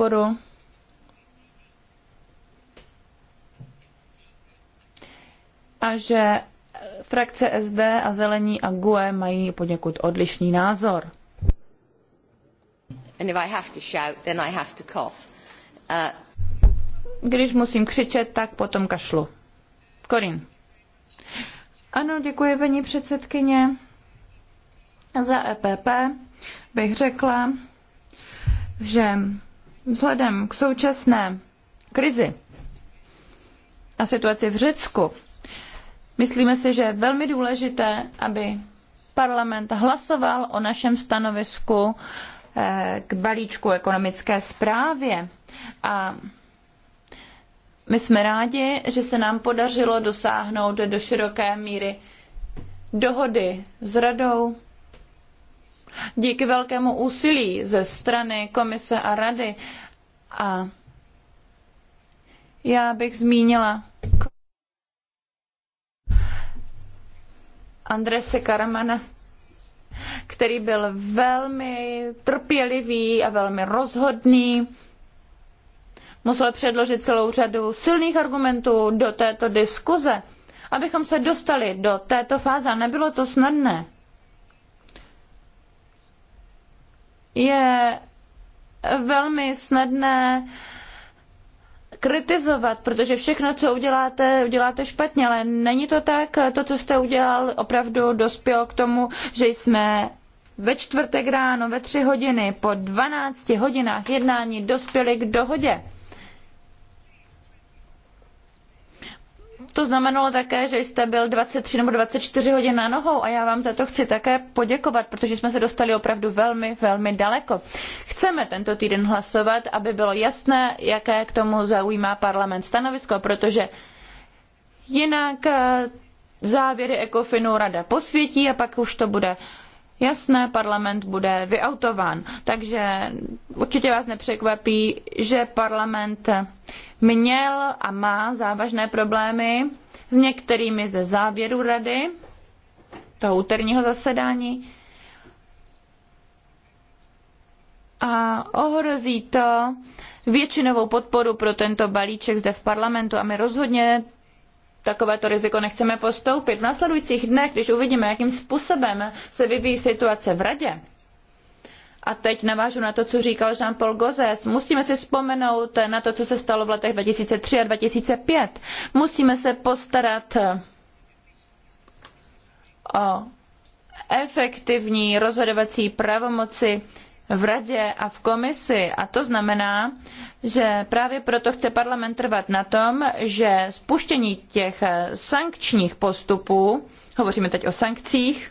podporu a že frakce SD a Zelení a GUE mají poněkud odlišný názor. Uh, Když musím křičet, tak potom kašlu. Korin. Ano, děkuji paní předsedkyně. Za EPP bych řekla, že Vzhledem k současné krizi a situaci v Řecku, myslíme si, že je velmi důležité, aby parlament hlasoval o našem stanovisku eh, k balíčku ekonomické zprávě. A my jsme rádi, že se nám podařilo dosáhnout do široké míry dohody s radou díky velkému úsilí ze strany komise a rady. A já bych zmínila Andrese Karamana, který byl velmi trpělivý a velmi rozhodný. Musel předložit celou řadu silných argumentů do této diskuze, abychom se dostali do této fáze. A nebylo to snadné. je velmi snadné kritizovat, protože všechno, co uděláte, uděláte špatně, ale není to tak. To, co jste udělal, opravdu dospělo k tomu, že jsme ve čtvrtek ráno ve tři hodiny po 12 hodinách jednání dospěli k dohodě. to znamenalo také, že jste byl 23 nebo 24 hodin na nohou a já vám za to chci také poděkovat, protože jsme se dostali opravdu velmi, velmi daleko. Chceme tento týden hlasovat, aby bylo jasné, jaké k tomu zaujímá parlament stanovisko, protože jinak eh, závěry ECOFINu rada posvětí a pak už to bude Jasné, parlament bude vyautován, takže určitě vás nepřekvapí, že parlament měl a má závažné problémy s některými ze závěrů rady toho úterního zasedání. A ohrozí to většinovou podporu pro tento balíček zde v parlamentu a my rozhodně takovéto riziko nechceme postoupit. V následujících dnech, když uvidíme, jakým způsobem se vyvíjí situace v radě, a teď navážu na to, co říkal Jean-Paul Gozes. Musíme si vzpomenout na to, co se stalo v letech 2003 a 2005. Musíme se postarat o efektivní rozhodovací pravomoci v radě a v komisi. A to znamená, že právě proto chce parlament trvat na tom, že spuštění těch sankčních postupů, hovoříme teď o sankcích,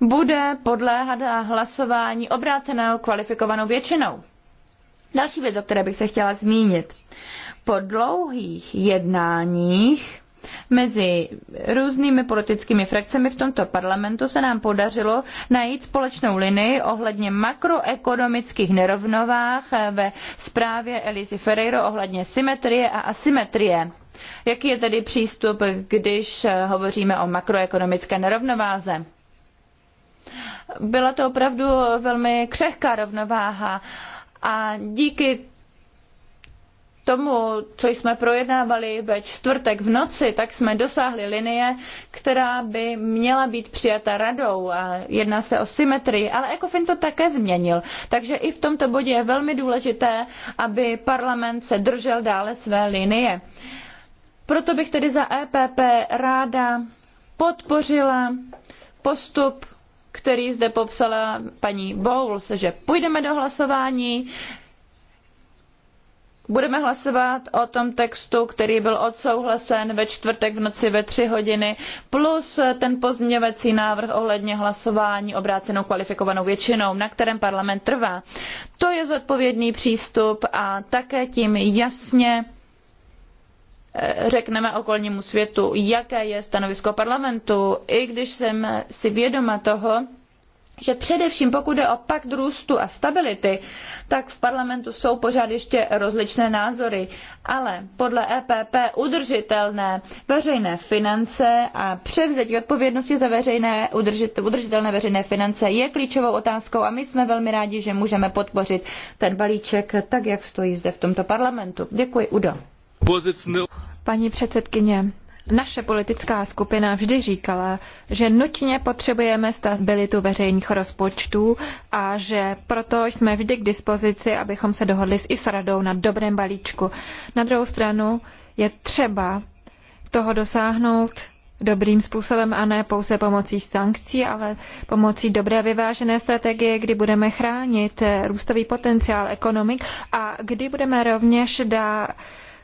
bude podléhat hlasování obrácenou kvalifikovanou většinou. Další věc, o které bych se chtěla zmínit. Po dlouhých jednáních Mezi různými politickými frakcemi v tomto parlamentu se nám podařilo najít společnou linii ohledně makroekonomických nerovnovách ve zprávě Elisy Ferreiro ohledně symetrie a asymetrie. Jaký je tedy přístup, když hovoříme o makroekonomické nerovnováze? Byla to opravdu velmi křehká rovnováha a díky tomu, co jsme projednávali ve čtvrtek v noci, tak jsme dosáhli linie, která by měla být přijata radou a jedná se o symetrii, ale ECOFIN to také změnil. Takže i v tomto bodě je velmi důležité, aby parlament se držel dále své linie. Proto bych tedy za EPP ráda podpořila postup který zde popsala paní Bowles, že půjdeme do hlasování, Budeme hlasovat o tom textu, který byl odsouhlasen ve čtvrtek v noci ve tři hodiny, plus ten pozměňovací návrh ohledně hlasování obrácenou kvalifikovanou většinou, na kterém parlament trvá. To je zodpovědný přístup a také tím jasně eh, řekneme okolnímu světu, jaké je stanovisko parlamentu, i když jsem si vědoma toho, že především pokud jde o pakt růstu a stability, tak v parlamentu jsou pořád ještě rozličné názory, ale podle EPP udržitelné veřejné finance a převzetí odpovědnosti za veřejné, udržitelné veřejné finance je klíčovou otázkou a my jsme velmi rádi, že můžeme podpořit ten balíček tak, jak stojí zde v tomto parlamentu. Děkuji, Udo. Paní předsedkyně, naše politická skupina vždy říkala, že nutně potřebujeme stabilitu veřejných rozpočtů a že proto jsme vždy k dispozici, abychom se dohodli s ISRADou na dobrém balíčku. Na druhou stranu je třeba toho dosáhnout dobrým způsobem a ne pouze pomocí sankcí, ale pomocí dobré vyvážené strategie, kdy budeme chránit růstový potenciál ekonomik a kdy budeme rovněž dá,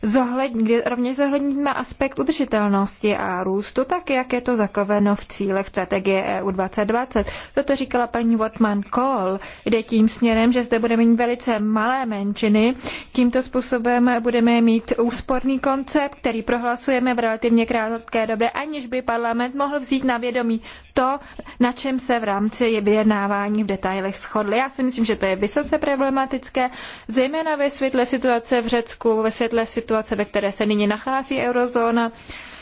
zohlední, rovněž zohledníme aspekt udržitelnosti a růstu, tak jak je to zakoveno v cílech strategie EU 2020. Toto říkala paní Wattman Kohl. Jde tím směrem, že zde budeme mít velice malé menšiny. Tímto způsobem budeme mít úsporný koncept, který prohlasujeme v relativně krátké době, aniž by parlament mohl vzít na vědomí to, na čem se v rámci vyjednávání v detailech shodli. Já si myslím, že to je vysoce problematické, zejména ve světle situace v Řecku, ve světle situace situace, ve které se nyní nachází eurozóna,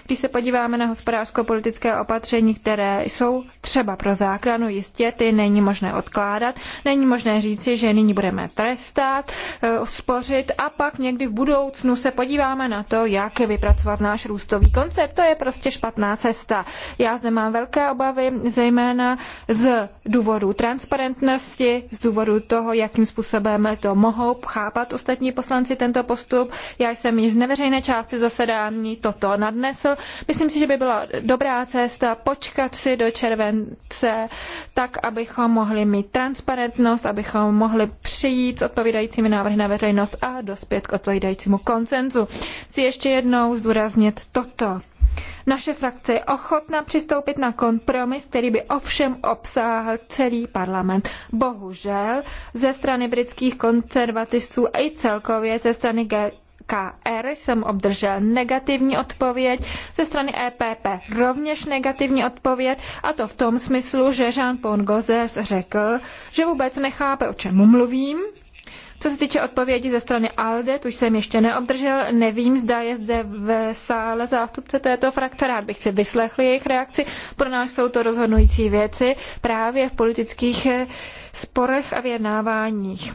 když se podíváme na hospodářsko-politické opatření, které jsou třeba pro záchranu, jistě ty není možné odkládat, není možné říci, že nyní budeme trestat, eh, spořit a pak někdy v budoucnu se podíváme na to, jak vypracovat náš růstový koncept. To je prostě špatná cesta. Já zde mám velké obavy, zejména z důvodu transparentnosti, z důvodu toho, jakým způsobem to mohou chápat ostatní poslanci tento postup. Já jsem již z neveřejné části zasedání toto nadnesl myslím si, že by byla dobrá cesta počkat si do července, tak abychom mohli mít transparentnost, abychom mohli přijít s odpovídajícími návrhy na veřejnost a dospět k odpovídajícímu koncenzu. Chci ještě jednou zdůraznit toto. Naše frakce je ochotna přistoupit na kompromis, který by ovšem obsáhl celý parlament. Bohužel ze strany britských konzervativců a i celkově ze strany KR jsem obdržel negativní odpověď, ze strany EPP rovněž negativní odpověď, a to v tom smyslu, že Jean-Paul Gozes řekl, že vůbec nechápe, o čem mluvím, co se týče odpovědi ze strany ALDE, tu jsem ještě neobdržel, nevím, zda je zde v sále zástupce této frakce, rád bych si vyslechl jejich reakci. Pro nás jsou to rozhodnující věci právě v politických sporech a vyjednáváních.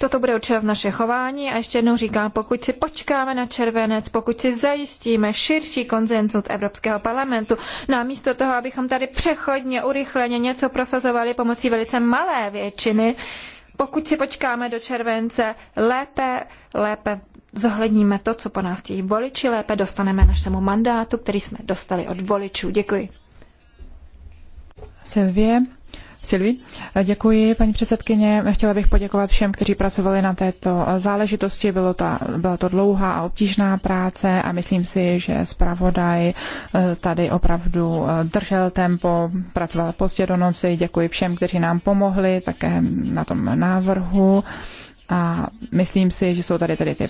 Toto bude určovat naše chování a ještě jednou říkám, pokud si počkáme na červenec, pokud si zajistíme širší konzensus Evropského parlamentu, namísto toho, abychom tady přechodně, urychleně něco prosazovali pomocí velice malé většiny, pokud si počkáme do července, lépe, lépe zohledníme to, co po nás chtějí voliči, lépe dostaneme našemu mandátu, který jsme dostali od voličů. Děkuji. Silvie, Silvi. Děkuji, paní předsedkyně. Chtěla bych poděkovat všem, kteří pracovali na této záležitosti. Bylo to, byla to dlouhá a obtížná práce a myslím si, že zpravodaj eh, tady opravdu eh, držel tempo, pracoval pozdě do noci. Děkuji všem, kteří nám pomohli také na tom návrhu. A myslím si, že jsou tady tady ty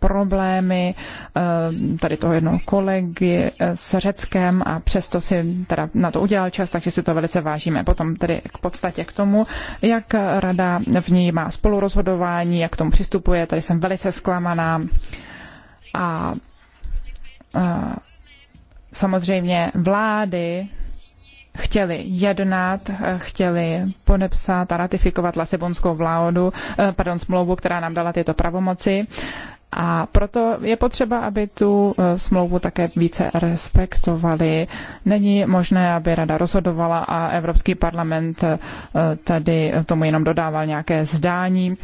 problémy, eh, tady toho jednoho kolegy eh, s Řeckem a přesto si teda na to udělal čas, takže si to velice vážíme. Potom tedy k podstatě k tomu, jak rada v ní má spolurozhodování, jak k tomu přistupuje, tady jsem velice zklamaná a, a eh, samozřejmě vlády chtěli jednat, eh, chtěli podepsat a ratifikovat Lasebonskou vládu, eh, pardon, smlouvu, která nám dala tyto pravomoci. A proto je potřeba, aby tu eh, smlouvu také více respektovali. Není možné, aby rada rozhodovala a Evropský parlament tady tomu jenom dodával nějaké zdání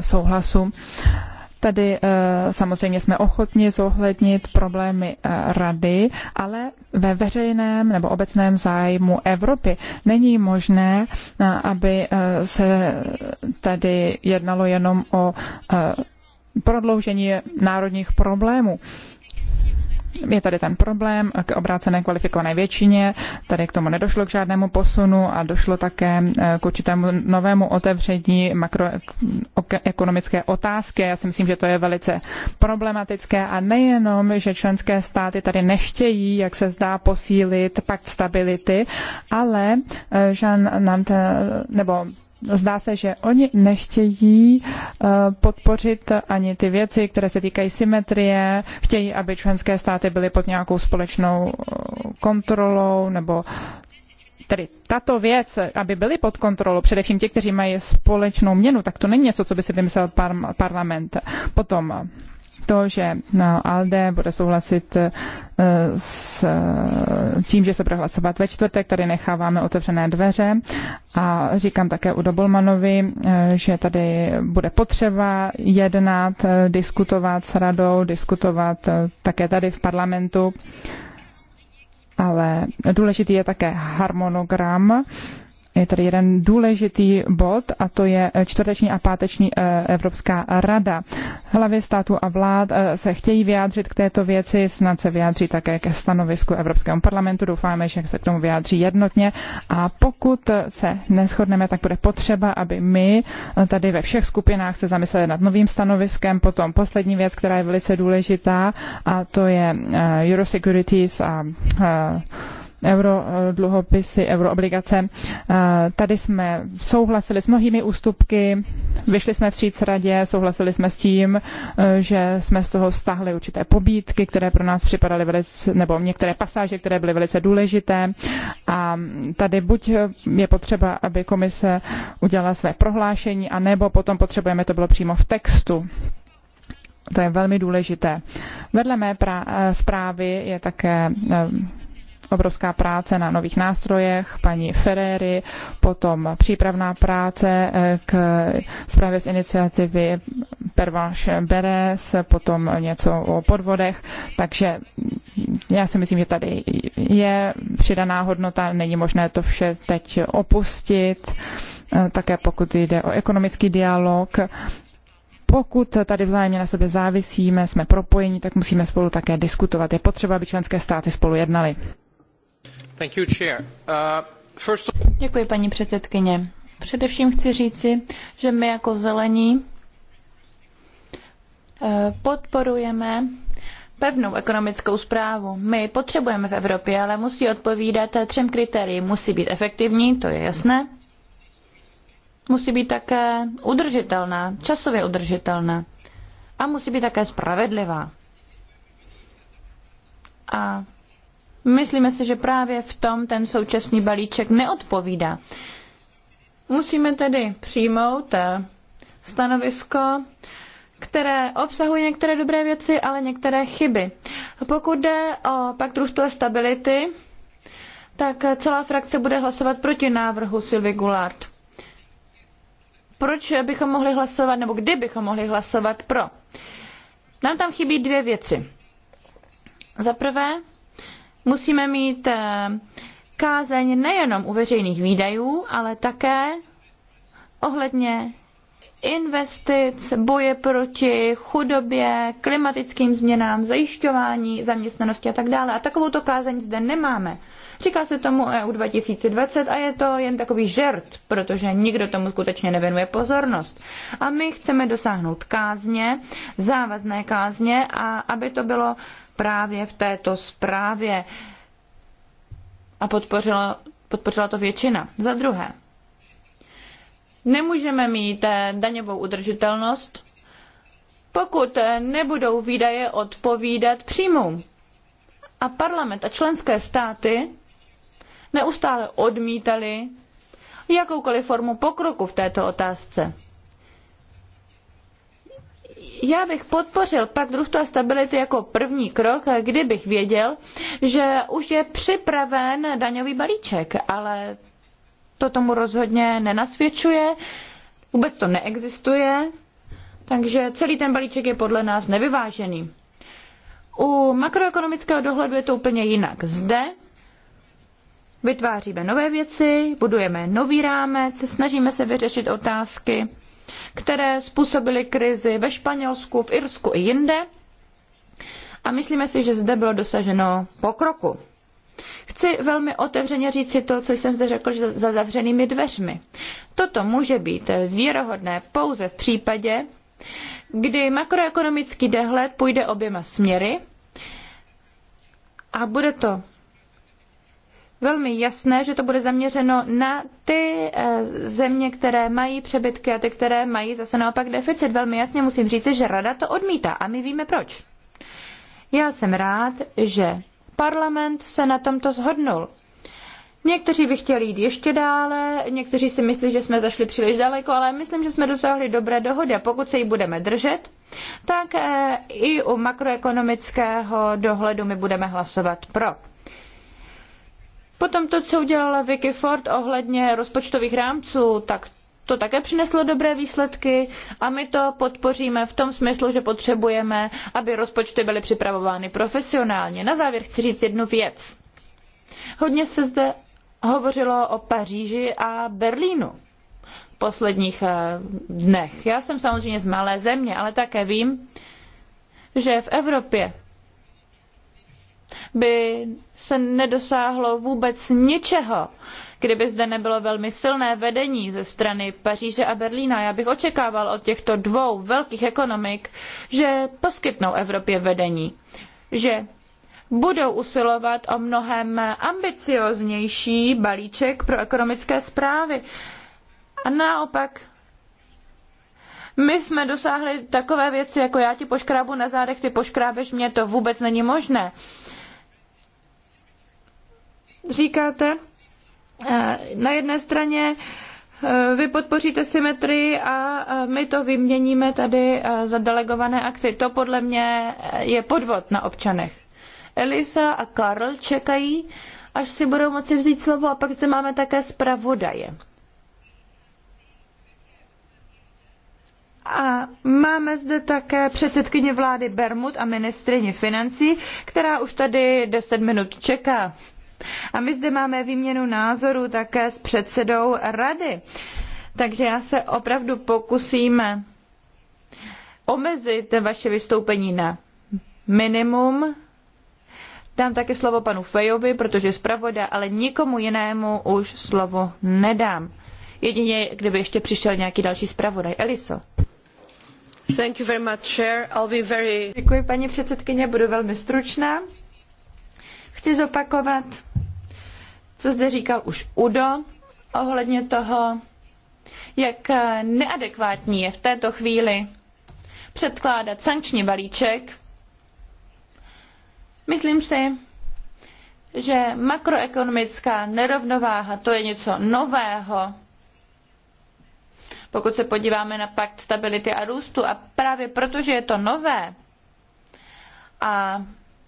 souhlasu. Tady eh, samozřejmě jsme ochotni zohlednit problémy eh, rady, ale ve veřejném nebo obecném zájmu Evropy není možné, eh, aby se tady jednalo jenom o prodloužení národních problémů je tady ten problém k obrácené kvalifikované většině. Tady k tomu nedošlo k žádnému posunu a došlo také eh, k určitému novému otevření makroekonomické otázky. Já si myslím, že to je velice problematické a nejenom, že členské státy tady nechtějí, jak se zdá, posílit pakt stability, ale eh, Jean Nantel, nebo zdá se, že oni nechtějí eh, podpořit ani ty věci, které se týkají symetrie, chtějí, aby členské státy byly pod nějakou společnou eh, kontrolou nebo tedy tato věc, aby byly pod kontrolou, především ti, kteří mají společnou měnu, tak to není něco, co by si vymyslel par- parlament. Potom to, že no, ALDE bude souhlasit eh, s eh, tím, že se bude hlasovat ve čtvrtek, tady necháváme otevřené dveře a říkám také u Dobolmanovi, eh, že tady bude potřeba jednat, diskutovat s radou, diskutovat také tady v parlamentu, ale důležitý je také harmonogram je tady jeden důležitý bod a to je eh, čtvrteční a páteční eh, Evropská rada. Hlavy států a vlád eh, se chtějí vyjádřit k této věci, snad se vyjádří také ke stanovisku Evropského parlamentu. Doufáme, že se k tomu vyjádří jednotně a pokud se neschodneme, tak bude potřeba, aby my tady ve všech skupinách se zamysleli nad novým stanoviskem. Potom poslední věc, která je velice důležitá a to je Eurosecurities a eurodluhopisy, eh, euroobligace. Eh, tady jsme souhlasili s mnohými ústupky, vyšli jsme vstříc radě, souhlasili jsme s tím, eh, že jsme z toho stáhli určité pobídky, které pro nás připadaly velice, nebo některé pasáže, které byly velice důležité. A tady buď je potřeba, aby komise udělala své prohlášení, anebo potom potřebujeme, to bylo přímo v textu. To je velmi důležité. Vedle mé pra- zprávy je také obrovská práce na nových nástrojech, paní Ferrery, potom přípravná práce eh, k zprávě z iniciativy Pervaš Beres, potom něco o podvodech, takže já si myslím, že tady je přidaná hodnota, není možné to vše teď opustit, eh, také pokud jde o ekonomický dialog, pokud tady vzájemně na sobě závisíme, jsme propojení, tak musíme spolu také diskutovat. Je potřeba, aby členské státy spolu jednaly. Uh, Děkuji, paní předsedkyně. Především chci říci, že my jako zelení eh, podporujeme pevnou ekonomickou správu. My potřebujeme v Evropě, ale musí odpovídat třem kritériím. Musí být efektivní, to je jasné. Musí být také udržitelná, časově udržitelná. A musí být také spravedlivá. A Myslíme si, že právě v tom ten současný balíček neodpovídá. Musíme tedy přijmout eh, stanovisko, které obsahuje některé dobré věci, ale některé chyby. Pokud jde o pakt růstu a stability, tak celá frakce bude hlasovat proti návrhu Sylvie Goulart. Proč bychom mohli hlasovat, nebo kdy bychom mohli hlasovat pro? Nám tam chybí dvě věci. Za prvé, Musíme mít eh, kázeň nejenom u veřejných výdajů, ale také ohledně investic, boje proti chudobě, klimatickým změnám, zajišťování zaměstnanosti a tak dále. A takovou to kázeň zde nemáme. Říká se tomu EU 2020 a je to jen takový žert, protože nikdo tomu skutečně nevěnuje pozornost. A my chceme dosáhnout kázně, závazné kázně a aby to bylo právě v této zprávě a podpořila, podpořila to většina. Za druhé, nemůžeme mít eh, daňovou udržitelnost, pokud eh, nebudou výdaje odpovídat příjmům. A parlament a členské státy neustále odmítali jakoukoliv formu pokroku v této otázce. Já bych podpořil pak růstu a stability jako první krok, kdybych věděl, že už je připraven daňový balíček, ale to tomu rozhodně nenasvědčuje, vůbec to neexistuje, takže celý ten balíček je podle nás nevyvážený. U makroekonomického dohledu je to úplně jinak. Zde vytváříme nové věci, budujeme nový rámec, snažíme se vyřešit otázky které způsobily krizi ve Španělsku, v Irsku i jinde. A myslíme si, že zde bylo dosaženo pokroku. Chci velmi otevřeně říci to, co jsem zde řekl, že za zavřenými dveřmi. Toto může být věrohodné pouze v případě, kdy makroekonomický dehled půjde oběma směry a bude to velmi jasné, že to bude zaměřeno na ty eh, země, které mají přebytky a ty, které mají zase naopak deficit. Velmi jasně musím říct, že rada to odmítá a my víme proč. Já jsem rád, že parlament se na tomto zhodnul. Někteří by chtěli jít ještě dále, někteří si myslí, že jsme zašli příliš daleko, ale myslím, že jsme dosáhli dobré dohody a pokud se jí budeme držet, tak eh, i u makroekonomického dohledu my budeme hlasovat pro. Potom to, co udělala Vicky Ford ohledně rozpočtových rámců, tak to také přineslo dobré výsledky a my to podpoříme v tom smyslu, že potřebujeme, aby rozpočty byly připravovány profesionálně. Na závěr chci říct jednu věc. Hodně se zde hovořilo o Paříži a Berlínu v posledních eh, dnech. Já jsem samozřejmě z malé země, ale také vím, že v Evropě by se nedosáhlo vůbec ničeho, kdyby zde nebylo velmi silné vedení ze strany Paříže a Berlína. Já bych očekával od těchto dvou velkých ekonomik, že poskytnou Evropě vedení, že budou usilovat o mnohem ambicióznější balíček pro ekonomické zprávy. A naopak my jsme dosáhli takové věci, jako já ti poškrábu na zádech, ty poškrábeš mě, to vůbec není možné. Uh, říkáte, eh, na jedné straně eh, vy podpoříte symetrii a eh, my to vyměníme tady za delegované akci. To podle mě je podvod na občanech. Elisa a Karl čekají, až si budou moci vzít slovo a pak zde máme také zpravodaje. A máme zde také předsedkyně vlády Bermud a ministrině financí, která už tady 10 minut čeká. A my zde máme výměnu názorů také s předsedou rady. Takže já se opravdu pokusím omezit vaše vystoupení na minimum. Dám také slovo panu Fejovi, protože je zpravoda, ale nikomu jinému už slovo nedám. Jedině, kdyby ještě přišel nějaký další zpravodaj. Eliso. Thank you very much, Chair. I'll be very... Děkuji, paní předsedkyně, budu velmi stručná. Chci zopakovat, co zde říkal už Udo ohledně toho, jak neadekvátní je v této chvíli předkládat sankční balíček. Myslím si, že makroekonomická nerovnováha to je něco nového. Pokud se podíváme na pakt stability a růstu a právě protože je to nové a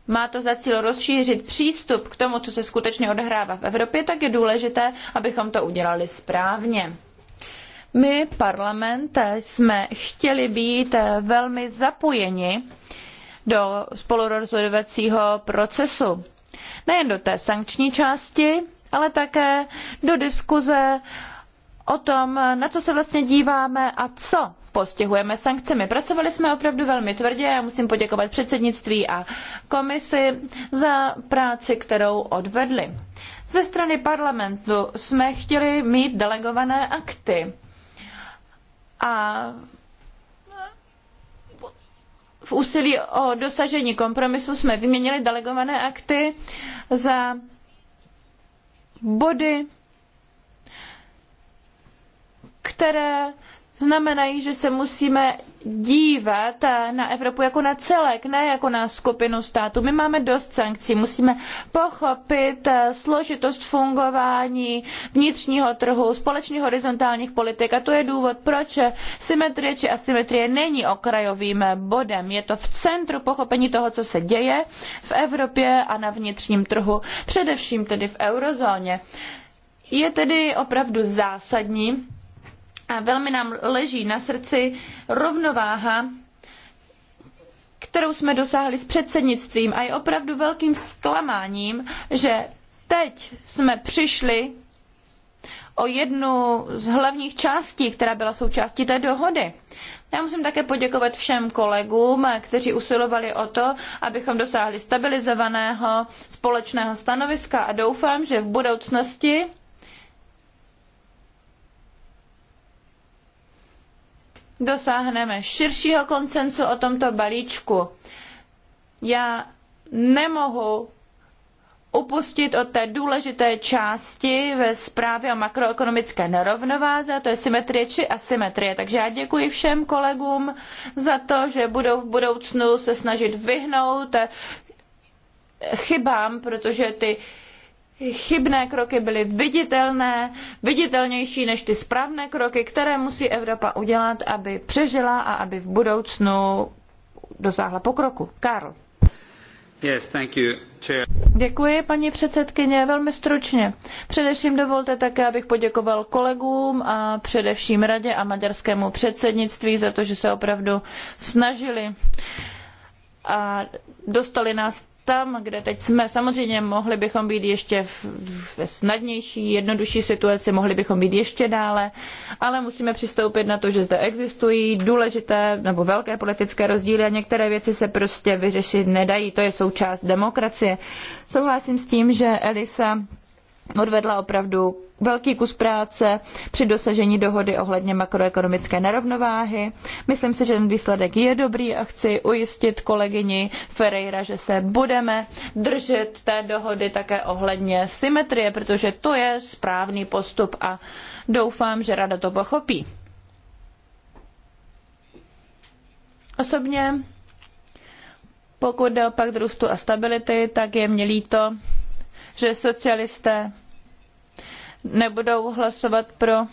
má to za cíl rozšířit přístup k tomu, co se skutečně odehrává v Evropě, tak je důležité, abychom to udělali správně. My, parlament, jsme chtěli být velmi zapojeni do spolurozhodovacího procesu. Nejen do té sankční části, ale také do diskuze o tom, na co se vlastně díváme a co postihujeme sankcemi. Pracovali jsme opravdu velmi tvrdě a musím poděkovat předsednictví a komisi za práci, kterou odvedli. Ze strany parlamentu jsme chtěli mít delegované akty. A v úsilí o dosažení kompromisu jsme vyměnili delegované akty za body které znamenají, že se musíme dívat na Evropu jako na celek, ne jako na skupinu států. My máme dost sankcí, musíme pochopit složitost fungování vnitřního trhu, společných horizontálních politik a to je důvod, proč symetrie či asymetrie není okrajovým bodem. Je to v centru pochopení toho, co se děje v Evropě a na vnitřním trhu, především tedy v eurozóně. Je tedy opravdu zásadní, a velmi nám leží na srdci rovnováha kterou jsme dosáhli s předsednictvím a je opravdu velkým zklamáním, že teď jsme přišli o jednu z hlavních částí, která byla součástí té dohody. Já musím také poděkovat všem kolegům, kteří usilovali o to, abychom dosáhli stabilizovaného společného stanoviska a doufám, že v budoucnosti dosáhneme širšího koncensu o tomto balíčku. Já nemohu upustit od té důležité části ve zprávě o makroekonomické nerovnováze, a to je symetrie či asymetrie. Takže já děkuji všem kolegům za to, že budou v budoucnu se snažit vyhnout eh, chybám, protože ty chybné kroky byly viditelné, viditelnější než ty správné kroky, které musí Evropa udělat, aby přežila a aby v budoucnu dosáhla pokroku. Karl. Yes, thank you, chair. Děkuji, paní předsedkyně, velmi stručně. Především dovolte také, abych poděkoval kolegům a především radě a maďarskému předsednictví za to, že se opravdu snažili a dostali nás tam, kde teď jsme, samozřejmě mohli bychom být ještě ve snadnější, jednodušší situaci, mohli bychom být ještě dále, ale musíme přistoupit na to, že zde existují důležité nebo velké politické rozdíly a některé věci se prostě vyřešit nedají. To je součást demokracie. Souhlasím s tím, že Elisa odvedla opravdu velký kus práce při dosažení dohody ohledně makroekonomické nerovnováhy. Myslím si, že ten výsledek je dobrý a chci ujistit kolegyni Ferreira, že se budeme držet té dohody také ohledně symetrie, protože to je správný postup a doufám, že rada to pochopí. Osobně, pokud jde o pakt růstu a stability, tak je mě líto, že socialisté nebudou hlasovat pro,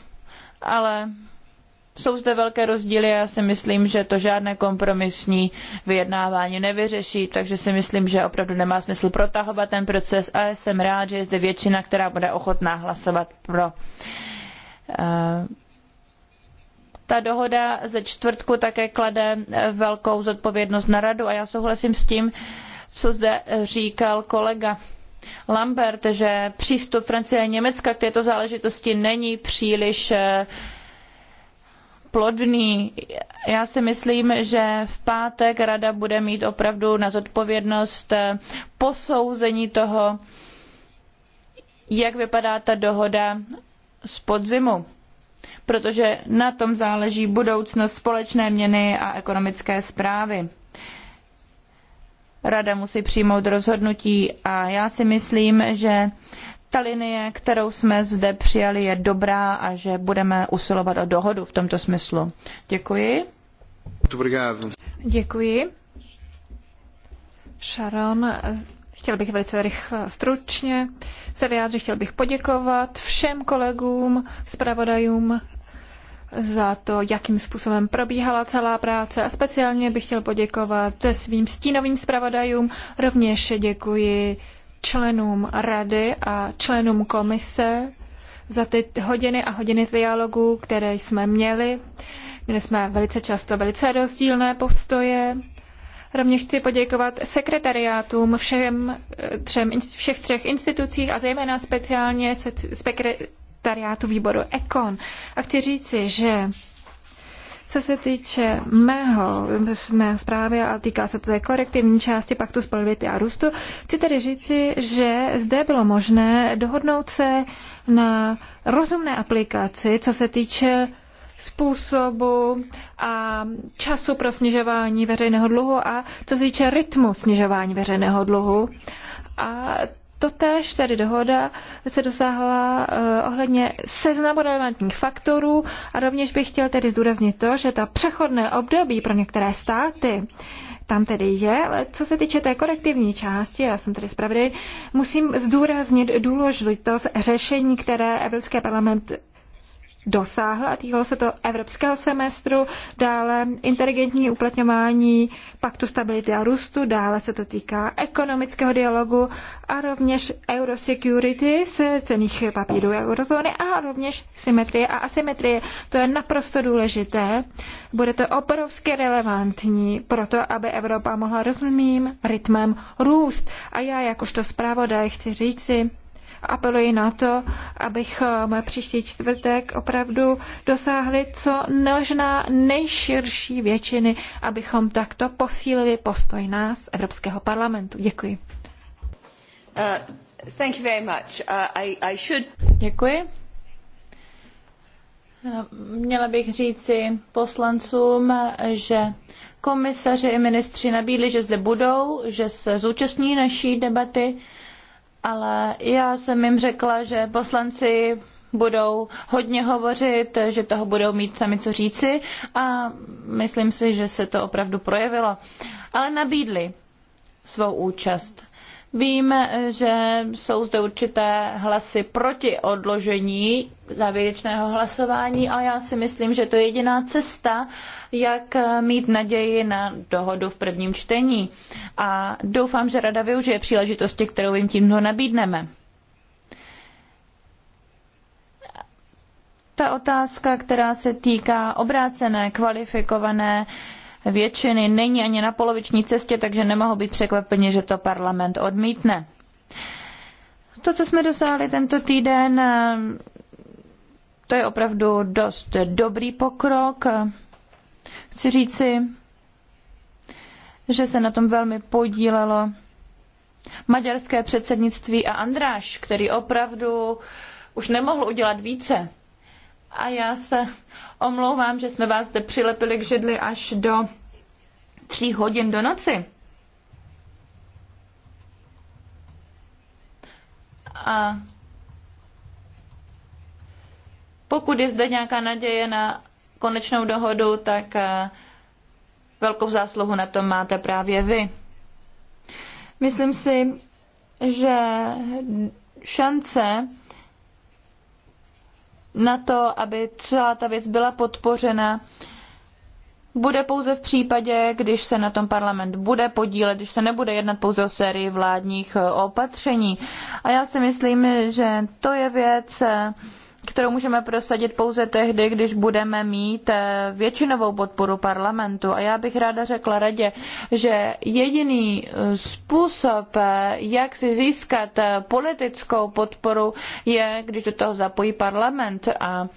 ale jsou zde velké rozdíly a já si myslím, že to žádné kompromisní vyjednávání nevyřeší, takže si myslím, že opravdu nemá smysl protahovat ten proces a jsem rád, že je zde většina, která bude ochotná hlasovat pro. Eh, ta dohoda ze čtvrtku také klade eh, velkou zodpovědnost na radu a já souhlasím s tím, co zde říkal kolega Lambert, že přístup Francie a Německa k této záležitosti není příliš eh, plodný. Já si myslím, že v pátek rada bude mít opravdu na zodpovědnost eh, posouzení toho, jak vypadá ta dohoda z podzimu protože na tom záleží budoucnost společné měny a ekonomické správy. Rada musí přijmout rozhodnutí a já si myslím, že ta linie, kterou jsme zde přijali, je dobrá a že budeme usilovat o dohodu v tomto smyslu. Děkuji. Děkuji. Sharon, chtěl bych velice rychle, stručně se vyjádřit, chtěl bych poděkovat všem kolegům, zpravodajům za to, jakým způsobem probíhala celá práce a speciálně bych chtěl poděkovat svým stínovým zpravodajům. Rovněž děkuji členům rady a členům komise za ty hodiny a hodiny dialogu, které jsme měli. Měli jsme velice často velice rozdílné postoje. Rovněž chci poděkovat sekretariátům všem, eh, třem, všech třech institucích a zejména speciálně spekre, sekretariátu výboru Ekon. A chci říci, že co se týče mého, mé zprávy a týká se to té korektivní části paktu spravedlivity a růstu, chci tedy říci, že zde bylo možné dohodnout se na rozumné aplikaci, co se týče způsobu a času pro snižování veřejného dluhu a co se týče rytmu snižování veřejného dluhu. A Totéž tedy dohoda se dosáhla eh, ohledně seznamu relevantních faktorů a rovněž bych chtěl tedy zdůraznit to, že ta přechodné období pro některé státy tam tedy je, ale co se týče té korektivní části, já jsem tedy zpravdy, musím zdůraznit důležitost řešení, které Evropský parlament dosáhl a týkalo se to evropského semestru, dále inteligentní uplatňování paktu stability a růstu, dále se to týká ekonomického dialogu a rovněž eurosecurity z cených papírů eurozóny a rovněž symetrie a asymetrie. To je naprosto důležité. Bude to obrovsky relevantní pro to, aby Evropa mohla rozumným rytmem růst. A já jakožto zpravodaj chci říci, apeluji na to, abychom příští čtvrtek opravdu dosáhli co možná nejširší většiny, abychom takto posílili postoj nás Evropského parlamentu. Děkuji. Uh, thank you very much. Uh, I, I should... Děkuji. Uh, měla bych říci poslancům, že komisaři i ministři nabídli, že zde budou, že se zúčastní naší debaty ale já jsem jim řekla, že poslanci budou hodně hovořit, že toho budou mít sami co říci a myslím si, že se to opravdu projevilo. Ale nabídli svou účast. Vím, že jsou zde určité hlasy proti odložení závěrečného hlasování, ale já si myslím, že to je jediná cesta, jak mít naději na dohodu v prvním čtení. A doufám, že Rada využije příležitosti, kterou jim tímto nabídneme. Ta otázka, která se týká obrácené kvalifikované většiny není ani na poloviční cestě, takže nemohou být překvapeni, že to parlament odmítne. To, co jsme dosáhli tento týden, to je opravdu dost dobrý pokrok. Chci říci, že se na tom velmi podílelo maďarské předsednictví a Andráš, který opravdu už nemohl udělat více a já se omlouvám, že jsme vás zde přilepili k židli až do tří hodin do noci. A pokud je zde nějaká naděje na konečnou dohodu, tak eh, velkou zásluhu na tom máte právě vy. Myslím si, že šance na to, aby celá ta věc byla podpořena, bude pouze v případě, když se na tom parlament bude podílet, když se nebude jednat pouze o sérii vládních eh, opatření. A já si myslím, že to je věc, eh, kterou můžeme prosadit pouze tehdy, když budeme mít eh, většinovou podporu parlamentu. A já bych ráda řekla radě, že jediný eh, způsob, eh, jak si získat politickou podporu, je, když do toho zapojí parlament. A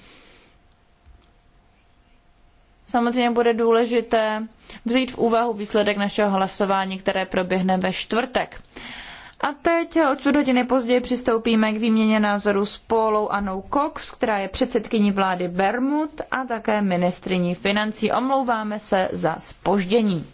Samozřejmě bude důležité vzít v úvahu výsledek našeho hlasování, které proběhne ve čtvrtek. A teď o čtvrt hodiny později přistoupíme k výměně názorů s Paulou Anou Cox, která je předsedkyní vlády Bermud a také ministriní financí. Omlouváme se za spoždění.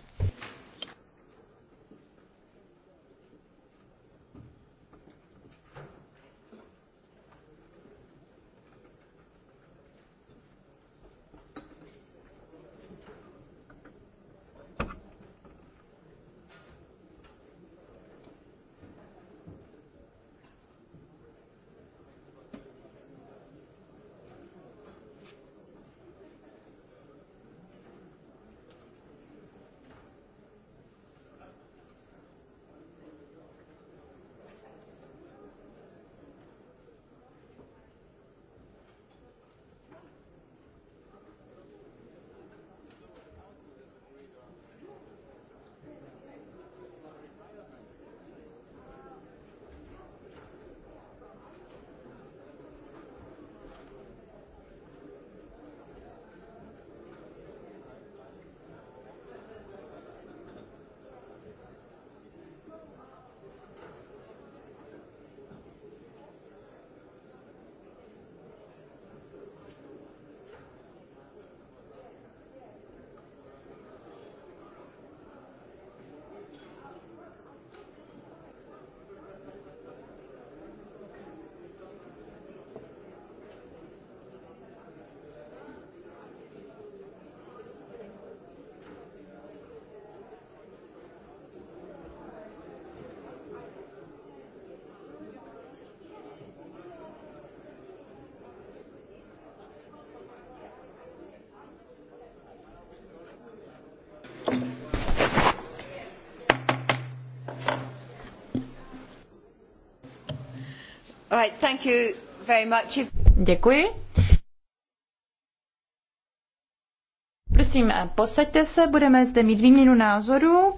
Right, thank you very much. Děkuji. Prosím, eh, posaďte se, budeme zde mít výměnu názorů,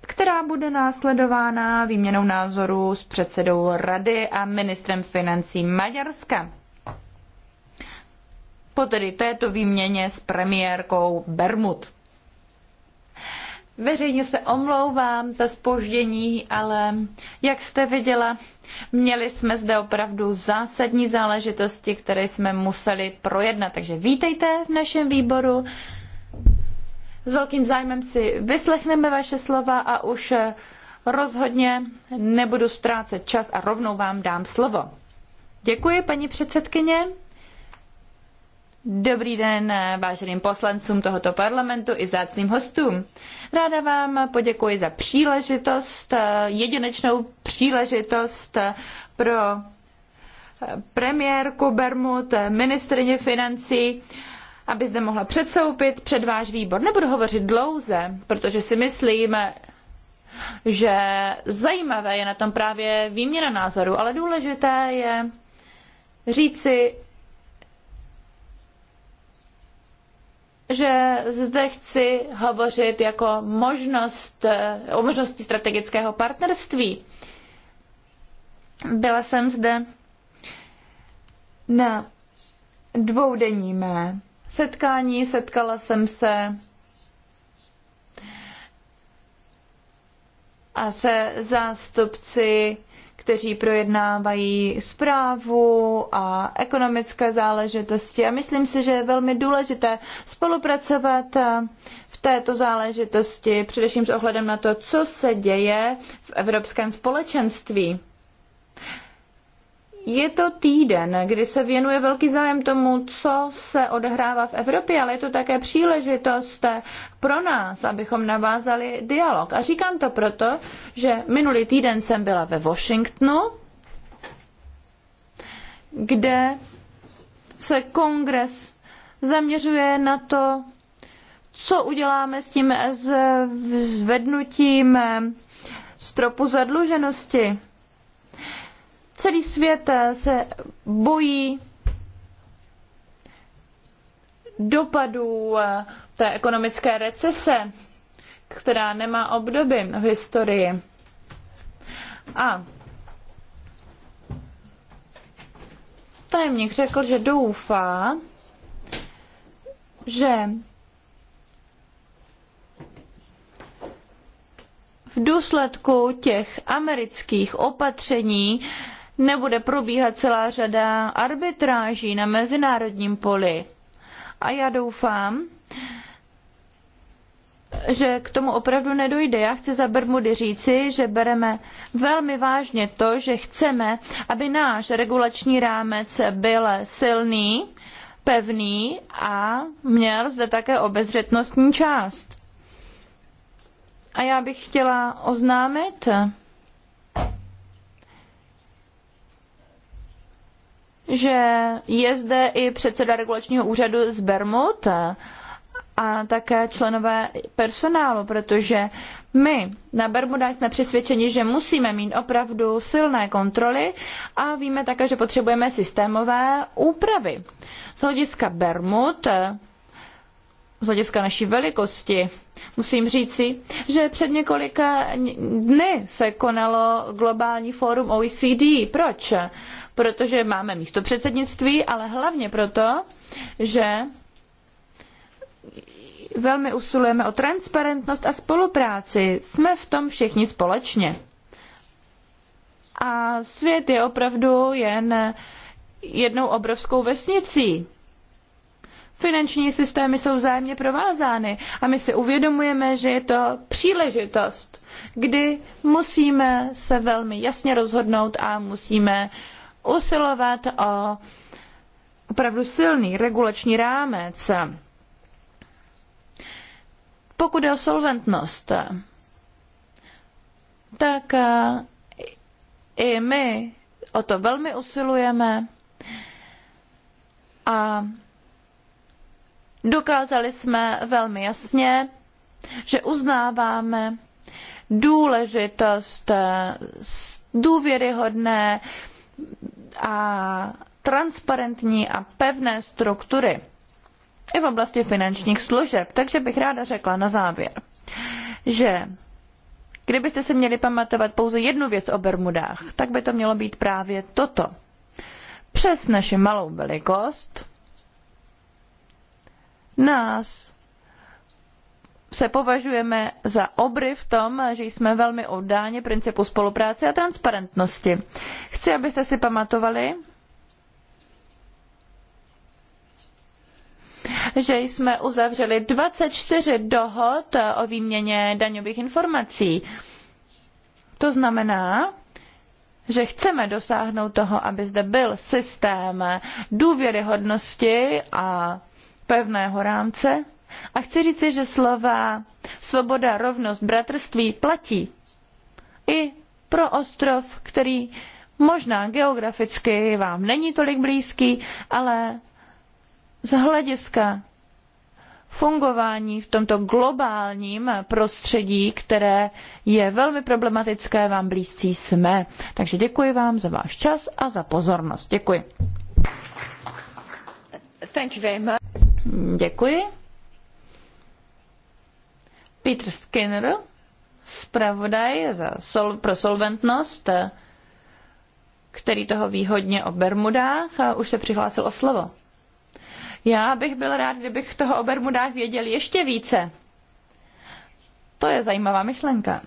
která bude následována výměnou názorů s předsedou rady a ministrem financí Maďarska. Po tedy této výměně s premiérkou Bermud. Veřejně se omlouvám za spoždění, ale jak jste viděla, měli jsme zde opravdu zásadní záležitosti, které jsme museli projednat. Takže vítejte v našem výboru. S velkým zájmem si vyslechneme vaše slova a už rozhodně nebudu ztrácet čas a rovnou vám dám slovo. Děkuji, paní předsedkyně. Dobrý den váženým poslancům tohoto parlamentu i zácným hostům. Ráda vám poděkuji za příležitost, jedinečnou příležitost pro premiérku Bermud, ministrině financí, aby zde mohla předsoupit před váš výbor. Nebudu hovořit dlouze, protože si myslím, že zajímavé je na tom právě výměna názorů, ale důležité je říci, že zde chci hovořit jako možnost, eh, o možnosti strategického partnerství. Byla jsem zde na dvoudenní mé setkání, setkala jsem se a se zástupci kteří projednávají zprávu a ekonomické záležitosti. A myslím si, že je velmi důležité spolupracovat v této záležitosti, především s ohledem na to, co se děje v Evropském společenství. Je to týden, kdy se věnuje velký zájem tomu, co se odehrává v Evropě, ale je to také příležitost pro nás, abychom navázali dialog. A říkám to proto, že minulý týden jsem byla ve Washingtonu, kde se kongres zaměřuje na to, co uděláme s tím zvednutím stropu zadluženosti. Celý svět eh, se bojí dopadů eh, té ekonomické recese, která nemá obdoby v historii. A tajemník řekl, že doufá, že v důsledku těch amerických opatření nebude probíhat celá řada arbitráží na mezinárodním poli. A já doufám, že k tomu opravdu nedojde. Já chci za Bermudy říci, že bereme velmi vážně to, že chceme, aby náš regulační rámec byl silný, pevný a měl zde také obezřetnostní část. A já bych chtěla oznámit, že je zde i předseda regulačního úřadu z Bermud a také členové personálu, protože my na Bermudách jsme přesvědčeni, že musíme mít opravdu silné kontroly a víme také, že potřebujeme systémové úpravy. Z hlediska Bermud, z hlediska naší velikosti, musím říci, že před několika dny se konalo globální fórum OECD. Proč? protože máme místo předsednictví, ale hlavně proto, že velmi usilujeme o transparentnost a spolupráci. Jsme v tom všichni společně. A svět je opravdu jen jednou obrovskou vesnicí. Finanční systémy jsou vzájemně provázány a my si uvědomujeme, že je to příležitost, kdy musíme se velmi jasně rozhodnout a musíme usilovat o opravdu silný regulační rámec. Pokud je o solventnost, tak eh, i my o to velmi usilujeme a dokázali jsme velmi jasně, že uznáváme důležitost eh, důvěryhodné a transparentní a pevné struktury i v oblasti finančních služeb. Takže bych ráda řekla na závěr, že kdybyste si měli pamatovat pouze jednu věc o Bermudách, tak by to mělo být právě toto. Přes naši malou velikost nás se považujeme za obry v tom, že jsme velmi oddáni principu spolupráce a transparentnosti. Chci, abyste si pamatovali, že jsme uzavřeli 24 dohod o výměně daňových informací. To znamená, že chceme dosáhnout toho, aby zde byl systém důvěryhodnosti a pevného rámce a chci říci, že slova svoboda, rovnost, bratrství platí i pro ostrov, který možná geograficky vám není tolik blízký, ale z hlediska fungování v tomto globálním prostředí, které je velmi problematické, vám blízcí jsme. Takže děkuji vám za váš čas a za pozornost. Děkuji. Thank you very much. Děkuji. Peter Skinner, zpravodaj za sol, pro solventnost, který toho výhodně o Bermudách, a už se přihlásil o slovo. Já bych byl rád, kdybych toho o Bermudách věděl ještě více. To je zajímavá myšlenka.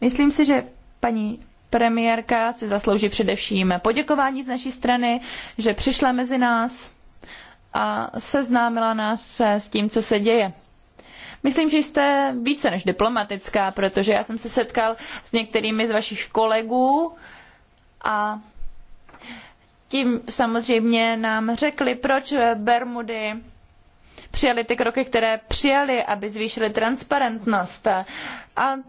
Myslím si, že paní premiérka si zaslouží především poděkování z naší strany, že přišla mezi nás a seznámila nás s tím, co se děje. Myslím, že jste více než diplomatická, protože já jsem se setkal s některými z vašich kolegů a tím samozřejmě nám řekli, proč Bermudy přijali ty kroky, které přijali, aby zvýšili transparentnost. A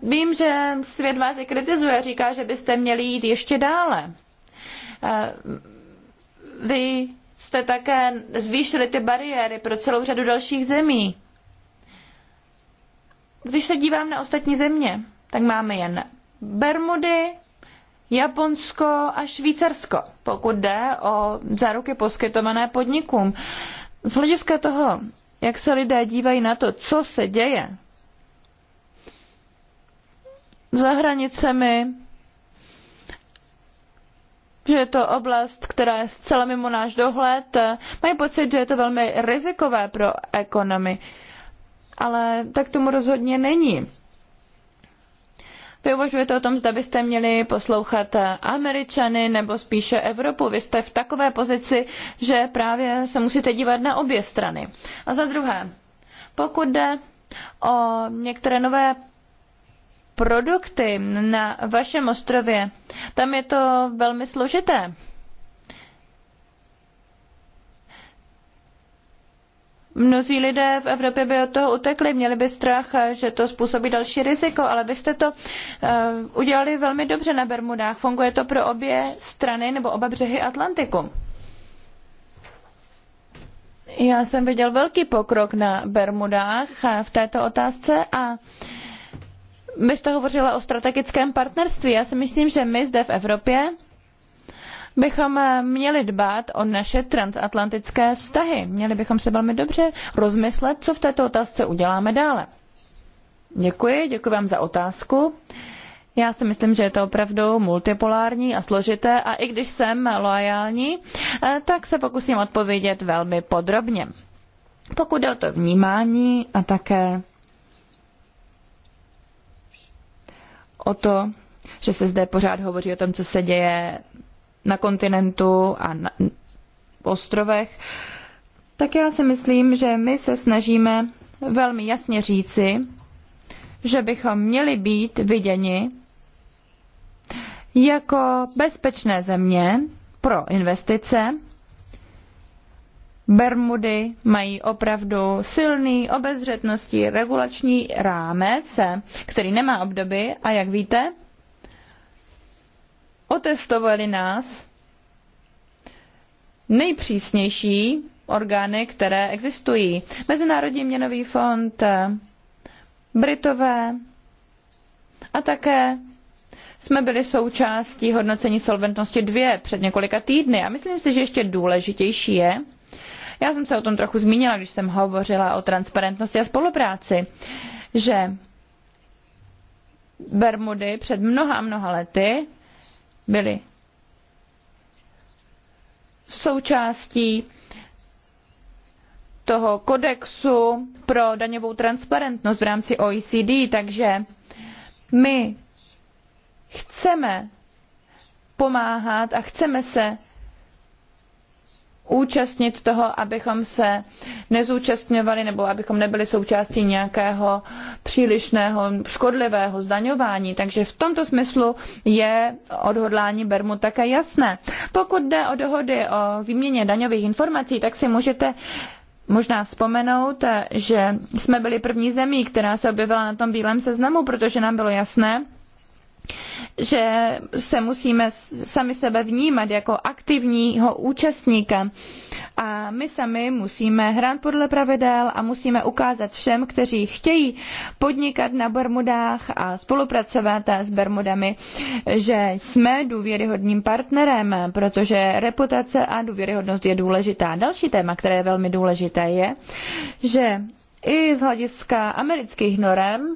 vím, že svět vás i kritizuje, říká, že byste měli jít ještě dále. Vy jste také zvýšili ty bariéry pro celou řadu dalších zemí. Když se dívám na ostatní země, tak máme jen Bermudy, Japonsko a Švýcarsko, pokud jde o záruky poskytované podnikům. Z hlediska toho, jak se lidé dívají na to, co se děje za hranicemi, že je to oblast, která je zcela mimo náš dohled, mají pocit, že je to velmi rizikové pro ekonomii ale tak tomu rozhodně není. Vy uvažujete o tom, zda byste měli poslouchat Američany nebo spíše Evropu. Vy jste v takové pozici, že právě se musíte dívat na obě strany. A za druhé, pokud jde o některé nové produkty na vašem ostrově, tam je to velmi složité. Mnozí lidé v Evropě by od toho utekli, měli by strach, že to způsobí další riziko, ale vy jste to eh, udělali velmi dobře na Bermudách. Funguje to pro obě strany nebo oba břehy Atlantiku. Já jsem viděl velký pokrok na Bermudách eh, v této otázce a vy jste hovořila o strategickém partnerství. Já si myslím, že my zde v Evropě bychom eh, měli dbát o naše transatlantické vztahy. Měli bychom se velmi dobře rozmyslet, co v této otázce uděláme dále. Děkuji, děkuji vám za otázku. Já si myslím, že je to opravdu multipolární a složité a i když jsem loajální, eh, tak se pokusím odpovědět velmi podrobně. Pokud jde o to vnímání a také o to, že se zde pořád hovoří o tom, co se děje na kontinentu a na ostrovech, tak já si myslím, že my se snažíme velmi jasně říci, že bychom měli být viděni jako bezpečné země pro investice. Bermudy mají opravdu silný obezřetností regulační rámec, který nemá obdoby a jak víte, otestovali nás nejpřísnější orgány, které existují. Mezinárodní měnový fond, Britové a také jsme byli součástí hodnocení solventnosti 2 před několika týdny a myslím si, že ještě důležitější je, já jsem se o tom trochu zmínila, když jsem hovořila o transparentnosti a spolupráci, že Bermudy před mnoha a mnoha lety byly součástí toho kodexu pro daňovou transparentnost v rámci OECD, takže my chceme pomáhat a chceme se účastnit toho, abychom se nezúčastňovali nebo abychom nebyli součástí nějakého přílišného škodlivého zdaňování. Takže v tomto smyslu je odhodlání Bermu také jasné. Pokud jde o dohody o výměně daňových informací, tak si můžete možná vzpomenout, že jsme byli první zemí, která se objevila na tom bílém seznamu, protože nám bylo jasné, že se musíme sami sebe vnímat jako aktivního účastníka a my sami musíme hrát podle pravidel a musíme ukázat všem, kteří chtějí podnikat na Bermudách a spolupracovat s Bermudami, že jsme důvěryhodným partnerem, protože reputace a důvěryhodnost je důležitá. Další téma, které je velmi důležité, je, že i z hlediska amerických norem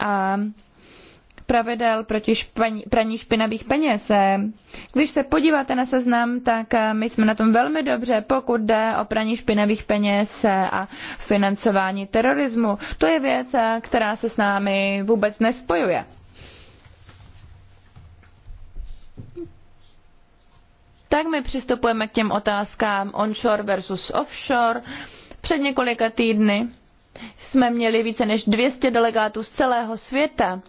a pravidel proti španí, praní špinavých peněz. Eh, když se podíváte na seznam, tak eh, my jsme na tom velmi dobře, pokud jde o praní špinavých peněz eh, a financování terorismu. To je věc, která se s námi vůbec nespojuje. Tak my přistupujeme k těm otázkám onshore versus offshore. Před několika týdny jsme měli více než 200 delegátů z celého světa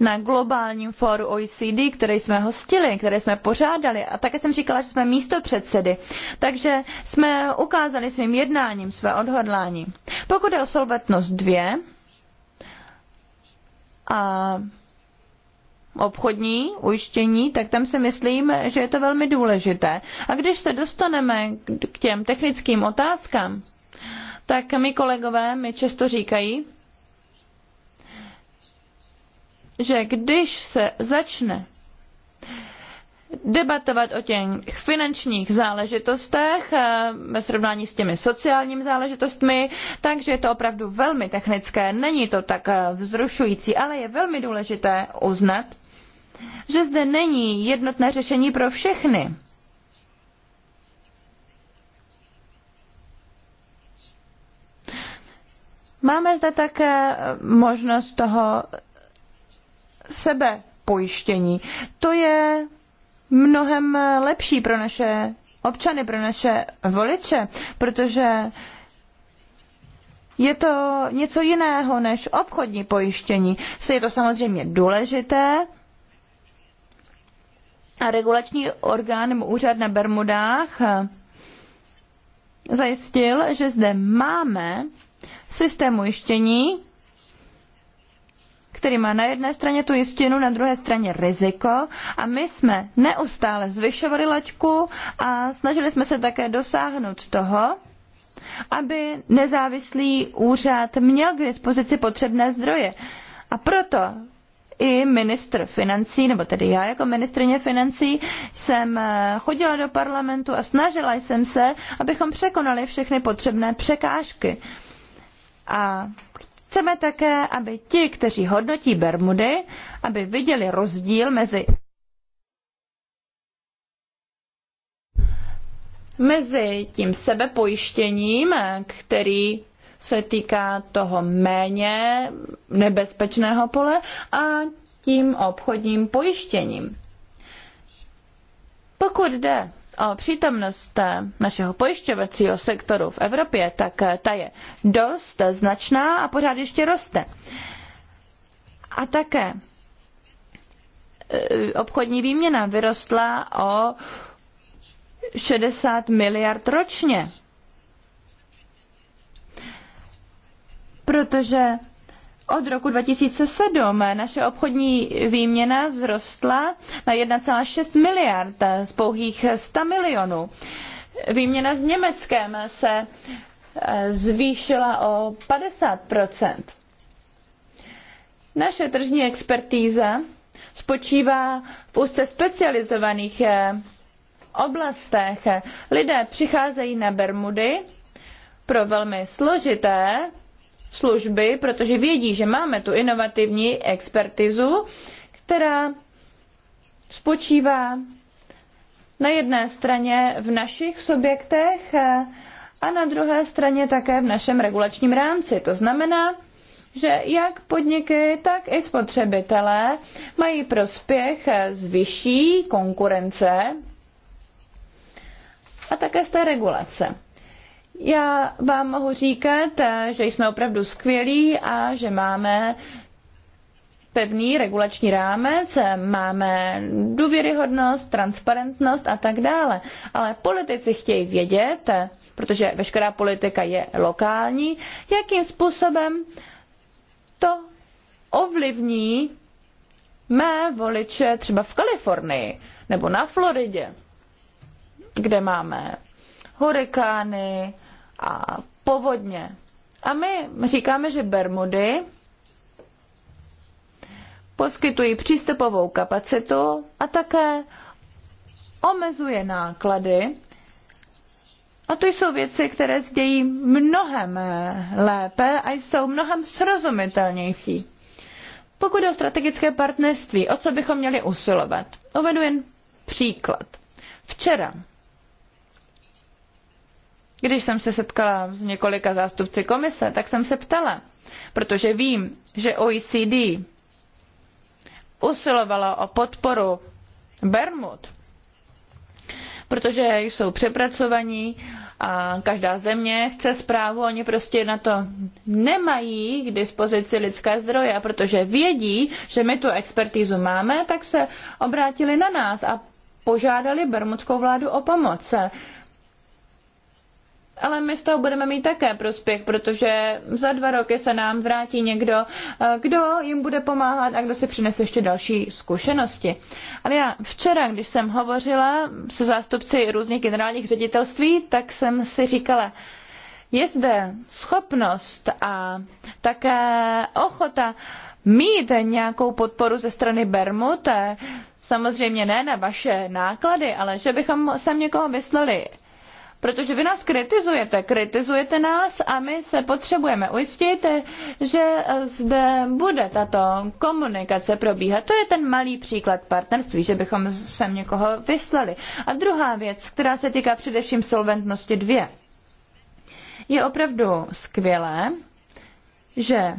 na globálním fóru OECD, které jsme hostili, které jsme pořádali. A také jsem říkala, že jsme místo předsedy. Takže jsme ukázali svým jednáním své odhodlání. Pokud je o solvetnost 2 a obchodní ujištění, tak tam si myslím, že je to velmi důležité. A když se dostaneme k těm technickým otázkám, tak my kolegové mi často říkají, že když se začne debatovat o těch finančních záležitostech eh, ve srovnání s těmi sociálními záležitostmi, takže je to opravdu velmi technické, není to tak eh, vzrušující, ale je velmi důležité uznat, že zde není jednotné řešení pro všechny. Máme zde také možnost toho sebepojištění. To je mnohem lepší pro naše občany, pro naše voliče, protože je to něco jiného než obchodní pojištění. Je to samozřejmě důležité a regulační orgán nebo úřad na Bermudách zajistil, že zde máme systém ujištění, který má na jedné straně tu jistinu, na druhé straně riziko a my jsme neustále zvyšovali laťku a snažili jsme se také dosáhnout toho, aby nezávislý úřad měl k dispozici potřebné zdroje. A proto i ministr financí, nebo tedy já jako ministrině financí, jsem eh, chodila do parlamentu a snažila jsem se, abychom překonali všechny potřebné překážky. A chceme také, aby ti, kteří hodnotí Bermudy, aby viděli rozdíl mezi mezi tím sebepojištěním, který se týká toho méně nebezpečného pole a tím obchodním pojištěním. Pokud jde o přítomnost eh, našeho pojišťovacího sektoru v Evropě, tak eh, ta je dost značná a pořád ještě roste. A také eh, obchodní výměna vyrostla o 60 miliard ročně. Protože od roku 2007 naše obchodní výměna vzrostla na 1,6 miliard z pouhých 100 milionů. Výměna s Německem se e, zvýšila o 50 Naše tržní expertíza spočívá v úzce specializovaných e, oblastech. Lidé přicházejí na Bermudy pro velmi složité služby, protože vědí, že máme tu inovativní expertizu, která spočívá na jedné straně v našich subjektech a na druhé straně také v našem regulačním rámci. To znamená, že jak podniky, tak i spotřebitelé mají prospěch z vyšší konkurence a také z té regulace. Já vám mohu říkat, eh, že jsme opravdu skvělí a že máme pevný regulační rámec, eh, máme důvěryhodnost, transparentnost a tak dále. Ale politici chtějí vědět, eh, protože veškerá politika je lokální, jakým způsobem to ovlivní mé voliče třeba v Kalifornii nebo na Floridě, kde máme hurikány, a povodně. A my říkáme, že Bermudy poskytují přístupovou kapacitu a také omezuje náklady. A to jsou věci, které zdějí mnohem lépe a jsou mnohem srozumitelnější. Pokud je o strategické partnerství, o co bychom měli usilovat? Uvedu jen příklad. Včera když jsem se setkala s několika zástupci komise, tak jsem se ptala, protože vím, že OECD usilovala o podporu Bermud, protože jsou přepracovaní a každá země chce zprávu, oni prostě na to nemají k dispozici lidské zdroje a protože vědí, že my tu expertízu máme, tak se obrátili na nás a požádali bermudskou vládu o pomoc ale my z toho budeme mít také prospěch, protože za dva roky se nám vrátí někdo, eh, kdo jim bude pomáhat a kdo si přinese ještě další zkušenosti. Ale já včera, když jsem hovořila se zástupci různých generálních ředitelství, tak jsem si říkala, je zde schopnost a také ochota mít nějakou podporu ze strany Bermud, samozřejmě ne na vaše náklady, ale že bychom sem někoho vyslali. Protože vy nás kritizujete, kritizujete nás a my se potřebujeme ujistit, že zde bude tato komunikace probíhat. To je ten malý příklad partnerství, že bychom sem někoho vyslali. A druhá věc, která se týká především solventnosti dvě Je opravdu skvělé, že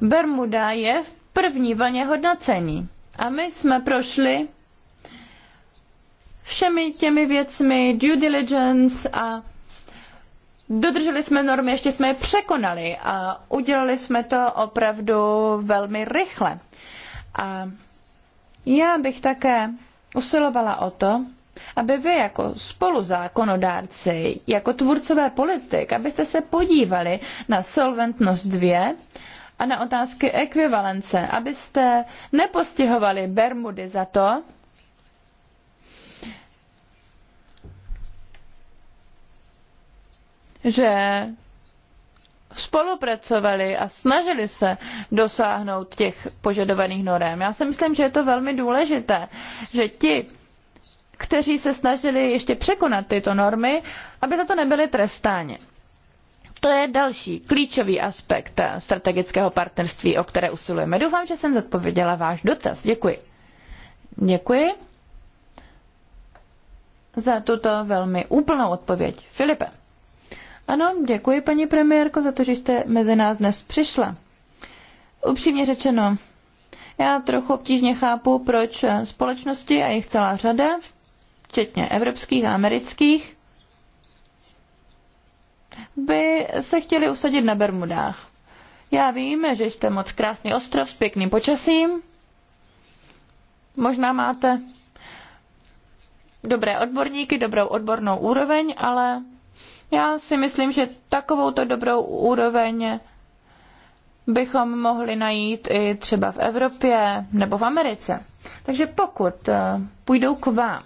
Bermuda je v první vlně hodnocení. A my jsme prošli všemi těmi věcmi, due diligence a dodrželi jsme normy, ještě jsme je překonali a udělali jsme to opravdu velmi rychle. A já bych také usilovala o to, aby vy jako spoluzákonodárci, jako tvůrcové politik, abyste se podívali na solventnost 2 a na otázky ekvivalence, abyste nepostihovali Bermudy za to, že spolupracovali a snažili se dosáhnout těch požadovaných norem. Já si myslím, že je to velmi důležité, že ti, kteří se snažili ještě překonat tyto normy, aby za to nebyly trestáni. To je další klíčový aspekt strategického partnerství, o které usilujeme. Doufám, že jsem zodpověděla váš dotaz. Děkuji. Děkuji za tuto velmi úplnou odpověď. Filipe. Ano, děkuji paní premiérko za to, že jste mezi nás dnes přišla. Upřímně řečeno, já trochu obtížně chápu, proč společnosti a jejich celá řada, včetně evropských a amerických, by se chtěli usadit na Bermudách. Já vím, že jste moc krásný ostrov s pěkným počasím. Možná máte dobré odborníky, dobrou odbornou úroveň, ale já si myslím, že takovouto dobrou úroveň bychom mohli najít i třeba v Evropě nebo v Americe. Takže pokud eh, půjdou k vám,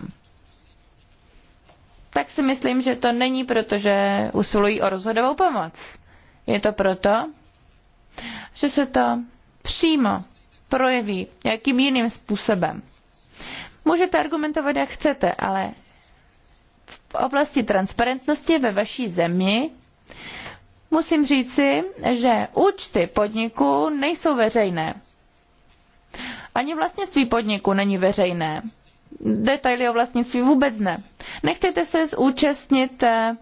tak si myslím, že to není proto, že usilují o rozhodovou pomoc. Je to proto, že se to přímo projeví jakým jiným způsobem. Můžete argumentovat, jak chcete, ale v oblasti transparentnosti ve vaší zemi musím říci, že účty podniku nejsou veřejné. Ani vlastnictví podniku není veřejné. Detaily o vlastnictví vůbec ne. Nechcete se zúčastnit eh,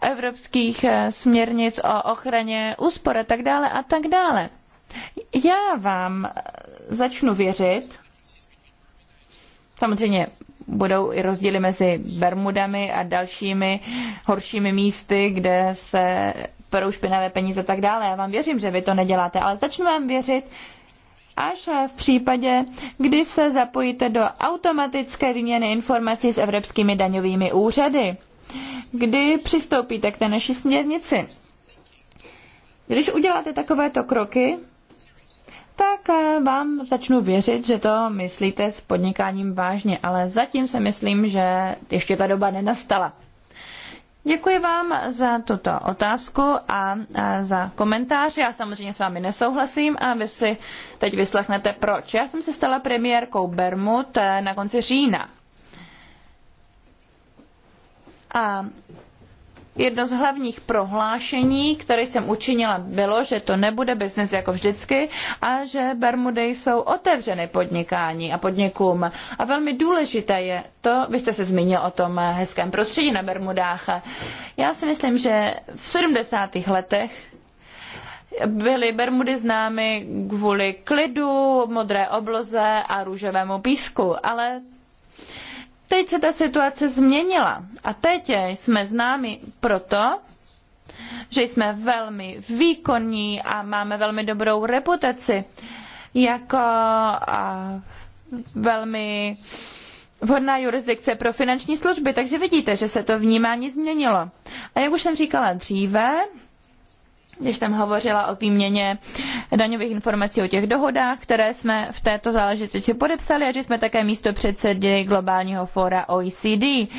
evropských eh, směrnic o ochraně úspor a tak dále a tak dále. Já vám eh, začnu věřit, Samozřejmě budou i rozdíly mezi Bermudami a dalšími horšími místy, kde se perou špinavé peníze a tak dále. Já vám věřím, že vy to neděláte, ale začnu vám věřit, až v případě, kdy se zapojíte do automatické výměny informací s evropskými daňovými úřady, kdy přistoupíte k té naší směrnici. Když uděláte takovéto kroky, tak eh, vám začnu věřit, že to myslíte s podnikáním vážně, ale zatím se myslím, že ještě ta doba nenastala. Děkuji vám za tuto otázku a eh, za komentář. Já samozřejmě s vámi nesouhlasím a vy si teď vyslechnete proč. Já jsem se stala premiérkou Bermud eh, na konci října. A Jedno z hlavních prohlášení, které jsem učinila, bylo, že to nebude biznes jako vždycky a že Bermudy jsou otevřeny podnikání a podnikům. A velmi důležité je to, vy jste se zmínil o tom hezkém prostředí na Bermudách. Já si myslím, že v 70. letech byly Bermudy známy kvůli klidu, modré obloze a růžovému písku, ale Teď se ta situace změnila a teď jsme známi proto, že jsme velmi výkonní a máme velmi dobrou reputaci jako velmi vhodná jurisdikce pro finanční služby. Takže vidíte, že se to vnímání změnilo. A jak už jsem říkala dříve, když jsem hovořila o výměně daňových informací o těch dohodách, které jsme v této záležitosti podepsali a že jsme také místo předsedy globálního fóra OECD.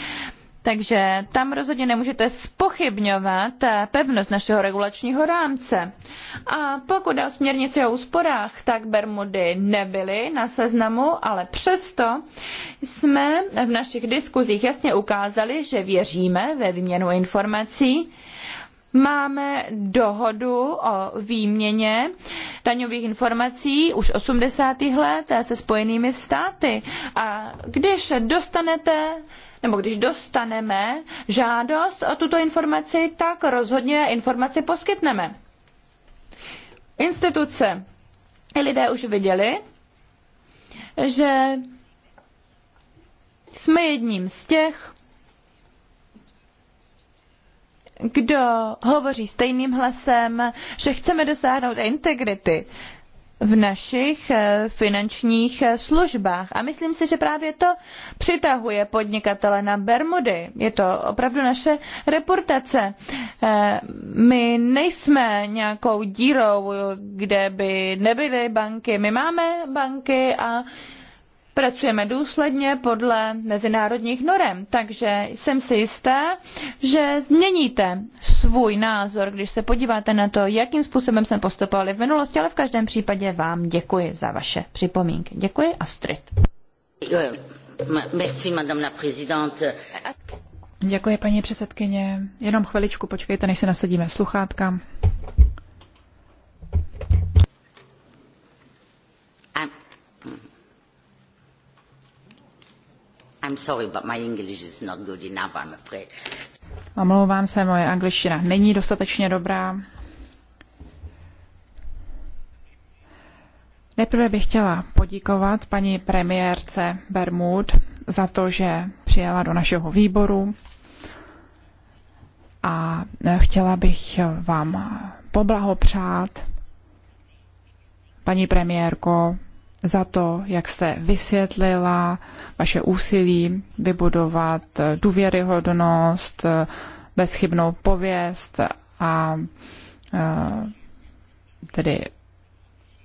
Takže tam rozhodně nemůžete spochybňovat pevnost našeho regulačního rámce. A pokud jde o směrnici o úsporách, tak Bermudy nebyly na seznamu, ale přesto jsme v našich diskuzích jasně ukázali, že věříme ve výměnu informací Máme dohodu o výměně daňových informací už 80. let se spojenými státy. A když dostanete nebo když dostaneme žádost o tuto informaci, tak rozhodně informaci poskytneme. Instituce lidé už viděli, že jsme jedním z těch, kdo hovoří stejným hlasem, že chceme dosáhnout integrity v našich eh, finančních eh, službách. A myslím si, že právě to přitahuje podnikatele na Bermudy. Je to opravdu naše reportace. Eh, my nejsme nějakou dírou, kde by nebyly banky. My máme banky a pracujeme důsledně podle mezinárodních norem, takže jsem si jistá, že změníte svůj názor, když se podíváte na to, jakým způsobem jsme postupovali v minulosti, ale v každém případě vám děkuji za vaše připomínky. Děkuji, Astrid. Merci, madame la présidente. Děkuji, paní předsedkyně. Jenom chviličku počkejte, než se nasadíme sluchátka. I'm sorry, but my English is not good enough, I'm afraid. Omlouvám se, moje angličtina není dostatečně dobrá. Nejprve bych chtěla poděkovat paní premiérce Bermud za to, že přijela do našeho výboru a chtěla bych vám poblahopřát, paní premiérko, za to, jak jste vysvětlila vaše úsilí vybudovat důvěryhodnost, bezchybnou pověst a eh, tedy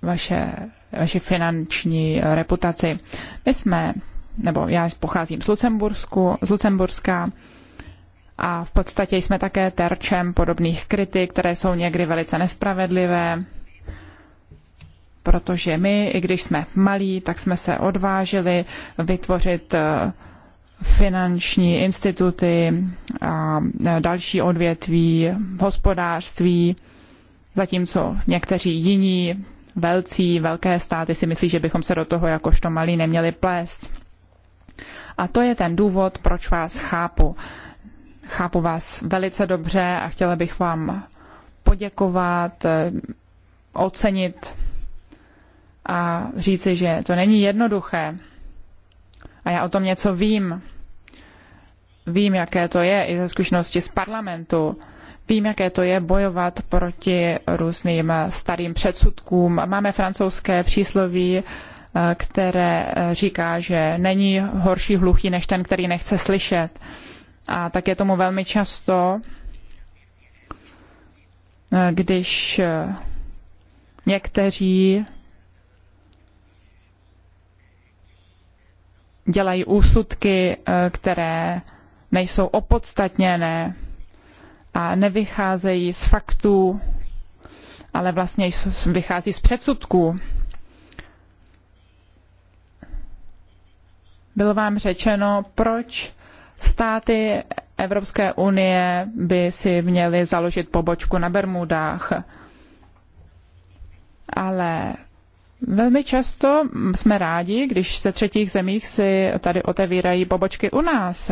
vaše, vaše finanční reputaci. My jsme, nebo já pocházím z, Lucembursku, z Lucemburska a v podstatě jsme také terčem podobných kritik, které jsou někdy velice nespravedlivé protože my, i když jsme malí, tak jsme se odvážili vytvořit eh, finanční instituty a eh, další odvětví, hospodářství, zatímco někteří jiní velcí, velké státy si myslí, že bychom se do toho jakožto malí neměli plést. A to je ten důvod, proč vás chápu. Chápu vás velice dobře a chtěla bych vám poděkovat, eh, ocenit a říci, že to není jednoduché. A já o tom něco vím. Vím, jaké to je i ze zkušenosti z parlamentu. Vím, jaké to je bojovat proti různým starým předsudkům. Máme francouzské přísloví, eh, které eh, říká, že není horší hluchý než ten, který nechce slyšet. A tak je tomu velmi často, eh, když někteří dělají úsudky, eh, které nejsou opodstatněné a nevycházejí z faktů, ale vlastně vychází z předsudků. Bylo vám řečeno, proč státy Evropské unie by si měly založit pobočku na Bermudách. Ale Velmi často jsme rádi, když se třetích zemích si tady otevírají pobočky u nás,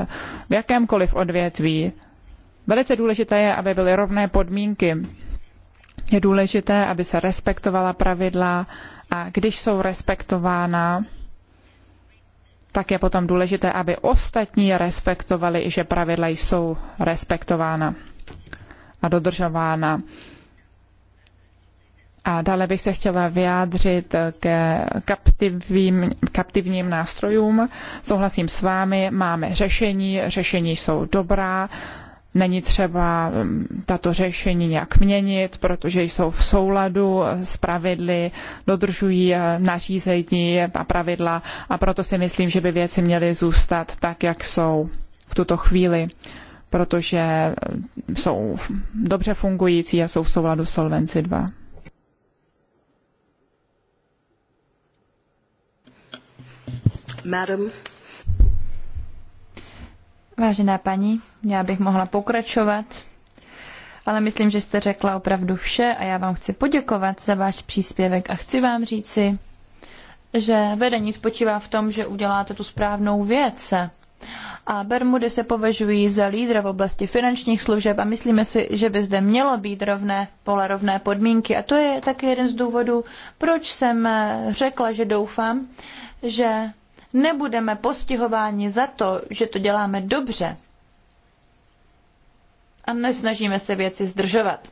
v jakémkoliv odvětví. Velice důležité je, aby byly rovné podmínky. Je důležité, aby se respektovala pravidla a když jsou respektována, tak je potom důležité, aby ostatní respektovali, že pravidla jsou respektována a dodržována. A dále bych se chtěla vyjádřit ke kaptivním, kaptivním nástrojům. Souhlasím s vámi, máme řešení, řešení jsou dobrá, není třeba mm, tato řešení nějak měnit, protože jsou v souladu s pravidly, dodržují eh, nařízení a pravidla a proto si myslím, že by věci měly zůstat tak, jak jsou v tuto chvíli, protože eh, jsou dobře fungující a jsou v souladu s Solvency 2. Vážená paní, já bych mohla pokračovat, ale myslím, že jste řekla opravdu vše a já vám chci poděkovat za váš příspěvek a chci vám říci, že vedení spočívá v tom, že uděláte tu správnou věc. A Bermudy se považují za lídra v oblasti finančních služeb a myslíme si, že by zde mělo být rovné pole, rovné podmínky. A to je také jeden z důvodů, proč jsem řekla, že doufám, že nebudeme postihováni za to, že to děláme dobře a nesnažíme se věci zdržovat.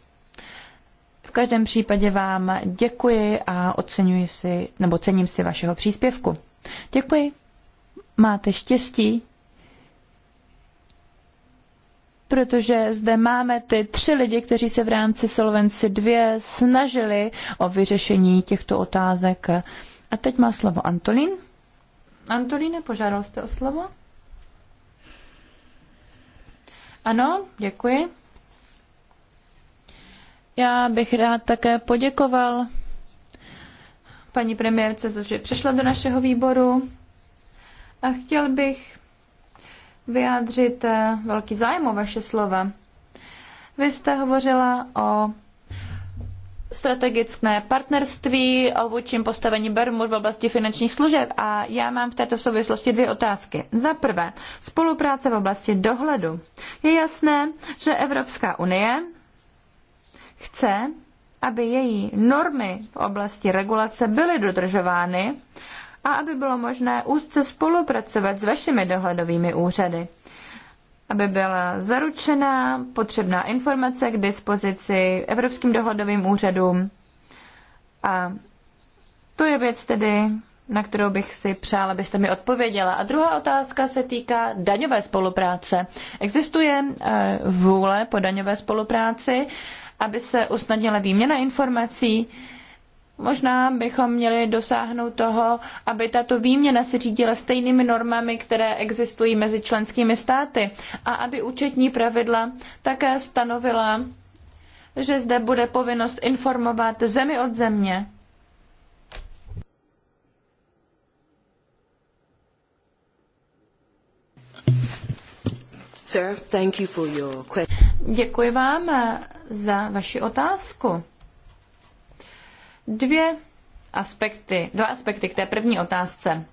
V každém případě vám děkuji a oceňuji si, nebo cením si vašeho příspěvku. Děkuji. Máte štěstí, protože zde máme ty tři lidi, kteří se v rámci Solvency 2 snažili o vyřešení těchto otázek. A teď má slovo Antolín. Antolíne, požádal jste o slovo? Ano, děkuji. Já bych rád také poděkoval paní premiérce, to, že přišla do našeho výboru a chtěl bych vyjádřit eh, velký zájem o vaše slova. Vy jste hovořila o strategické partnerství o vůčím postavení Bermud v oblasti finančních služeb a já mám v této souvislosti dvě otázky. Za prvé, spolupráce v oblasti dohledu. Je jasné, že Evropská unie chce, aby její normy v oblasti regulace byly dodržovány a aby bylo možné úzce spolupracovat s vašimi dohledovými úřady aby byla zaručena potřebná informace k dispozici evropským dohledovým úřadům. A to je věc tedy, na kterou bych si přála, abyste mi odpověděla. A druhá otázka se týká daňové spolupráce. Existuje eh, vůle po daňové spolupráci, aby se usnadnila výměna informací Možná bychom měli dosáhnout toho, aby tato výměna se řídila stejnými normami, které existují mezi členskými státy a aby účetní pravidla také stanovila, že zde bude povinnost informovat zemi od země. Sir, thank you for your... Děkuji vám eh, za vaši otázku dvě aspekty, dva aspekty k té první otázce.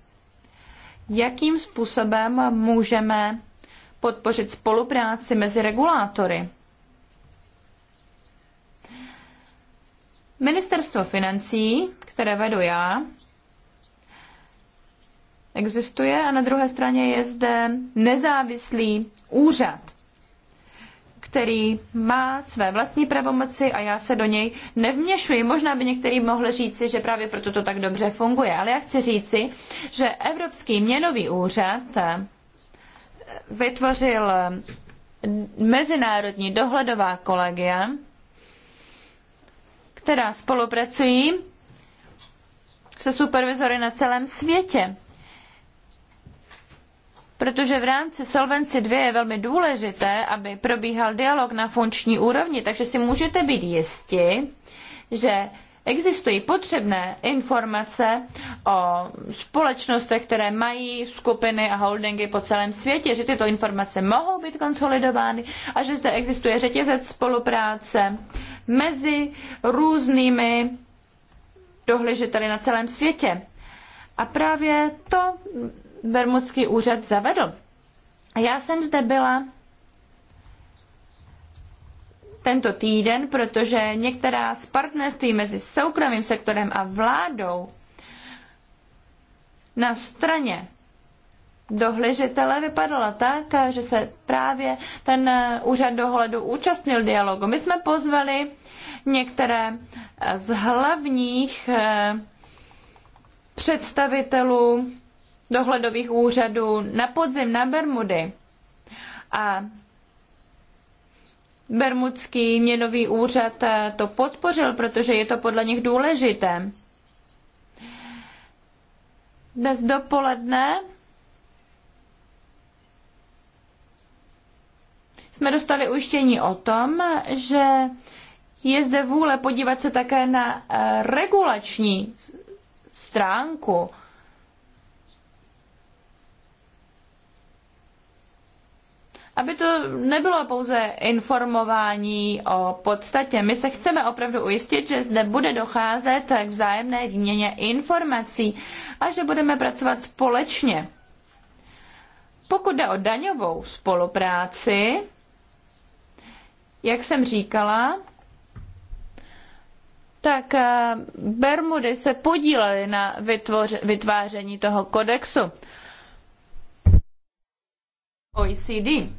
Jakým způsobem můžeme podpořit spolupráci mezi regulátory? Ministerstvo financí, které vedu já, existuje a na druhé straně je zde nezávislý úřad, který má své vlastní pravomoci a já se do něj nevměšuji. Možná by některý mohl říci, že právě proto to tak dobře funguje, ale já chci říci, že Evropský měnový úřad eh, vytvořil eh, mezinárodní dohledová kolegia, která spolupracují se supervizory na celém světě protože v rámci Solvency 2 je velmi důležité, aby probíhal dialog na funkční úrovni, takže si můžete být jisti, že existují potřebné informace o společnostech, které mají skupiny a holdingy po celém světě, že tyto informace mohou být konsolidovány a že zde existuje řetězec spolupráce mezi různými dohlížiteli na celém světě. A právě to Bermudský úřad zavedl. Já jsem zde byla tento týden, protože některá z partnerství mezi soukromým sektorem a vládou na straně dohležitele vypadala tak, že se právě ten úřad dohledu účastnil dialogu. My jsme pozvali některé z hlavních eh, představitelů dohledových úřadů na podzim na Bermudy a Bermudský měnový úřad eh, to podpořil, protože je to podle nich důležité. Dnes dopoledne jsme dostali ujištění o tom, že je zde vůle podívat se také na eh, regulační stránku aby to nebylo pouze informování o podstatě. My se chceme opravdu ujistit, že zde bude docházet k vzájemné výměně informací a že budeme pracovat společně. Pokud jde o daňovou spolupráci, jak jsem říkala, tak eh, Bermudy se podílely na vytvoře, vytváření toho kodexu. OECD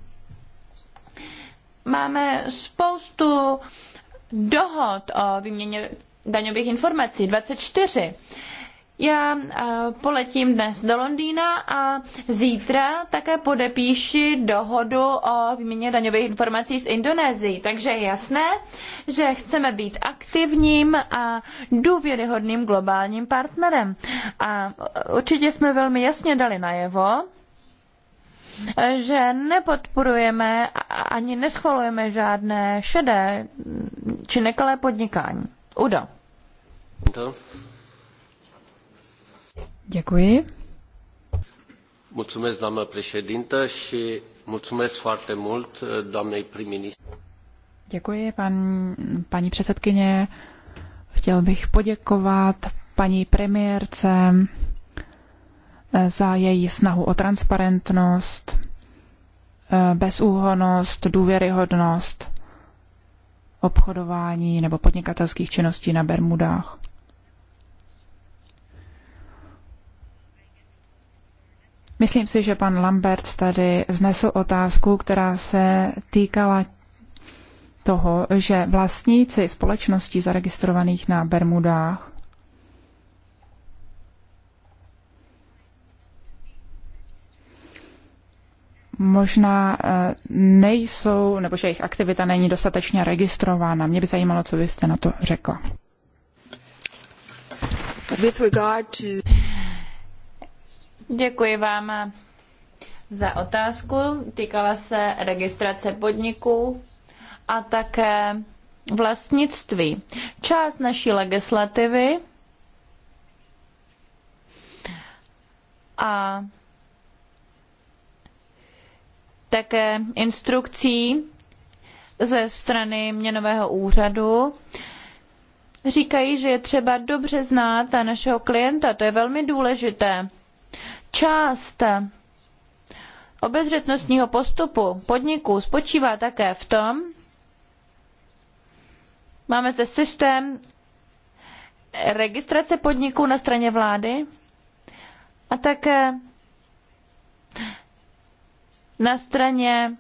máme spoustu dohod o výměně daňových informací, 24. Já e, poletím dnes do Londýna a zítra také podepíši dohodu o výměně daňových informací s Indonésií. Takže je jasné, že chceme být aktivním a důvěryhodným globálním partnerem. A určitě jsme velmi jasně dali najevo, že nepodporujeme ani neschvalujeme žádné šedé či nekalé podnikání. Udo. Děkuji. Mulțumesc, doamnă președintă, și mulțumesc foarte mult doamnei prim-ministru. Děkuji, pan, paní předsedkyně. Chtěl bych poděkovat paní premiérce Eh, za její snahu o transparentnost, eh, bezúhonost, důvěryhodnost obchodování nebo podnikatelských činností na Bermudách. Myslím si, že pan Lambert tady znesl otázku, která se týkala toho, že vlastníci společností zaregistrovaných na Bermudách možná eh, nejsou, nebo že jejich aktivita není dostatečně registrována. Mě by zajímalo, co byste na to řekla. With regard to... Děkuji vám za otázku. Týkala se registrace podniků a také vlastnictví. Část naší legislativy a také instrukcí ze strany měnového úřadu. Říkají, že je třeba dobře znát našeho klienta, to je velmi důležité. Část obezřetnostního postupu podniků spočívá také v tom, máme zde systém registrace podniků na straně vlády a také na straně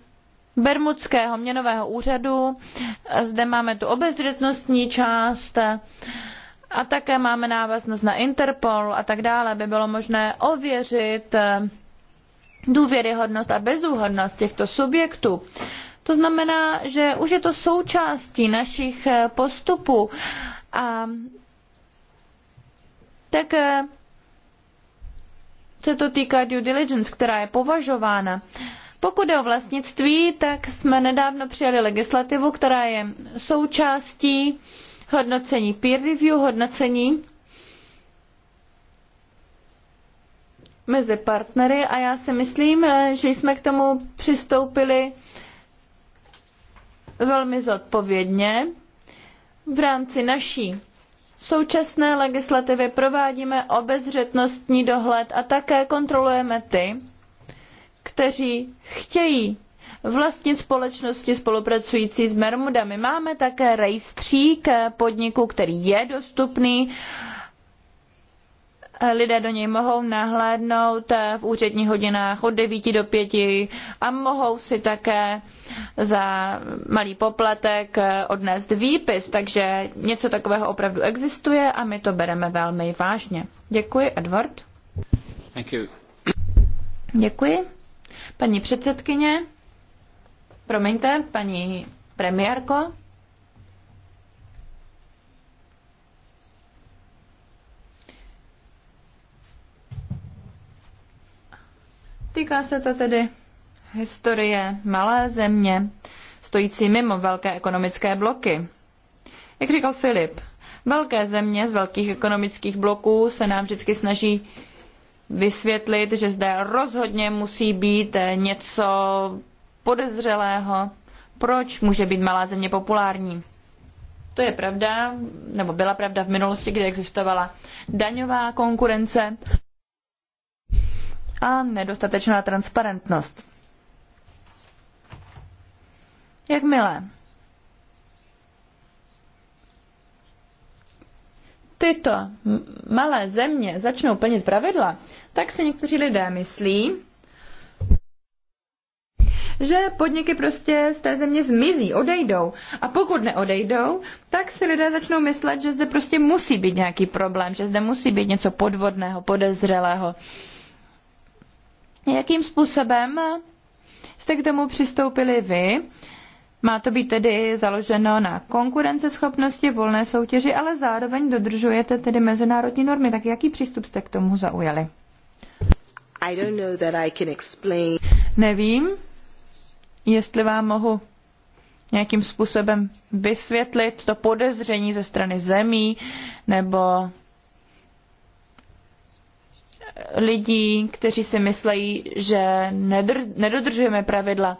Bermudského měnového úřadu. Zde máme tu obezřetnostní část a také máme návaznost na Interpol a tak dále, by bylo možné ověřit eh, důvěryhodnost a bezúhodnost těchto subjektů. To znamená, že už je to součástí našich eh, postupů a také eh, se to týká due diligence, která je považována pokud je o vlastnictví, tak jsme nedávno přijali legislativu, která je součástí hodnocení peer review, hodnocení mezi partnery a já si myslím, že jsme k tomu přistoupili velmi zodpovědně. V rámci naší současné legislativy provádíme obezřetnostní dohled a také kontrolujeme ty, kteří chtějí vlastnit společnosti spolupracující s Bermudami. Máme také rejstřík podniku, který je dostupný. Lidé do něj mohou nahlédnout v úředních hodinách od 9 do 5 a mohou si také za malý poplatek odnést výpis, takže něco takového opravdu existuje a my to bereme velmi vážně. Děkuji, Edward. Děkuji. Paní předsedkyně, promiňte, paní premiérko. Týká se to tedy historie malé země, stojící mimo velké ekonomické bloky. Jak říkal Filip, velké země z velkých ekonomických bloků se nám vždycky snaží vysvětlit, že zde rozhodně musí být eh, něco podezřelého. Proč může být malá země populární? To je pravda, nebo byla pravda v minulosti, kdy existovala daňová konkurence a nedostatečná transparentnost. Jakmile tyto malé země začnou plnit pravidla, tak si někteří lidé myslí, že podniky prostě z té země zmizí, odejdou. A pokud neodejdou, tak si lidé začnou myslet, že zde prostě musí být nějaký problém, že zde musí být něco podvodného, podezřelého. Jakým způsobem jste k tomu přistoupili vy? Má to být tedy založeno na konkurenceschopnosti, volné soutěži, ale zároveň dodržujete tedy mezinárodní normy. Tak jaký přístup jste k tomu zaujali? I don't know that I can explain. Nevím, jestli vám mohu nějakým způsobem vysvětlit to podezření ze strany zemí nebo lidí, kteří si myslejí, že nedodržujeme pravidla.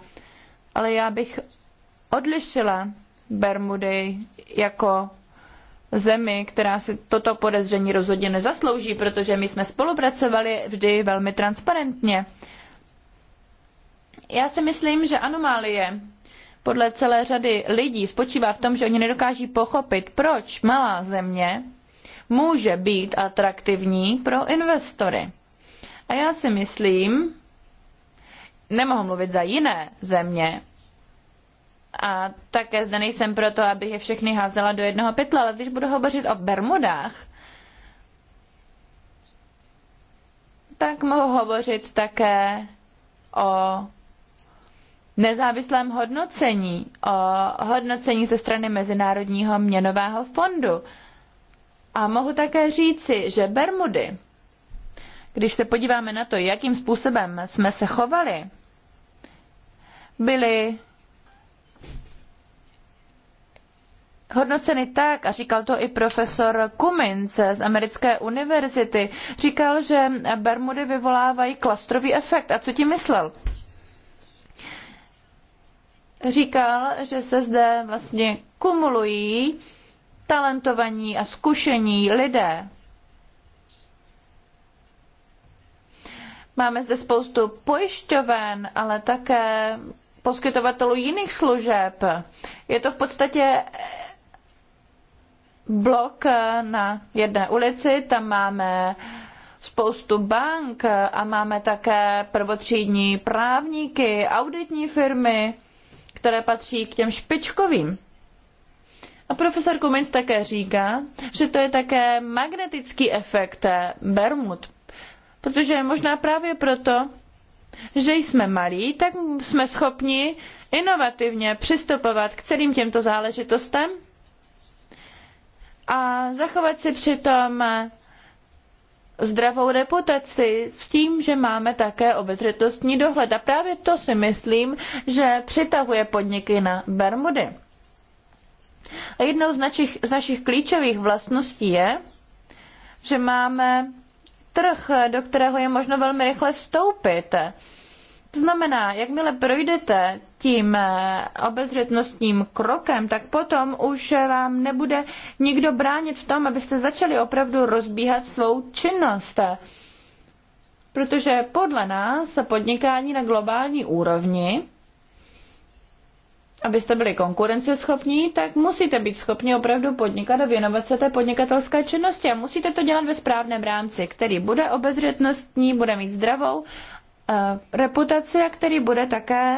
Ale já bych odlišila Bermudy jako zemi, která si toto podezření rozhodně nezaslouží, protože my jsme spolupracovali vždy velmi transparentně. Já si myslím, že anomálie podle celé řady lidí spočívá v tom, že oni nedokáží pochopit, proč malá země může být atraktivní pro investory. A já si myslím, nemohu mluvit za jiné země, a také zde nejsem proto, abych je všechny házela do jednoho pytla, ale když budu hovořit o Bermudách, tak mohu hovořit také o nezávislém hodnocení, o hodnocení ze strany Mezinárodního měnového fondu. A mohu také říci, že Bermudy, když se podíváme na to, jakým způsobem jsme se chovali, byly hodnoceny tak, a říkal to i profesor Cummins z americké univerzity, říkal, že Bermudy vyvolávají klastrový efekt. A co tím myslel? Říkal, že se zde vlastně kumulují talentovaní a zkušení lidé. Máme zde spoustu pojišťoven, ale také poskytovatelů jiných služeb. Je to v podstatě blok eh, na jedné ulici, tam máme spoustu bank eh, a máme také prvotřídní právníky, auditní firmy, které patří k těm špičkovým. A profesor Kumins také říká, že to je také magnetický efekt eh, Bermud, protože možná právě proto, že jsme malí, tak jsme schopni inovativně přistupovat k celým těmto záležitostem a zachovat si přitom eh, zdravou reputaci s tím, že máme také obezřetnostní dohled. A právě to si myslím, že přitahuje podniky na Bermudy. A jednou z našich, z našich klíčových vlastností je, že máme trh, do kterého je možno velmi rychle vstoupit. To znamená, jakmile projdete tím eh, obezřetnostním krokem, tak potom už vám nebude nikdo bránit v tom, abyste začali opravdu rozbíhat svou činnost. Protože podle nás podnikání na globální úrovni, abyste byli konkurenceschopní, tak musíte být schopni opravdu podnikat a věnovat se té podnikatelské činnosti a musíte to dělat ve správném rámci, který bude obezřetnostní, bude mít zdravou Eh, reputaci a který bude také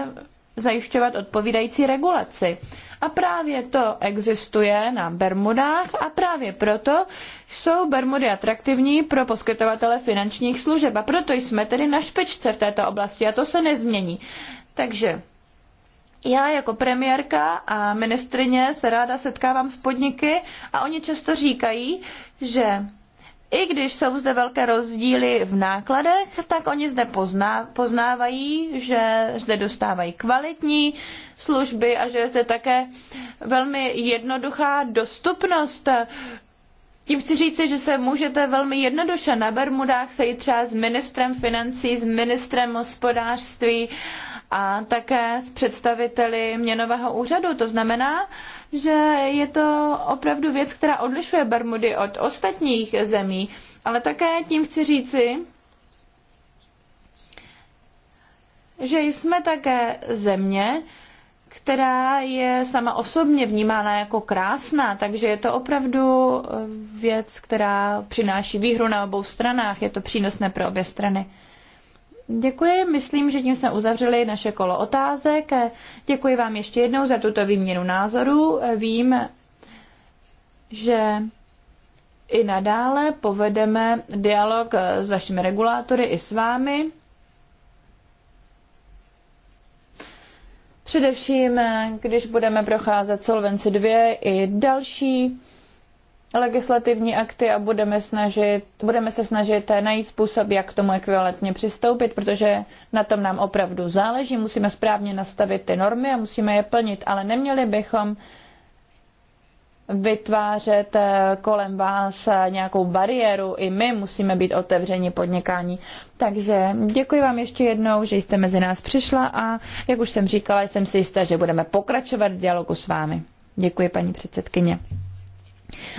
zajišťovat odpovídající regulaci. A právě to existuje na Bermudách a právě proto jsou Bermudy atraktivní pro poskytovatele finančních služeb a proto jsme tedy na špičce v této oblasti a to se nezmění. Takže já jako premiérka a ministrině se ráda setkávám s podniky a oni často říkají, že i když jsou zde velké rozdíly v nákladech, tak oni zde pozná, poznávají, že zde dostávají kvalitní služby a že je zde také velmi jednoduchá dostupnost. Tím chci říci, že se můžete velmi jednoduše na Bermudách sejít třeba s ministrem financí, s ministrem hospodářství a také s představiteli měnového úřadu. To znamená, že je to opravdu věc, která odlišuje Bermudy od ostatních zemí, ale také tím chci říci, že jsme také země, která je sama osobně vnímána jako krásná, takže je to opravdu eh, věc, která přináší výhru na obou stranách, je to přínosné pro obě strany. Děkuji, myslím, že tím jsme uzavřeli naše kolo otázek. Děkuji vám ještě jednou za tuto výměnu názorů. Vím, že i nadále povedeme dialog s vašimi regulátory i s vámi. Především, když budeme procházet Solvency 2 i další legislativní akty a budeme, snažit, budeme se snažit najít způsob, jak k tomu ekvivalentně přistoupit, protože na tom nám opravdu záleží. Musíme správně nastavit ty normy a musíme je plnit, ale neměli bychom vytvářet eh, kolem vás eh, nějakou bariéru. I my musíme být otevřeni podnikání. Takže děkuji vám ještě jednou, že jste mezi nás přišla a jak už jsem říkala, jsem si jistá, že budeme pokračovat v dialogu s vámi. Děkuji, paní předsedkyně.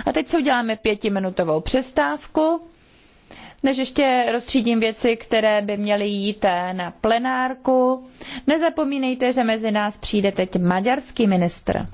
A teď si uděláme pětiminutovou přestávku, než ještě rozstřídím věci, které by měly jít na plenárku. Nezapomínejte, že mezi nás přijde teď maďarský ministr.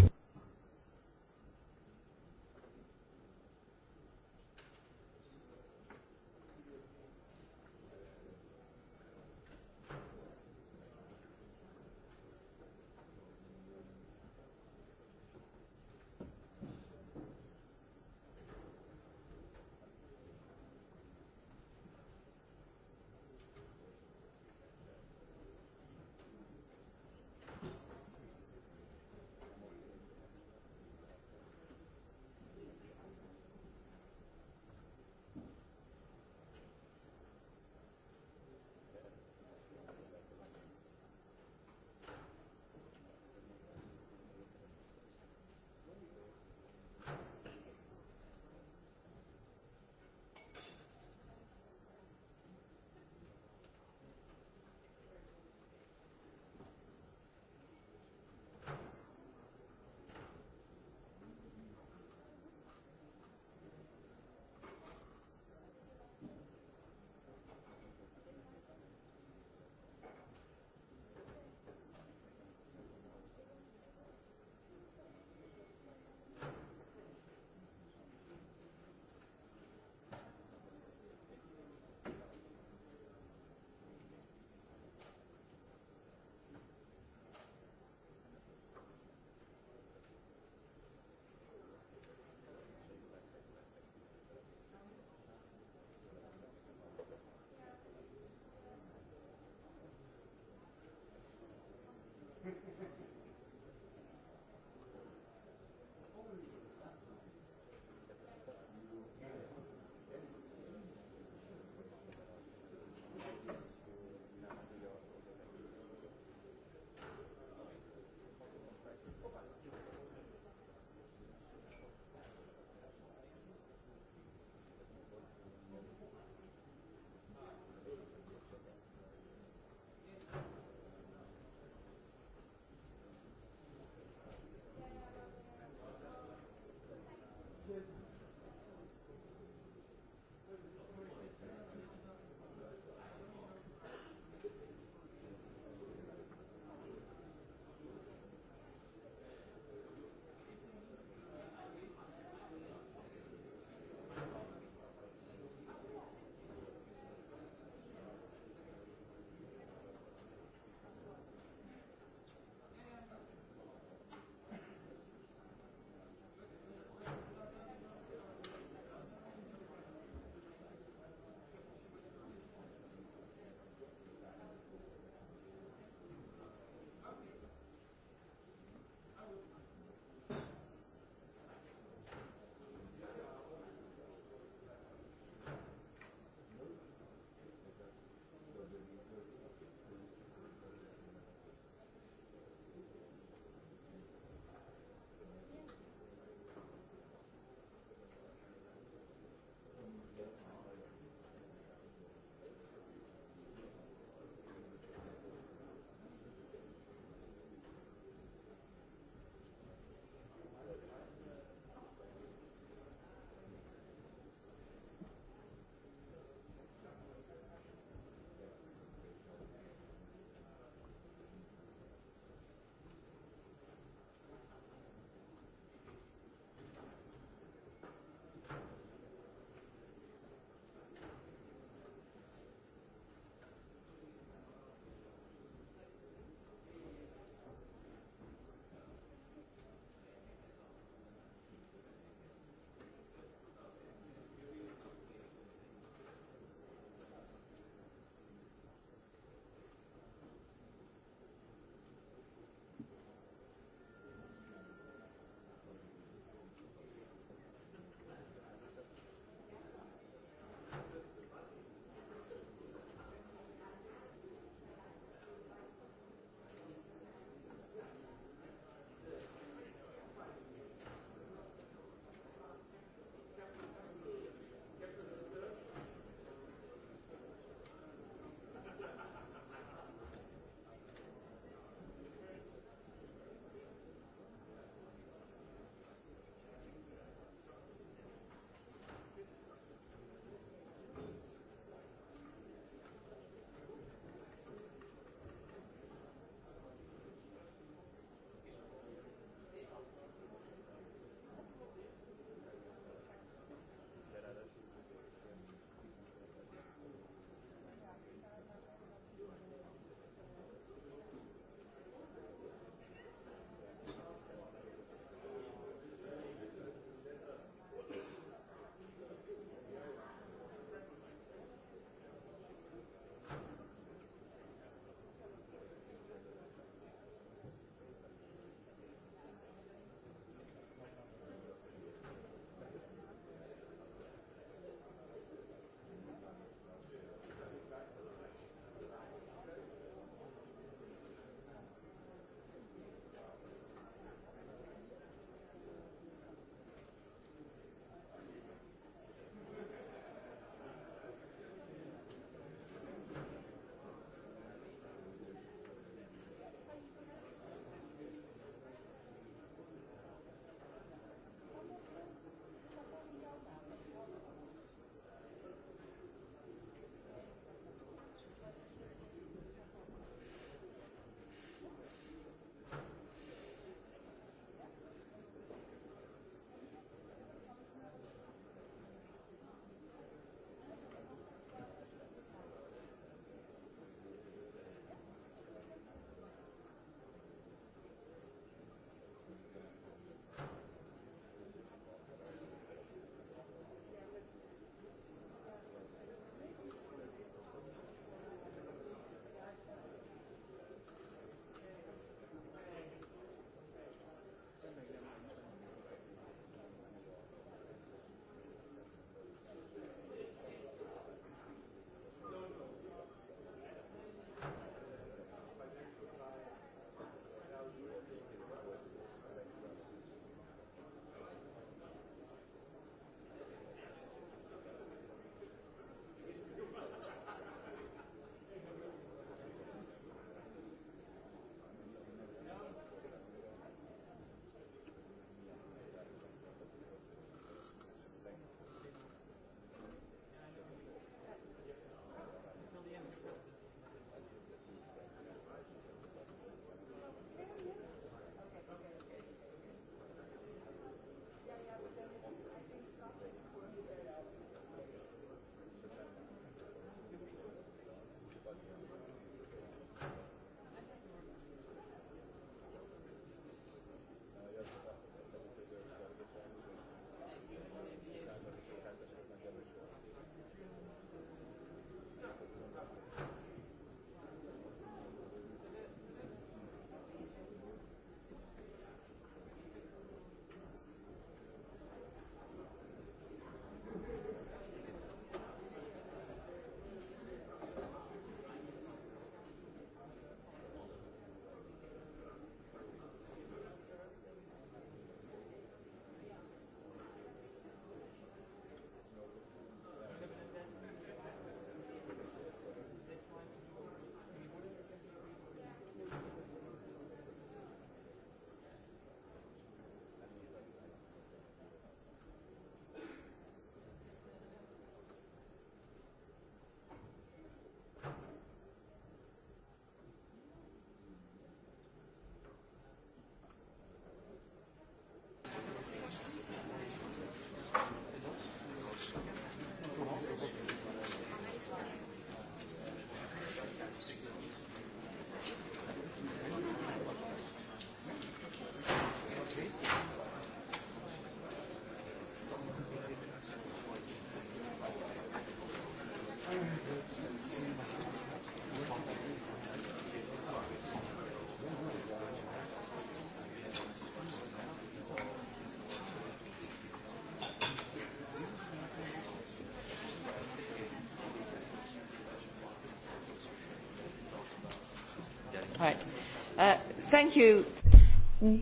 Uh,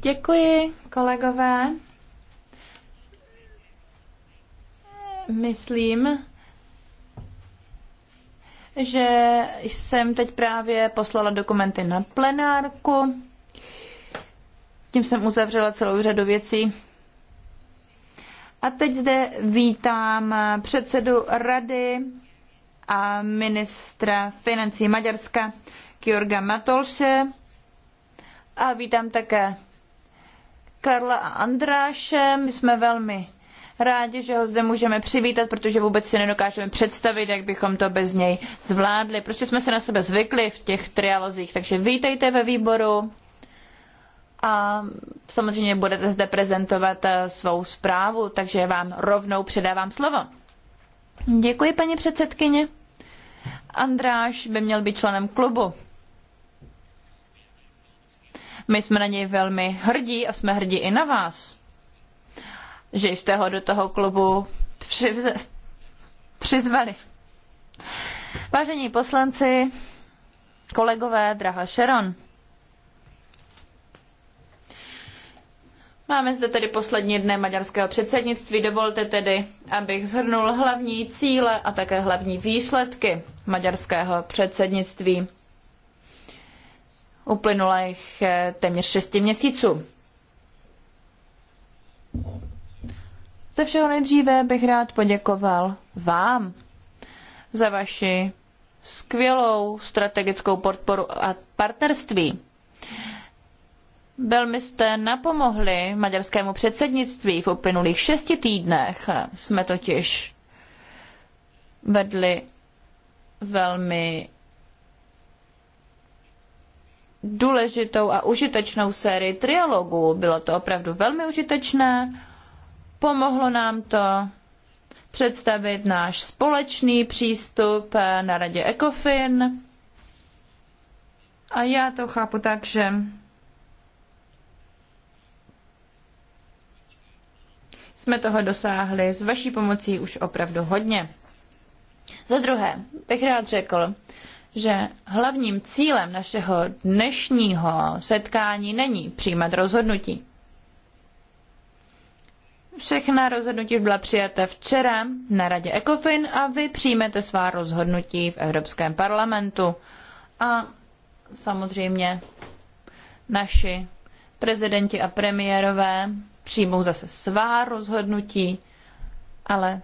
Děkuji, kolegové. Myslím, že jsem teď právě poslala dokumenty na plenárku. Tím jsem uzavřela celou řadu věcí. A teď zde vítám předsedu rady a ministra financí Maďarska. Georga Matolše a vítám také Karla a Andráše. My jsme velmi rádi, že ho zde můžeme přivítat, protože vůbec si nedokážeme představit, jak bychom to bez něj zvládli. Prostě jsme se na sebe zvykli v těch trialozích, takže vítejte ve výboru a samozřejmě budete zde prezentovat eh, svou zprávu, takže vám rovnou předávám slovo. Děkuji, paní předsedkyně. Andráš by měl být členem klubu. My jsme na něj velmi hrdí a jsme hrdí i na vás, že jste ho do toho klubu přivze, přizvali. Vážení poslanci, kolegové, drahá Sharon, Máme zde tedy poslední dny maďarského předsednictví. Dovolte tedy, abych zhrnul hlavní cíle a také hlavní výsledky maďarského předsednictví uplynulých eh, téměř 6 měsíců. Ze všeho nejdříve bych rád poděkoval vám za vaši skvělou strategickou podporu a partnerství. Velmi jste napomohli maďarskému předsednictví v uplynulých šesti týdnech. Jsme totiž vedli velmi důležitou a užitečnou sérii trialogů. Bylo to opravdu velmi užitečné, pomohlo nám to představit náš společný přístup na radě ECOFIN. A já to chápu tak, že jsme toho dosáhli s vaší pomocí už opravdu hodně. Za druhé bych rád řekl, že hlavním cílem našeho dnešního setkání není přijímat rozhodnutí. Všechna rozhodnutí byla přijata včera na radě ECOFIN a vy přijmete svá rozhodnutí v Evropském parlamentu. A samozřejmě naši prezidenti a premiérové přijmou zase svá rozhodnutí, ale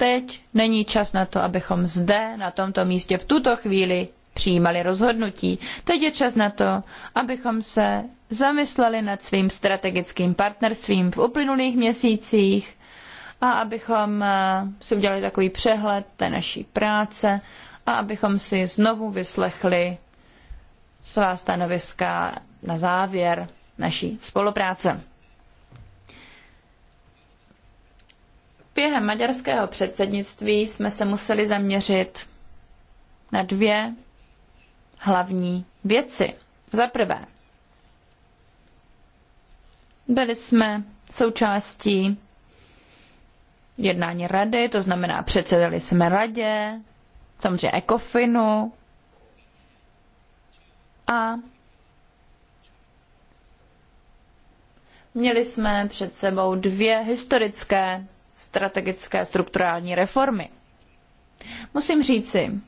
teď není čas na to, abychom zde, na tomto místě, v tuto chvíli přijímali rozhodnutí. Teď je čas na to, abychom se zamysleli nad svým strategickým partnerstvím v uplynulých měsících a abychom eh, si udělali takový přehled té naší práce a abychom si znovu vyslechli svá stanoviska na závěr naší spolupráce. Během maďarského předsednictví jsme se museli zaměřit na dvě hlavní věci. Za prvé, byli jsme součástí jednání rady, to znamená předsedali jsme radě, samozřejmě ECOFINu a měli jsme před sebou dvě historické strategické strukturální reformy. Musím říci,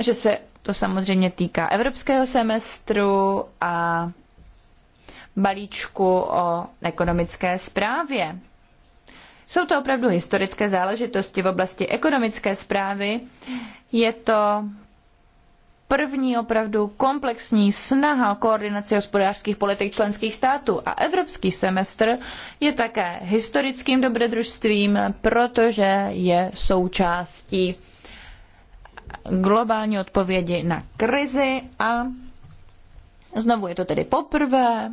že se to samozřejmě týká evropského semestru a balíčku o ekonomické správě. Jsou to opravdu historické záležitosti v oblasti ekonomické správy. Je to první opravdu komplexní snaha o koordinaci hospodářských politik členských států. A evropský semestr je také historickým dobrodružstvím, protože je součástí globální odpovědi na krizi a znovu je to tedy poprvé,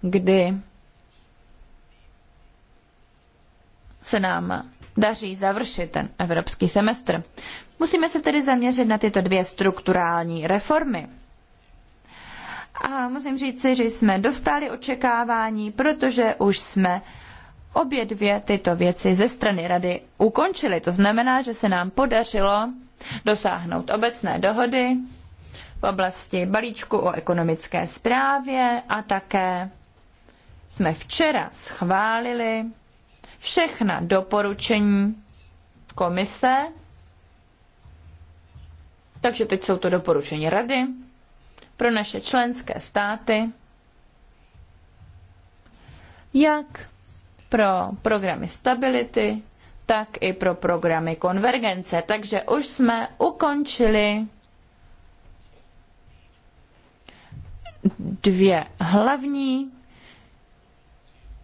kdy se nám daří završit ten evropský semestr. Musíme se tedy zaměřit na tyto dvě strukturální reformy. A musím říci, že jsme dostali očekávání, protože už jsme obě dvě tyto věci ze strany rady ukončili. To znamená, že se nám podařilo dosáhnout obecné dohody v oblasti balíčku o ekonomické správě a také jsme včera schválili všechna doporučení komise takže teď jsou to doporučení rady pro naše členské státy, jak pro programy stability, tak i pro programy konvergence. Takže už jsme ukončili dvě hlavní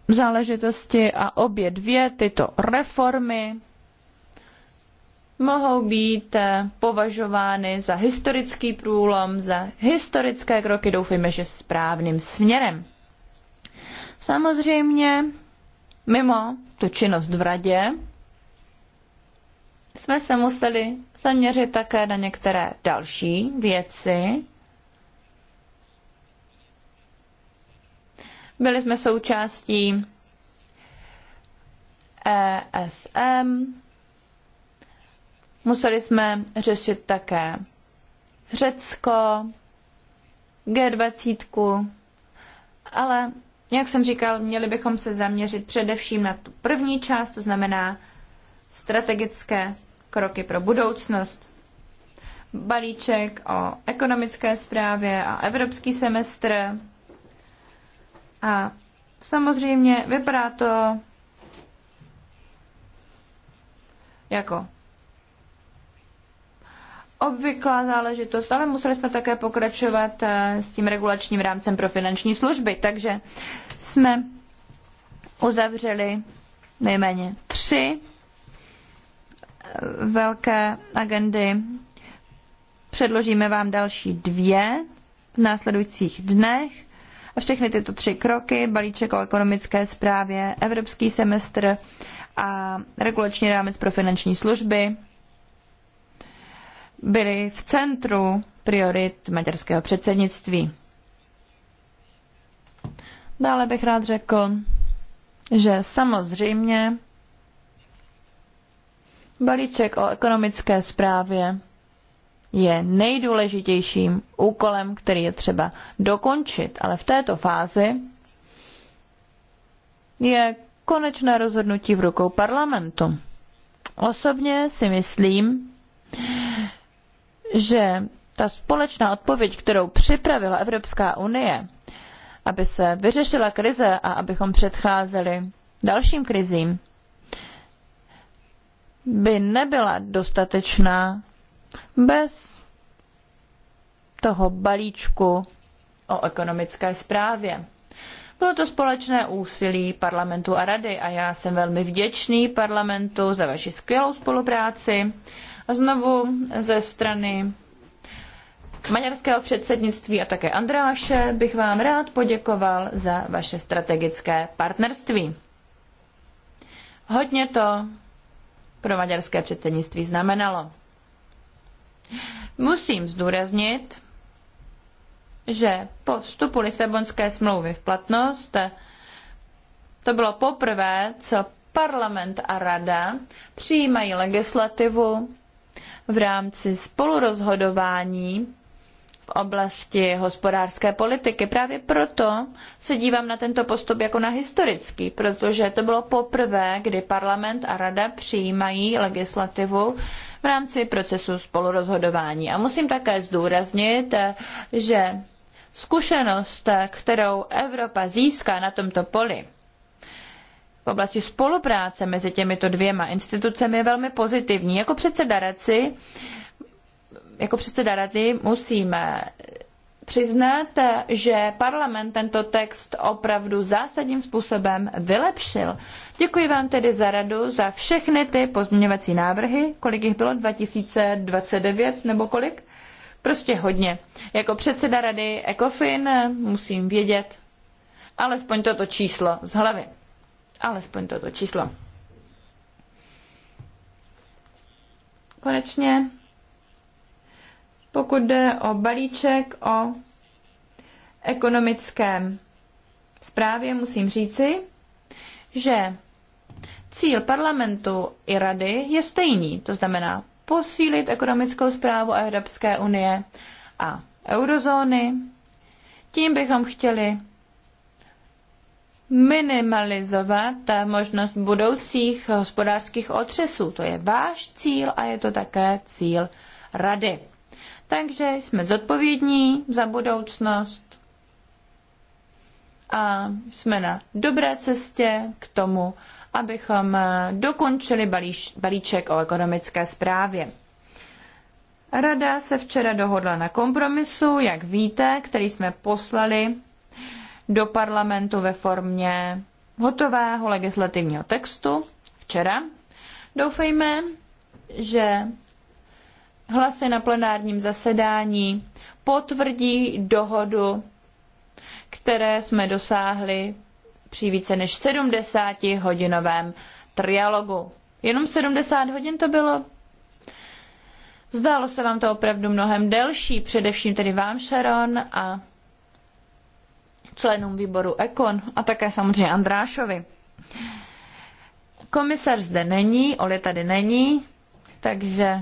záležitosti a obě dvě tyto reformy mohou být eh, považovány za historický průlom, za historické kroky, doufejme, že správným směrem. Samozřejmě, mimo tu činnost v radě, jsme se museli zaměřit také na některé další věci. Byli jsme součástí ESM, Museli jsme řešit také Řecko, G20, ale jak jsem říkal, měli bychom se zaměřit především na tu první část, to znamená strategické kroky pro budoucnost. Balíček o ekonomické zprávě a evropský semestr. A samozřejmě vypadá to jako obvyklá záležitost, ale museli jsme také pokračovat eh, s tím regulačním rámcem pro finanční služby. Takže jsme uzavřeli nejméně tři eh, velké agendy. Předložíme vám další dvě v následujících dnech. A všechny tyto tři kroky, balíček o ekonomické správě, evropský semestr a regulační rámec pro finanční služby, byly v centru priorit maďarského předsednictví. Dále bych rád řekl, že samozřejmě balíček o ekonomické správě je nejdůležitějším úkolem, který je třeba dokončit, ale v této fázi je konečné rozhodnutí v rukou parlamentu. Osobně si myslím, že ta společná odpověď, kterou připravila Evropská unie, aby se vyřešila krize a abychom předcházeli dalším krizím, by nebyla dostatečná bez toho balíčku o ekonomické správě. Bylo to společné úsilí parlamentu a rady a já jsem velmi vděčný parlamentu za vaši skvělou spolupráci znovu ze strany maďarského předsednictví a také Andráše bych vám rád poděkoval za vaše strategické partnerství. Hodně to pro maďarské předsednictví znamenalo. Musím zdůraznit, že po vstupu Lisabonské smlouvy v platnost to bylo poprvé, co parlament a rada přijímají legislativu, v rámci spolurozhodování v oblasti hospodářské politiky. Právě proto se dívám na tento postup jako na historický, protože to bylo poprvé, kdy parlament a rada přijímají legislativu v rámci procesu spolurozhodování. A musím také zdůraznit, že zkušenost, kterou Evropa získá na tomto poli, v oblasti spolupráce mezi těmito dvěma institucemi je velmi pozitivní. Jako předseda jako předseda Rady musíme přiznat, že parlament tento text opravdu zásadním způsobem vylepšil. Děkuji vám tedy za radu, za všechny ty pozměňovací návrhy, kolik jich bylo, 2029 nebo kolik? Prostě hodně. Jako předseda rady ECOFIN musím vědět alespoň toto číslo z hlavy alespoň toto číslo. Konečně, pokud jde o balíček o ekonomickém zprávě, musím říci, že cíl parlamentu i rady je stejný, to znamená posílit ekonomickou zprávu Evropské unie a eurozóny. Tím bychom chtěli minimalizovat možnost budoucích hospodářských otřesů. To je váš cíl a je to také cíl rady. Takže jsme zodpovědní za budoucnost a jsme na dobré cestě k tomu, abychom dokončili balíš, balíček o ekonomické zprávě. Rada se včera dohodla na kompromisu, jak víte, který jsme poslali do parlamentu ve formě hotového legislativního textu včera. Doufejme, že hlasy na plenárním zasedání potvrdí dohodu, které jsme dosáhli při více než 70-hodinovém trialogu. Jenom 70 hodin to bylo? Zdálo se vám to opravdu mnohem delší, především tedy vám, Sharon, a členům výboru Ekon a také samozřejmě Andrášovi. Komisař zde není, Oli tady není, takže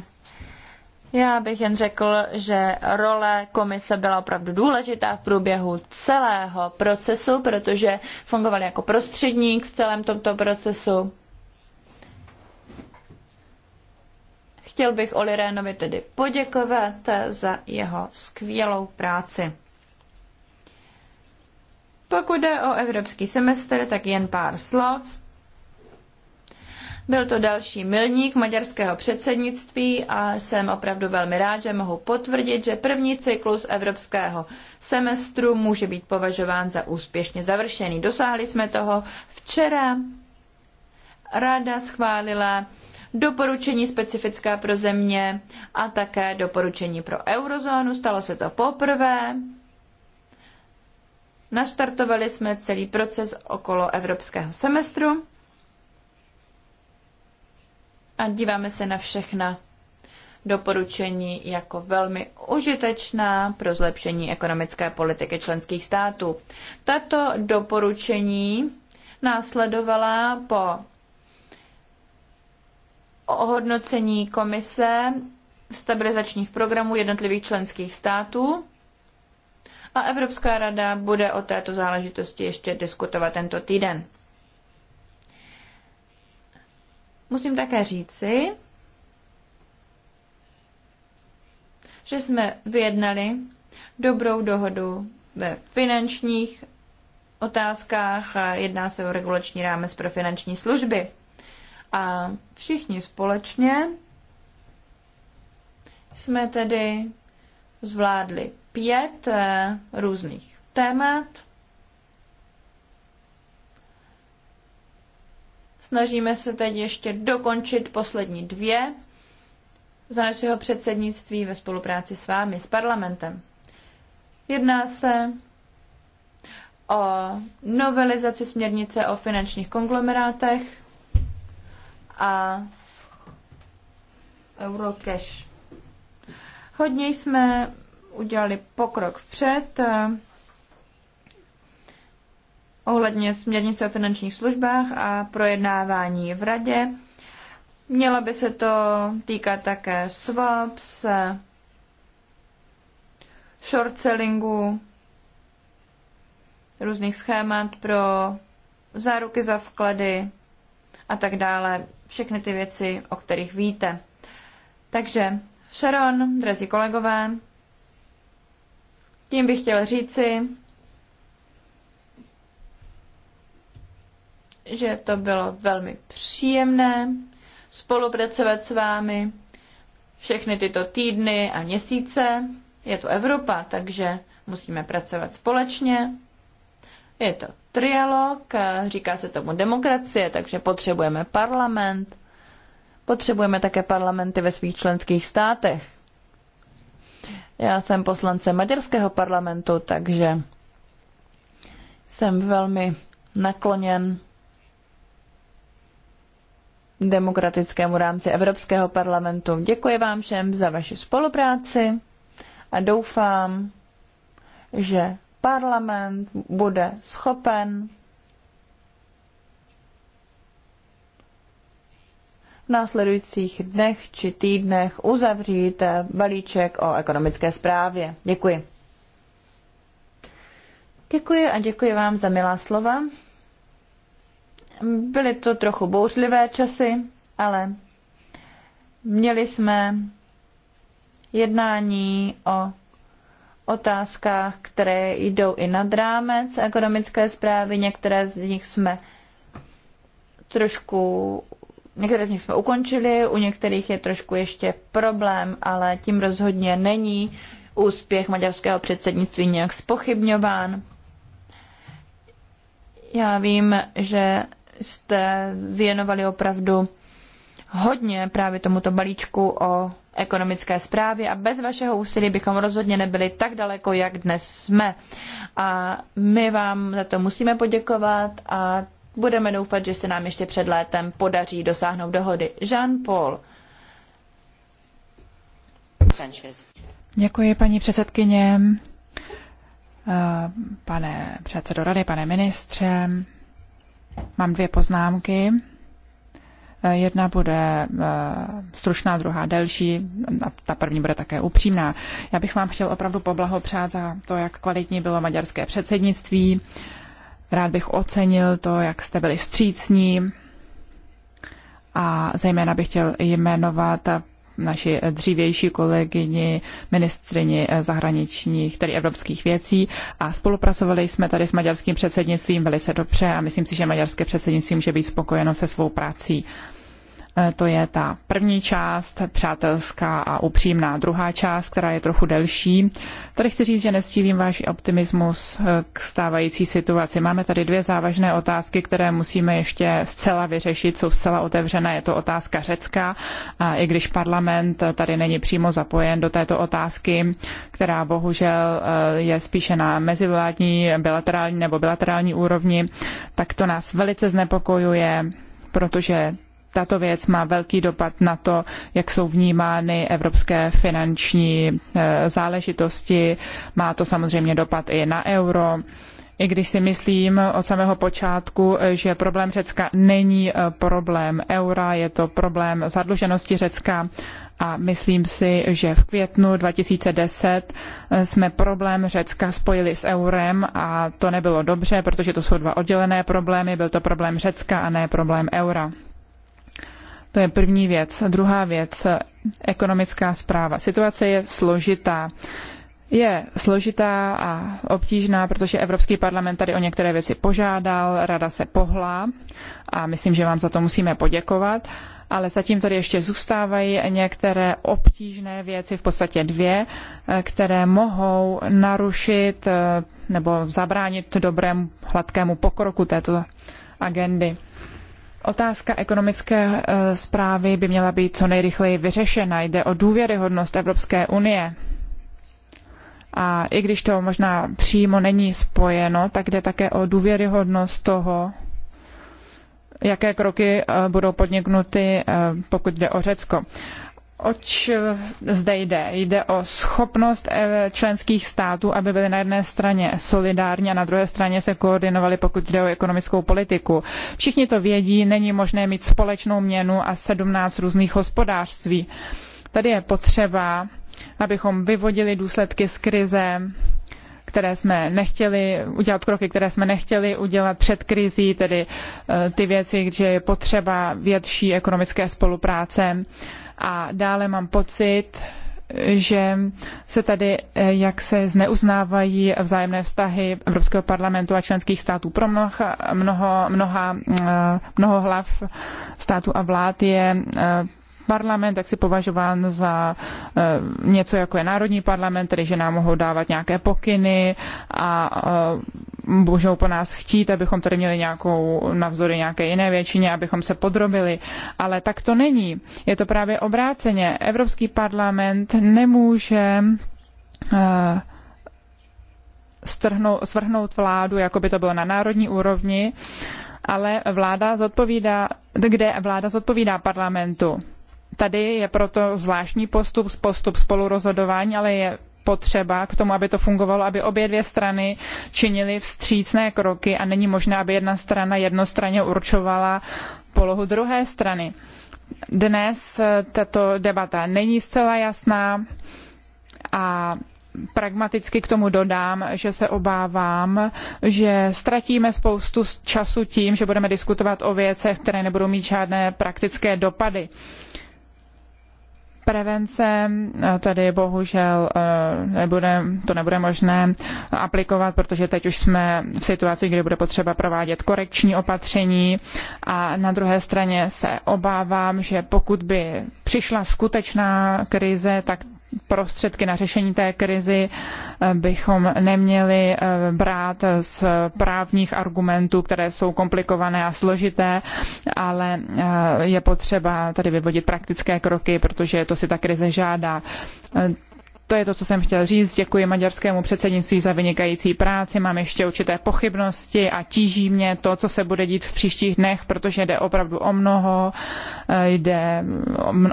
já bych jen řekl, že role komise byla opravdu důležitá v průběhu celého procesu, protože fungoval jako prostředník v celém tomto procesu. Chtěl bych Oli Rénovi tedy poděkovat za jeho skvělou práci. Pokud jde o evropský semestr, tak jen pár slov. Byl to další milník maďarského předsednictví a jsem opravdu velmi rád, že mohu potvrdit, že první cyklus evropského semestru může být považován za úspěšně završený. Dosáhli jsme toho včera. Rada schválila doporučení specifická pro země a také doporučení pro eurozónu. Stalo se to poprvé. Nastartovali jsme celý proces okolo evropského semestru a díváme se na všechna doporučení jako velmi užitečná pro zlepšení ekonomické politiky členských států. Tato doporučení následovala po ohodnocení komise stabilizačních programů jednotlivých členských států a Evropská rada bude o této záležitosti ještě diskutovat tento týden. Musím také říci, že jsme vyjednali dobrou dohodu ve finančních otázkách a jedná se o regulační rámec pro finanční služby. A všichni společně jsme tedy zvládli pět eh, různých témat. Snažíme se teď ještě dokončit poslední dvě za našeho předsednictví ve spolupráci s vámi, s parlamentem. Jedná se o novelizaci směrnice o finančních konglomerátech a Eurocash. Hodně jsme udělali pokrok vpřed eh, ohledně směrnice o finančních službách a projednávání v radě. Měla by se to týkat také swaps, eh, short sellingu, různých schémat pro záruky za vklady a tak dále. Všechny ty věci, o kterých víte. Takže Sharon, drazí kolegové, tím bych chtěl říci, že to bylo velmi příjemné spolupracovat s vámi všechny tyto týdny a měsíce. Je to Evropa, takže musíme pracovat společně. Je to trialog, říká se tomu demokracie, takže potřebujeme parlament. Potřebujeme také parlamenty ve svých členských státech. Já jsem poslance maďarského parlamentu, takže jsem velmi nakloněn demokratickému rámci Evropského parlamentu. Děkuji vám všem za vaši spolupráci a doufám, že parlament bude schopen v následujících dnech či týdnech uzavřít eh, balíček o ekonomické zprávě. Děkuji. Děkuji a děkuji vám za milá slova. Byly to trochu bouřlivé časy, ale měli jsme jednání o otázkách, které jdou i nad rámec ekonomické zprávy. Některé z nich jsme trošku Některé z nich jsme ukončili, u některých je trošku ještě problém, ale tím rozhodně není úspěch maďarského předsednictví nějak spochybňován. Já vím, že jste věnovali opravdu hodně právě tomuto balíčku o ekonomické zprávě a bez vašeho úsilí bychom rozhodně nebyli tak daleko, jak dnes jsme. A my vám za to musíme poděkovat a budeme doufat, že se nám ještě před létem podaří dosáhnout dohody. Jean-Paul. Děkuji, paní předsedkyně. Eh, pane předsedo rady, pane ministře, mám dvě poznámky. Eh, jedna bude eh, stručná, druhá delší a ta první bude také upřímná. Já bych vám chtěl opravdu poblahopřát za to, jak kvalitní bylo maďarské předsednictví. Rád bych ocenil to, jak jste byli vstřícní a zejména bych chtěl jmenovat naši dřívější kolegyni, ministrini zahraničních, tedy evropských věcí a spolupracovali jsme tady s maďarským předsednictvím velice dobře a myslím si, že maďarské předsednictví může být spokojeno se svou prací. Eh, to je ta první část, přátelská a upřímná druhá část, která je trochu delší. Tady chci říct, že nestívím váš optimismus eh, k stávající situaci. Máme tady dvě závažné otázky, které musíme ještě zcela vyřešit, jsou zcela otevřené. Je to otázka Řecka, a i když parlament tady není přímo zapojen do této otázky, která bohužel eh, je spíše na mezivládní, bilaterální nebo bilaterální úrovni, tak to nás velice znepokojuje protože tato věc má velký dopad na to, jak jsou vnímány evropské finanční eh, záležitosti. Má to samozřejmě dopad i na euro. I když si myslím od samého počátku, že problém Řecka není eh, problém eura, je to problém zadluženosti Řecka a myslím si, že v květnu 2010 eh, jsme problém Řecka spojili s eurem a to nebylo dobře, protože to jsou dva oddělené problémy, byl to problém Řecka a ne problém eura. To je první věc. Druhá věc, ekonomická zpráva. Situace je složitá. Je složitá a obtížná, protože Evropský parlament tady o některé věci požádal, rada se pohla a myslím, že vám za to musíme poděkovat ale zatím tady ještě zůstávají některé obtížné věci, v podstatě dvě, které mohou narušit eh, nebo zabránit dobrému hladkému pokroku této agendy. Otázka ekonomické zprávy eh, by měla být co nejrychleji vyřešena. Jde o důvěryhodnost Evropské unie. A i když to možná přímo není spojeno, tak jde také o důvěryhodnost toho, jaké kroky eh, budou podniknuty, eh, pokud jde o Řecko oč eh, zde jde? Jde o schopnost eh, členských států, aby byly na jedné straně solidární a na druhé straně se koordinovali, pokud jde o ekonomickou politiku. Všichni to vědí, není možné mít společnou měnu a 17 různých hospodářství. Tady je potřeba, abychom vyvodili důsledky z krize, které jsme nechtěli udělat, kroky, které jsme nechtěli udělat před krizí, tedy eh, ty věci, kde je potřeba větší ekonomické spolupráce a dále mám pocit, že se tady eh, jak se zneuznávají vzájemné vztahy Evropského parlamentu a členských států. Pro mnoha, mnoho, mnoha, eh, mnoho hlav států a vlád je eh, parlament, tak si považován za eh, něco jako je národní parlament, tedy že nám mohou dávat nějaké pokyny a eh, můžou po nás chtít, abychom tady měli nějakou navzory nějaké jiné většině, abychom se podrobili. Ale tak to není. Je to právě obráceně. Evropský parlament nemůže eh, strhnout, svrhnout vládu, jako by to bylo na národní úrovni, ale vláda zodpovídá, kde vláda zodpovídá parlamentu. Tady je proto zvláštní postup, postup spolurozhodování, ale je potřeba k tomu, aby to fungovalo, aby obě dvě strany činily vstřícné kroky a není možné, aby jedna strana jednostranně určovala polohu druhé strany. Dnes tato debata není zcela jasná a pragmaticky k tomu dodám, že se obávám, že ztratíme spoustu času tím, že budeme diskutovat o věcech, které nebudou mít žádné praktické dopady prevence eh, tady bohužel eh, nebude, to nebude možné aplikovat, protože teď už jsme v situaci, kdy bude potřeba provádět korekční opatření a na druhé straně se obávám, že pokud by přišla skutečná krize, tak prostředky na řešení té krizi eh, bychom neměli eh, brát z právních argumentů, které jsou komplikované a složité, ale eh, je potřeba tady vyvodit praktické kroky, protože to si ta krize žádá to je to, co jsem chtěl říct. Děkuji maďarskému předsednictví za vynikající práci. Mám ještě určité pochybnosti a tíží mě to, co se bude dít v příštích dnech, protože jde opravdu o mnoho. Eh, jde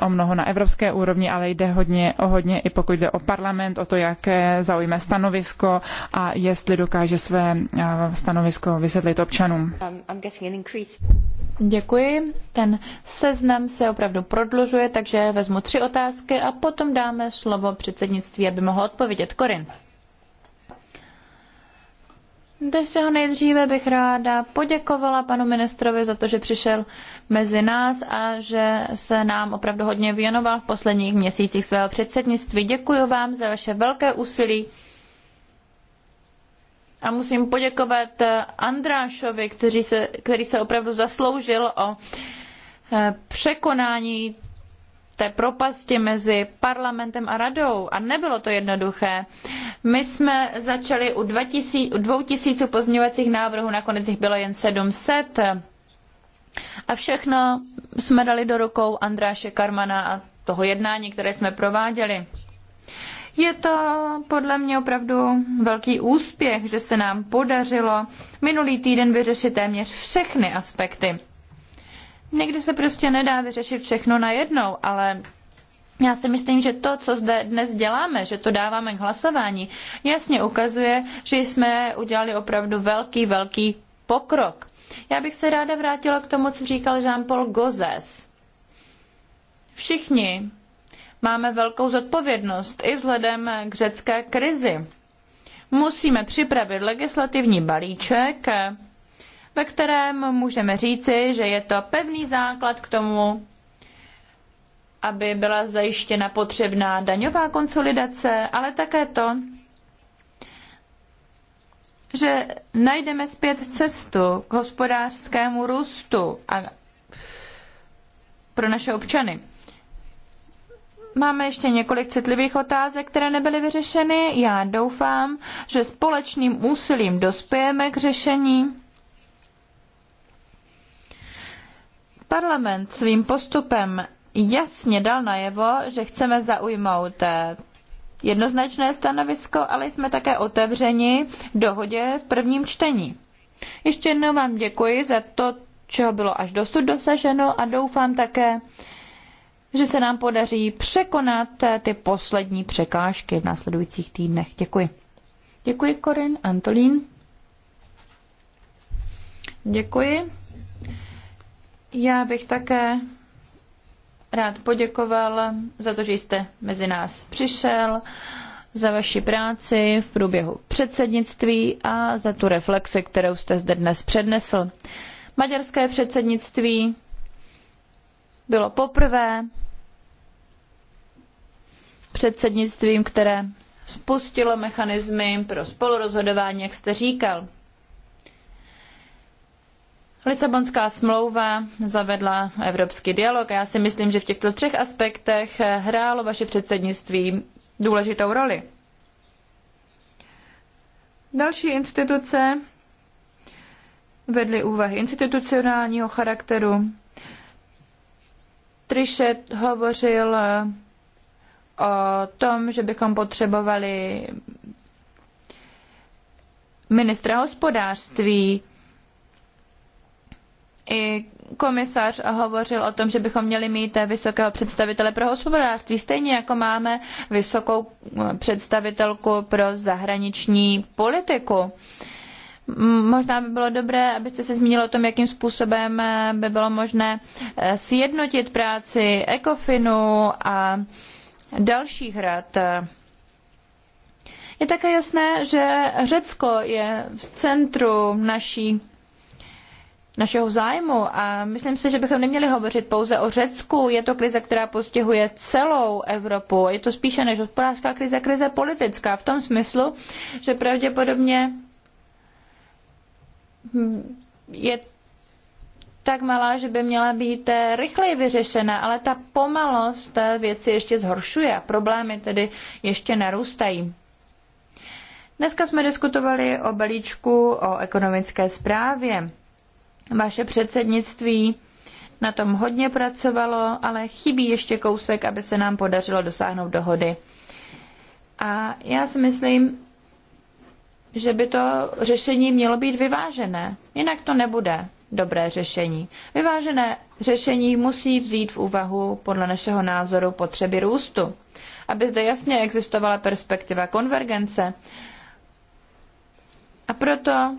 o mnoho na evropské úrovni, ale jde hodně, o hodně i pokud jde o parlament, o to, jaké zaujme stanovisko a jestli dokáže své eh, stanovisko vysvětlit občanům. Um, Děkuji. Ten seznam se opravdu prodlužuje, takže vezmu tři otázky a potom dáme slovo předsednictví, aby mohlo odpovědět. Korin. Ze všeho nejdříve bych ráda poděkovala panu ministrovi za to, že přišel mezi nás a že se nám opravdu hodně věnoval v posledních měsících svého předsednictví. Děkuji vám za vaše velké úsilí a musím poděkovat eh, Andrášovi, který se, který se opravdu zasloužil o eh, překonání té propasti mezi parlamentem a radou. A nebylo to jednoduché. My jsme začali u 2000, u pozměňovacích návrhů, nakonec jich bylo jen 700. A všechno jsme dali do rukou Andráše Karmana a toho jednání, které jsme prováděli. Je to podle mě opravdu velký úspěch, že se nám podařilo minulý týden vyřešit téměř všechny aspekty. Někdy se prostě nedá vyřešit všechno najednou, ale já si myslím, že to, co zde dnes děláme, že to dáváme k hlasování, jasně ukazuje, že jsme udělali opravdu velký, velký pokrok. Já bych se ráda vrátila k tomu, co říkal Jean-Paul Gozes. Všichni máme velkou zodpovědnost i vzhledem k řecké krizi. Musíme připravit legislativní balíček, ve kterém můžeme říci, že je to pevný základ k tomu, aby byla zajištěna potřebná daňová konsolidace, ale také to, že najdeme zpět cestu k hospodářskému růstu a pro naše občany. Máme ještě několik citlivých otázek, které nebyly vyřešeny. Já doufám, že společným úsilím dospějeme k řešení. Parlament svým postupem jasně dal najevo, že chceme zaujmout eh, jednoznačné stanovisko, ale jsme také otevřeni dohodě v prvním čtení. Ještě jednou vám děkuji za to, čeho bylo až dosud dosaženo a doufám také, že se nám podaří překonat ty poslední překážky v následujících týdnech. Děkuji. Děkuji, Korin, Antolín. Děkuji. Já bych také rád poděkoval za to, že jste mezi nás přišel, za vaši práci v průběhu předsednictví a za tu reflexi, kterou jste zde dnes přednesl. Maďarské předsednictví bylo poprvé, předsednictvím, které spustilo mechanismy pro spolurozhodování, jak jste říkal. Lisabonská smlouva zavedla evropský dialog a já si myslím, že v těchto třech aspektech hrálo vaše předsednictví důležitou roli. Další instituce vedly úvahy institucionálního charakteru. Trichet hovořil o tom, že bychom potřebovali ministra hospodářství. I komisař hovořil o tom, že bychom měli mít vysokého představitele pro hospodářství, stejně jako máme vysokou představitelku pro zahraniční politiku. Možná by bylo dobré, abyste se zmínili o tom, jakým způsobem by bylo možné sjednotit práci ECOFINu a dalších rad. Je také jasné, že Řecko je v centru naší našeho zájmu a myslím si, že bychom neměli hovořit pouze o Řecku. Je to krize, která postihuje celou Evropu. Je to spíše než hospodářská krize, krize politická v tom smyslu, že pravděpodobně je tak malá, že by měla být eh, rychleji vyřešena, ale ta pomalost eh, věci ještě zhoršuje a problémy tedy ještě narůstají. Dneska jsme diskutovali o balíčku o ekonomické zprávě. Vaše předsednictví na tom hodně pracovalo, ale chybí ještě kousek, aby se nám podařilo dosáhnout dohody. A já si myslím, že by to řešení mělo být vyvážené. Jinak to nebude dobré řešení. Vyvážené řešení musí vzít v úvahu podle našeho názoru potřeby růstu, aby zde jasně existovala perspektiva konvergence. A proto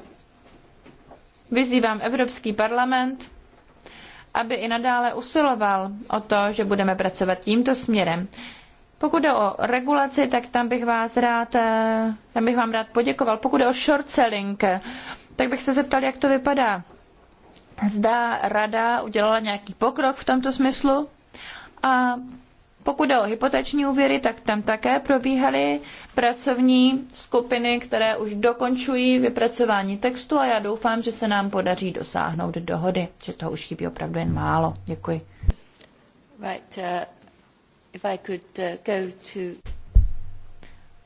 vyzývám Evropský parlament, aby i nadále usiloval o to, že budeme pracovat tímto směrem. Pokud jde o regulaci, tak tam bych, vás rád, eh, tam bych vám rád poděkoval. Pokud jde o short selling, eh, tak bych se zeptal, jak to vypadá zda rada udělala nějaký pokrok v tomto smyslu. A pokud jde o hypoteční úvěry, tak tam také probíhaly pracovní skupiny, které už dokončují vypracování textu a já doufám, že se nám podaří dosáhnout dohody, že to už chybí opravdu jen málo. Děkuji. Right, uh, if I could, uh, go to...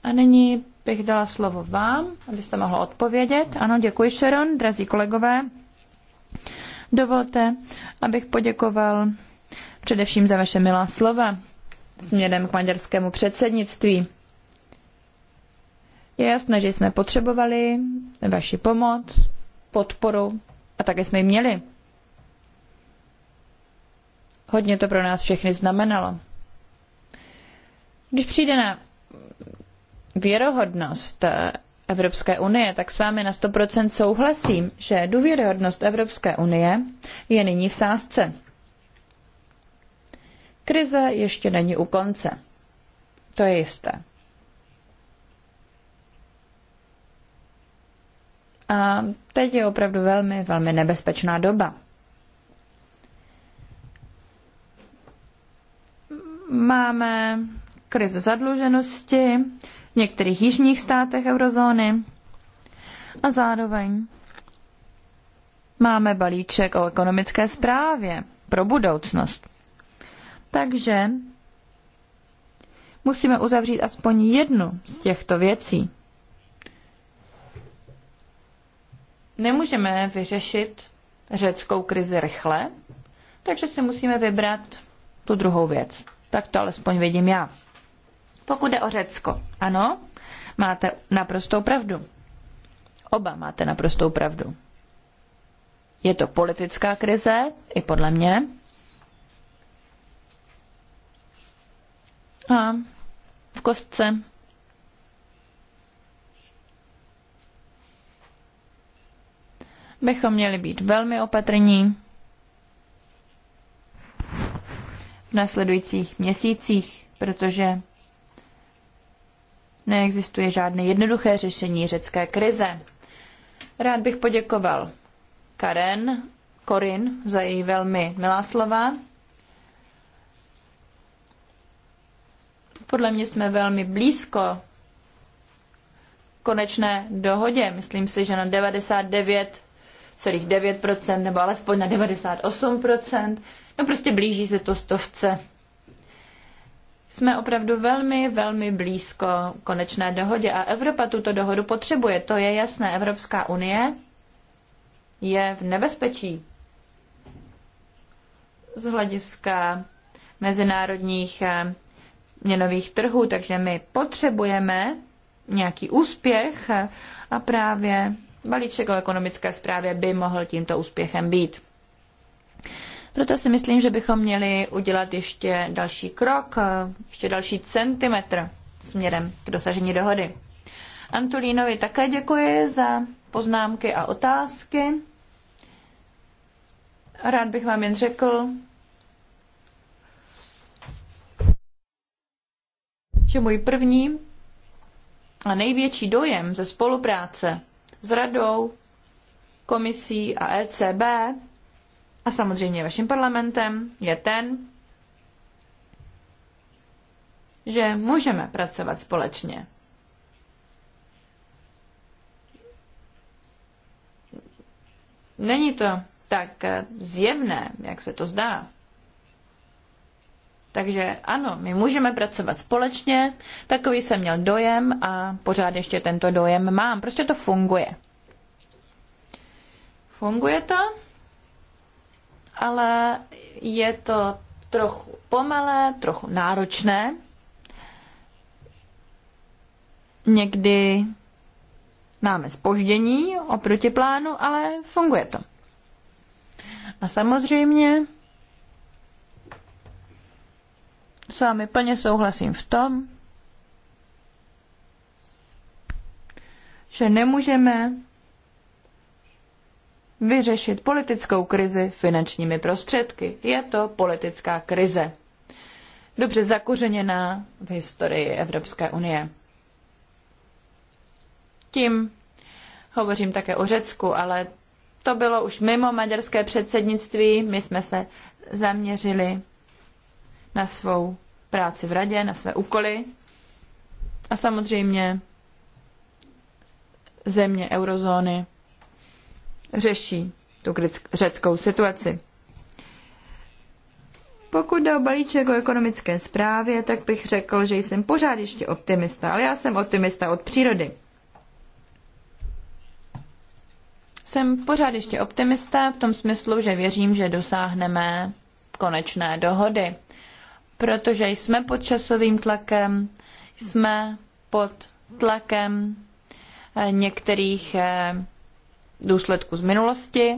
A nyní bych dala slovo vám, abyste mohla odpovědět. Ano, děkuji Sharon, drazí kolegové. Dovolte, abych poděkoval především za vaše milá slova směrem k maďarskému předsednictví. Je jasné, že jsme potřebovali vaši pomoc, podporu a také jsme ji měli. Hodně to pro nás všechny znamenalo. Když přijde na věrohodnost Evropské unie, tak s vámi na 100% souhlasím, že důvěryhodnost Evropské unie je nyní v sázce. Krize ještě není u konce. To je jisté. A teď je opravdu velmi, velmi nebezpečná doba. Máme krize zadluženosti, některých jižních státech eurozóny. A zároveň máme balíček o ekonomické správě pro budoucnost. Takže musíme uzavřít aspoň jednu z těchto věcí. Nemůžeme vyřešit řeckou krizi rychle, takže si musíme vybrat tu druhou věc. Tak to alespoň vidím já. Pokud jde o Řecko, ano, máte naprostou pravdu. Oba máte naprostou pravdu. Je to politická krize, i podle mě. A v kostce bychom měli být velmi opatrní v nasledujících měsících, protože neexistuje žádné jednoduché řešení řecké krize. Rád bych poděkoval Karen, Korin za její velmi milá slova. Podle mě jsme velmi blízko konečné dohodě. Myslím si, že na 99,9% nebo alespoň na 98%. No prostě blíží se to stovce jsme opravdu velmi, velmi blízko konečné dohodě a Evropa tuto dohodu potřebuje. To je jasné. Evropská unie je v nebezpečí z hlediska mezinárodních eh, měnových trhů, takže my potřebujeme nějaký úspěch eh, a právě balíček o ekonomické zprávě by mohl tímto úspěchem být. Proto si myslím, že bychom měli udělat ještě další krok, ještě další centimetr směrem k dosažení dohody. Antulínovi také děkuji za poznámky a otázky. Rád bych vám jen řekl, že můj první a největší dojem ze spolupráce s radou, komisí a ECB a samozřejmě vaším parlamentem je ten, že můžeme pracovat společně. Není to tak zjevné, jak se to zdá. Takže ano, my můžeme pracovat společně, takový jsem měl dojem a pořád ještě tento dojem mám. Prostě to funguje. Funguje to? ale je to trochu pomalé, trochu náročné. Někdy máme spoždění oproti plánu, ale funguje to. A samozřejmě s vámi plně souhlasím v tom, že nemůžeme vyřešit politickou krizi finančními prostředky. Je to politická krize. Dobře zakořeněná v historii Evropské unie. Tím hovořím také o Řecku, ale to bylo už mimo maďarské předsednictví. My jsme se zaměřili na svou práci v radě, na své úkoly. A samozřejmě země eurozóny řeší tu řeckou situaci. Pokud jde o balíček o ekonomické zprávě, tak bych řekl, že jsem pořád ještě optimista, ale já jsem optimista od přírody. Jsem pořád ještě optimista v tom smyslu, že věřím, že dosáhneme konečné dohody, protože jsme pod časovým tlakem, jsme pod tlakem eh, některých eh, důsledku z minulosti.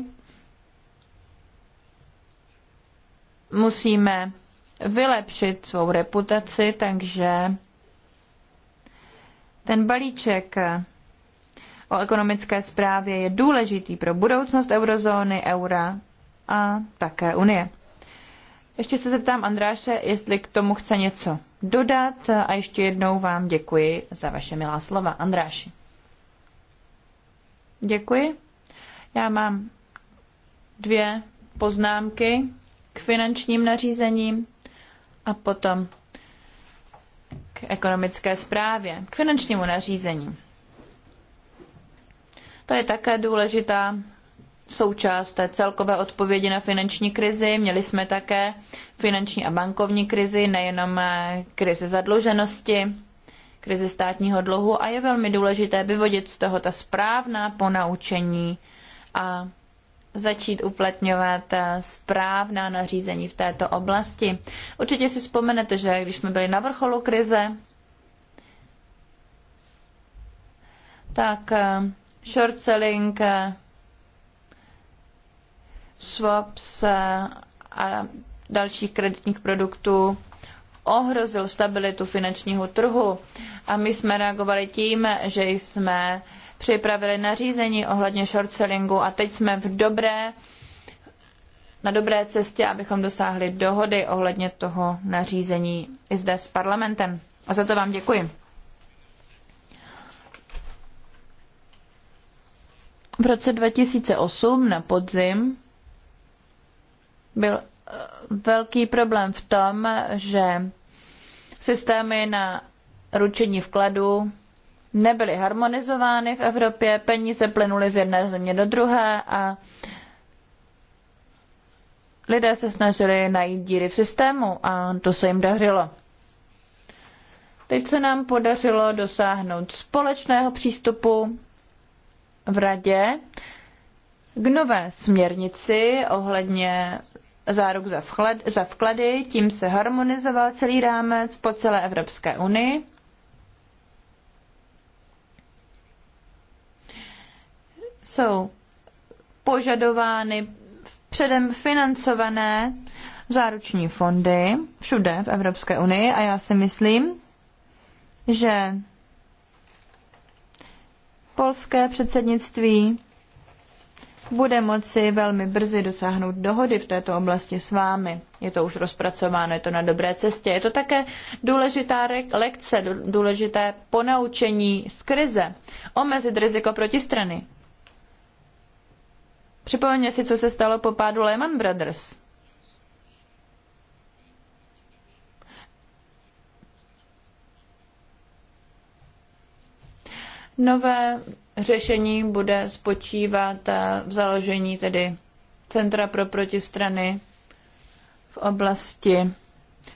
Musíme vylepšit svou reputaci, takže ten balíček o ekonomické zprávě je důležitý pro budoucnost eurozóny, eura a také Unie. Ještě se zeptám Andráše, jestli k tomu chce něco dodat a ještě jednou vám děkuji za vaše milá slova. Andráši. Děkuji. Já mám dvě poznámky k finančním nařízením a potom k ekonomické zprávě, k finančnímu nařízení. To je také důležitá součást té celkové odpovědi na finanční krizi. Měli jsme také finanční a bankovní krizi, nejenom eh, krizi zadluženosti, krizi státního dluhu a je velmi důležité vyvodit z toho ta správná ponaučení a začít uplatňovat eh, správná nařízení v této oblasti. Určitě si vzpomenete, že když jsme byli na vrcholu krize, tak eh, short selling, eh, swaps a dalších kreditních produktů ohrozil stabilitu finančního trhu a my jsme reagovali tím, že jsme připravili nařízení ohledně short sellingu a teď jsme v dobré, na dobré cestě, abychom dosáhli dohody ohledně toho nařízení i zde s parlamentem. A za to vám děkuji. V roce 2008 na podzim byl eh, velký problém v tom, že systémy na ručení vkladu nebyly harmonizovány v Evropě, peníze plynuly z jedné země do druhé a lidé se snažili najít díry v systému a to se jim dařilo. Teď se nám podařilo dosáhnout společného přístupu v radě k nové směrnici ohledně záruk za, vklady. Tím se harmonizoval celý rámec po celé Evropské unii. jsou požadovány předem financované záruční fondy všude v Evropské unii a já si myslím, že polské předsednictví bude moci velmi brzy dosáhnout dohody v této oblasti s vámi. Je to už rozpracováno, je to na dobré cestě. Je to také důležitá lekce, důležité ponaučení z krize. Omezit riziko protistrany. Připomeňme si, co se stalo po pádu Lehman Brothers. Nové řešení bude spočívat eh, v založení tedy Centra pro protistrany v oblasti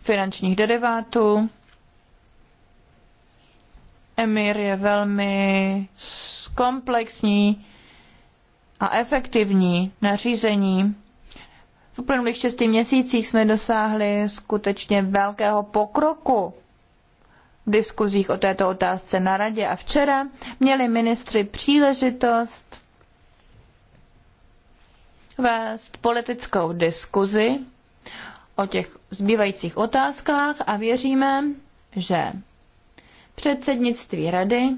finančních derivátů. Emir je velmi komplexní a efektivní nařízení. V uplynulých šesti měsících jsme dosáhli skutečně velkého pokroku v diskuzích o této otázce na radě a včera měli ministři příležitost vést politickou diskuzi o těch zbývajících otázkách a věříme, že předsednictví rady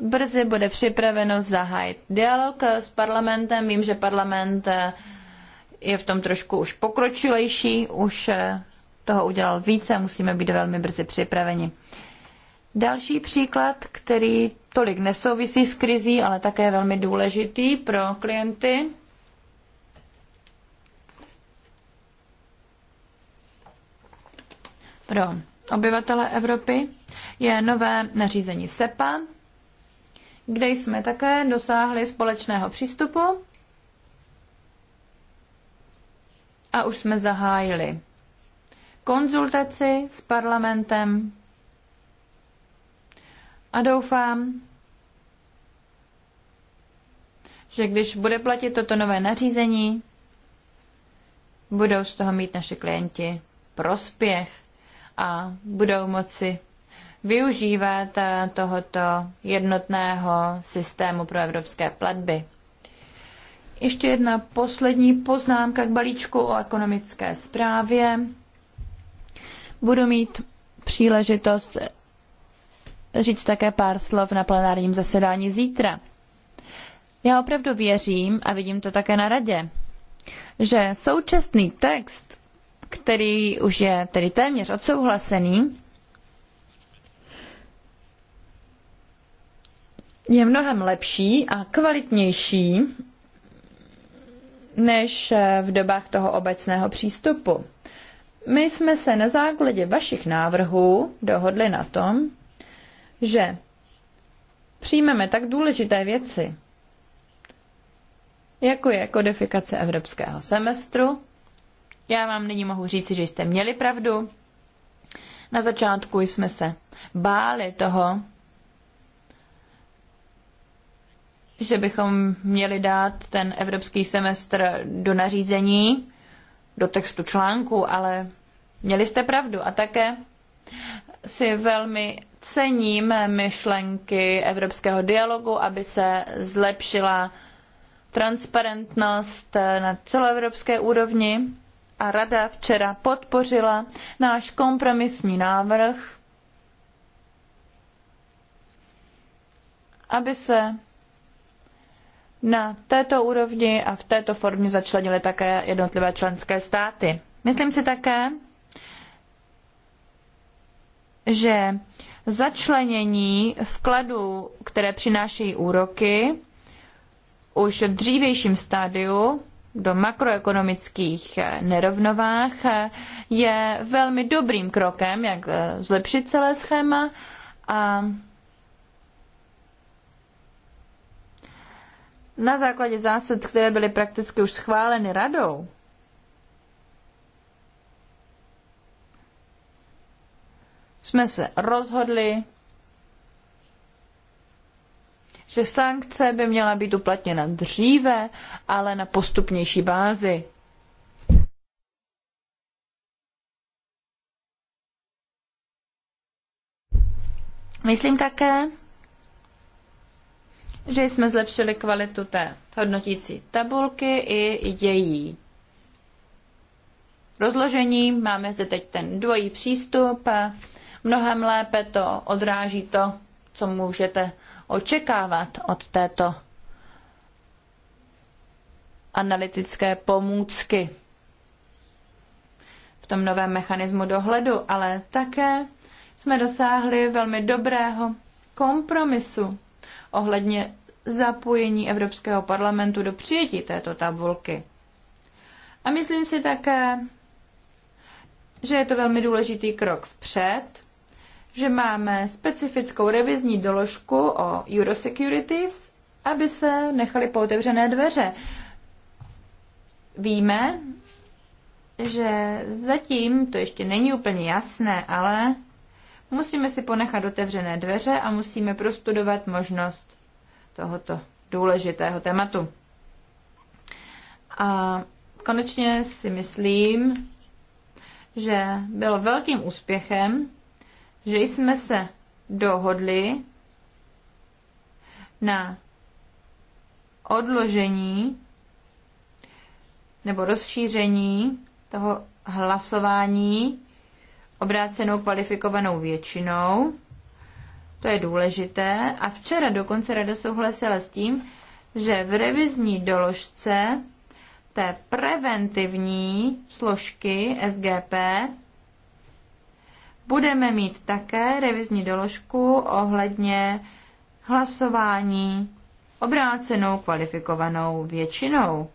brzy bude připraveno zahájit dialog s parlamentem. Vím, že parlament eh, je v tom trošku už pokročilejší, už eh, toho udělal více, musíme být velmi brzy připraveni. Další příklad, který tolik nesouvisí s krizí, ale také je velmi důležitý pro klienty. Pro obyvatele Evropy je nové nařízení SEPA, kde jsme také dosáhli společného přístupu a už jsme zahájili konzultaci s parlamentem a doufám, že když bude platit toto nové nařízení, budou z toho mít naši klienti prospěch a budou moci využívat eh, tohoto jednotného systému pro evropské platby. Ještě jedna poslední poznámka k balíčku o ekonomické zprávě. Budu mít příležitost říct také pár slov na plenárním zasedání zítra. Já opravdu věřím, a vidím to také na radě, že současný text, který už je tedy téměř odsouhlasený, je mnohem lepší a kvalitnější než eh, v dobách toho obecného přístupu. My jsme se na základě vašich návrhů dohodli na tom, že přijmeme tak důležité věci, jako je kodifikace evropského semestru. Já vám nyní mohu říci, že jste měli pravdu. Na začátku jsme se báli toho, že bychom měli dát ten evropský semestr do nařízení, do textu článku, ale měli jste pravdu. A také si velmi cením myšlenky evropského dialogu, aby se zlepšila transparentnost na celoevropské úrovni. A rada včera podpořila náš kompromisní návrh, aby se na této úrovni a v této formě začlenili také jednotlivé členské státy. Myslím si také, že začlenění vkladů, které přinášejí úroky, už v dřívějším stádiu do makroekonomických nerovnovách je velmi dobrým krokem, jak zlepšit celé schéma a na základě zásad, které byly prakticky už schváleny radou, jsme se rozhodli, že sankce by měla být uplatněna dříve, ale na postupnější bázi. Myslím také, že jsme zlepšili kvalitu té hodnotící tabulky i její rozložení. Máme zde teď ten dvojí přístup. Mnohem lépe to odráží to, co můžete očekávat od této analytické pomůcky v tom novém mechanismu dohledu, ale také jsme dosáhli velmi dobrého kompromisu ohledně zapojení Evropského parlamentu do přijetí této tabulky. A myslím si také, že je to velmi důležitý krok vpřed, že máme specifickou revizní doložku o Eurosecurities, aby se nechali pootevřené dveře. Víme, že zatím to ještě není úplně jasné, ale Musíme si ponechat otevřené dveře a musíme prostudovat možnost tohoto důležitého tématu. A konečně si myslím, že bylo velkým úspěchem, že jsme se dohodli na odložení nebo rozšíření toho hlasování obrácenou kvalifikovanou většinou. To je důležité. A včera dokonce rada souhlasila s tím, že v revizní doložce té preventivní složky SGP budeme mít také revizní doložku ohledně hlasování obrácenou kvalifikovanou většinou.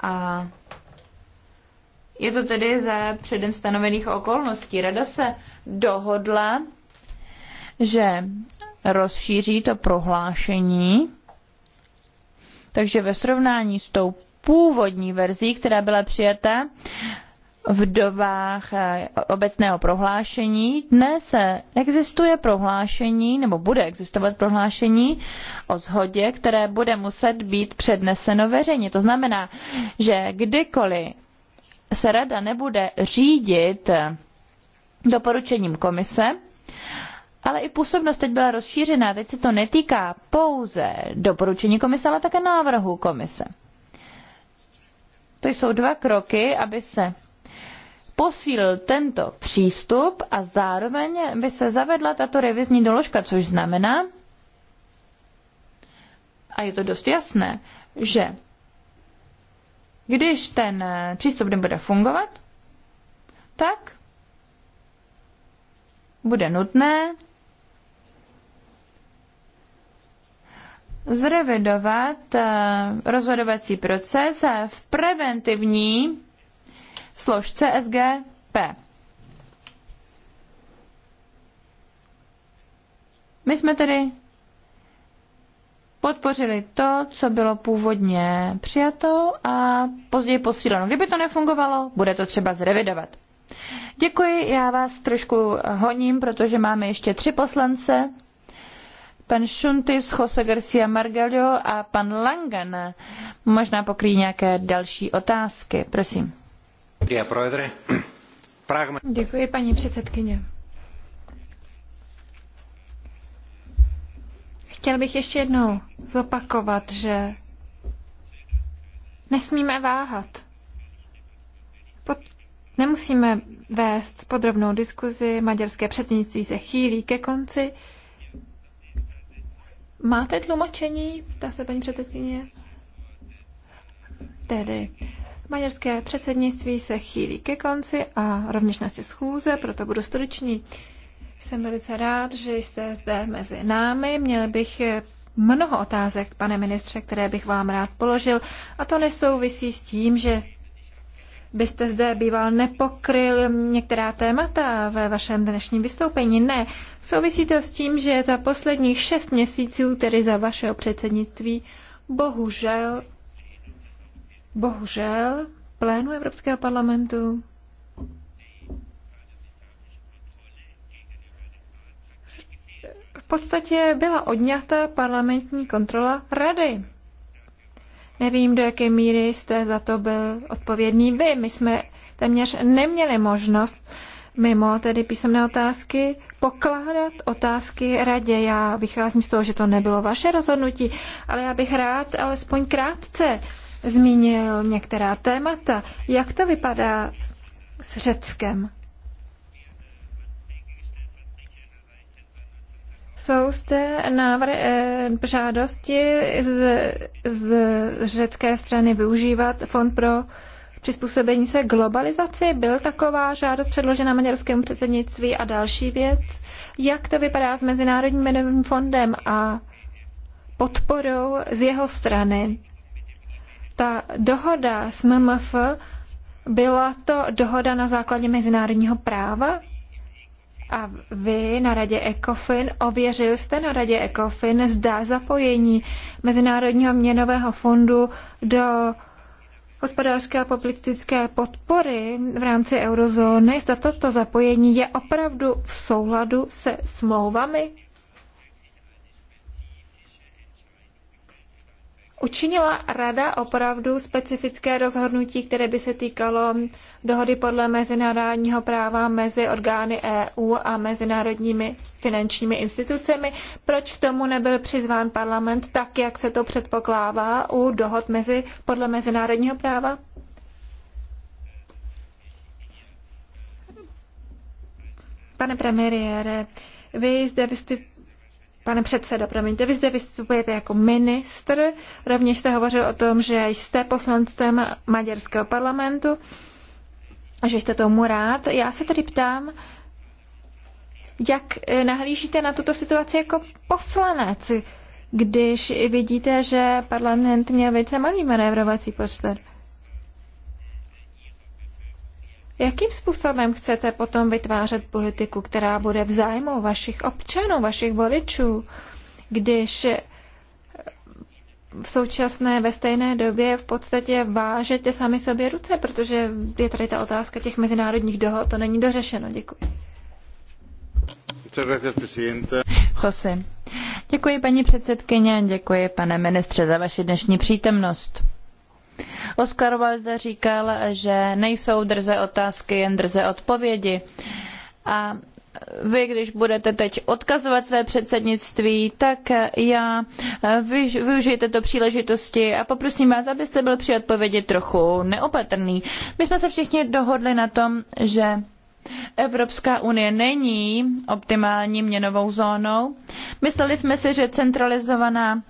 A je to tedy za předem stanovených okolností. Rada se dohodla, že rozšíří to prohlášení, takže ve srovnání s tou původní verzí, která byla přijata v dobách eh, obecného prohlášení, dnes eh, existuje prohlášení, nebo bude existovat prohlášení o zhodě, které bude muset být předneseno veřejně. To znamená, že kdykoliv se rada nebude řídit doporučením komise, ale i působnost teď byla rozšířená. Teď se to netýká pouze doporučení komise, ale také návrhu komise. To jsou dva kroky, aby se posílil tento přístup a zároveň by se zavedla tato revizní doložka, což znamená, a je to dost jasné, že když ten eh, přístup nebude fungovat, tak bude nutné zrevidovat eh, rozhodovací proces v preventivní složce SGP. My jsme tedy podpořili to, co bylo původně přijato a později posíleno. Kdyby to nefungovalo, bude to třeba zrevidovat. Děkuji, já vás trošku honím, protože máme ještě tři poslance. Pan Šuntis, Jose Garcia Margalio a pan Langan možná pokryjí nějaké další otázky. Prosím. Děkuji, paní předsedkyně. Chtěl bych ještě jednou zopakovat, že nesmíme váhat. Pod... Nemusíme vést podrobnou diskuzi, maďarské předsednictví se chýlí ke konci. Máte tlumočení? Ptá se paní předsedkyně. Tedy maďarské předsednictví se chýlí ke konci a rovněž na schůze, proto budu stručný. Jsem velice rád, že jste zde mezi námi. Měl bych mnoho otázek, pane ministře, které bych vám rád položil. A to nesouvisí s tím, že byste zde býval nepokryl některá témata ve vašem dnešním vystoupení. Ne, souvisí to s tím, že za posledních šest měsíců, tedy za vašeho předsednictví, bohužel, bohužel, plénu Evropského parlamentu podstatě byla odňata parlamentní kontrola rady. Nevím, do jaké míry jste za to byl odpovědný vy. My jsme téměř neměli možnost mimo tedy písemné otázky pokládat otázky radě. Já vycházím z toho, že to nebylo vaše rozhodnutí, ale já bych rád alespoň krátce zmínil některá témata. Jak to vypadá s Řeckem? Jsou zde návr- eh, žádosti z, z řecké strany využívat fond pro přizpůsobení se globalizaci. Byl taková žádost předložena maďarskému předsednictví a další věc. Jak to vypadá s Mezinárodním měnovým fondem a podporou z jeho strany? Ta dohoda s MMF byla to dohoda na základě mezinárodního práva? A vy na radě ECOFIN, ověřil jste na radě ECOFIN, zda zapojení Mezinárodního měnového fondu do hospodářské a populistické podpory v rámci eurozóny, zda toto zapojení je opravdu v souladu se smlouvami Učinila rada opravdu specifické rozhodnutí, které by se týkalo dohody podle mezinárodního práva mezi orgány EU a mezinárodními finančními institucemi. Proč k tomu nebyl přizván parlament tak, jak se to předpokládá u dohod mezi, podle mezinárodního práva? Pane premiére, vy zde vystupujete Pane předsedo, promiňte, vy zde vystupujete jako ministr, rovněž jste hovořil o tom, že jste poslancem maďarského parlamentu a že jste tomu rád. Já se tedy ptám, jak eh, nahlížíte na tuto situaci jako poslanec, když vidíte, že parlament měl velice malý manévrovací prostor? Jakým způsobem chcete potom vytvářet politiku, která bude v zájmu vašich občanů, vašich voličů, když eh, v současné, ve stejné době v podstatě vážete sami sobě ruce, protože je tady ta otázka těch mezinárodních dohod, to není dořešeno. Děkuji. Jose. Děkuji paní předsedkyně, děkuji pane ministře za vaši dnešní přítomnost. Oscar Wilde říkal, že nejsou drze otázky, jen drze odpovědi. A vy, když budete teď odkazovat své předsednictví, tak já eh, využiji této příležitosti a poprosím vás, abyste byl při odpovědi trochu neopatrný. My jsme se všichni dohodli na tom, že Evropská unie není optimální měnovou zónou. Mysleli jsme si, že centralizovaná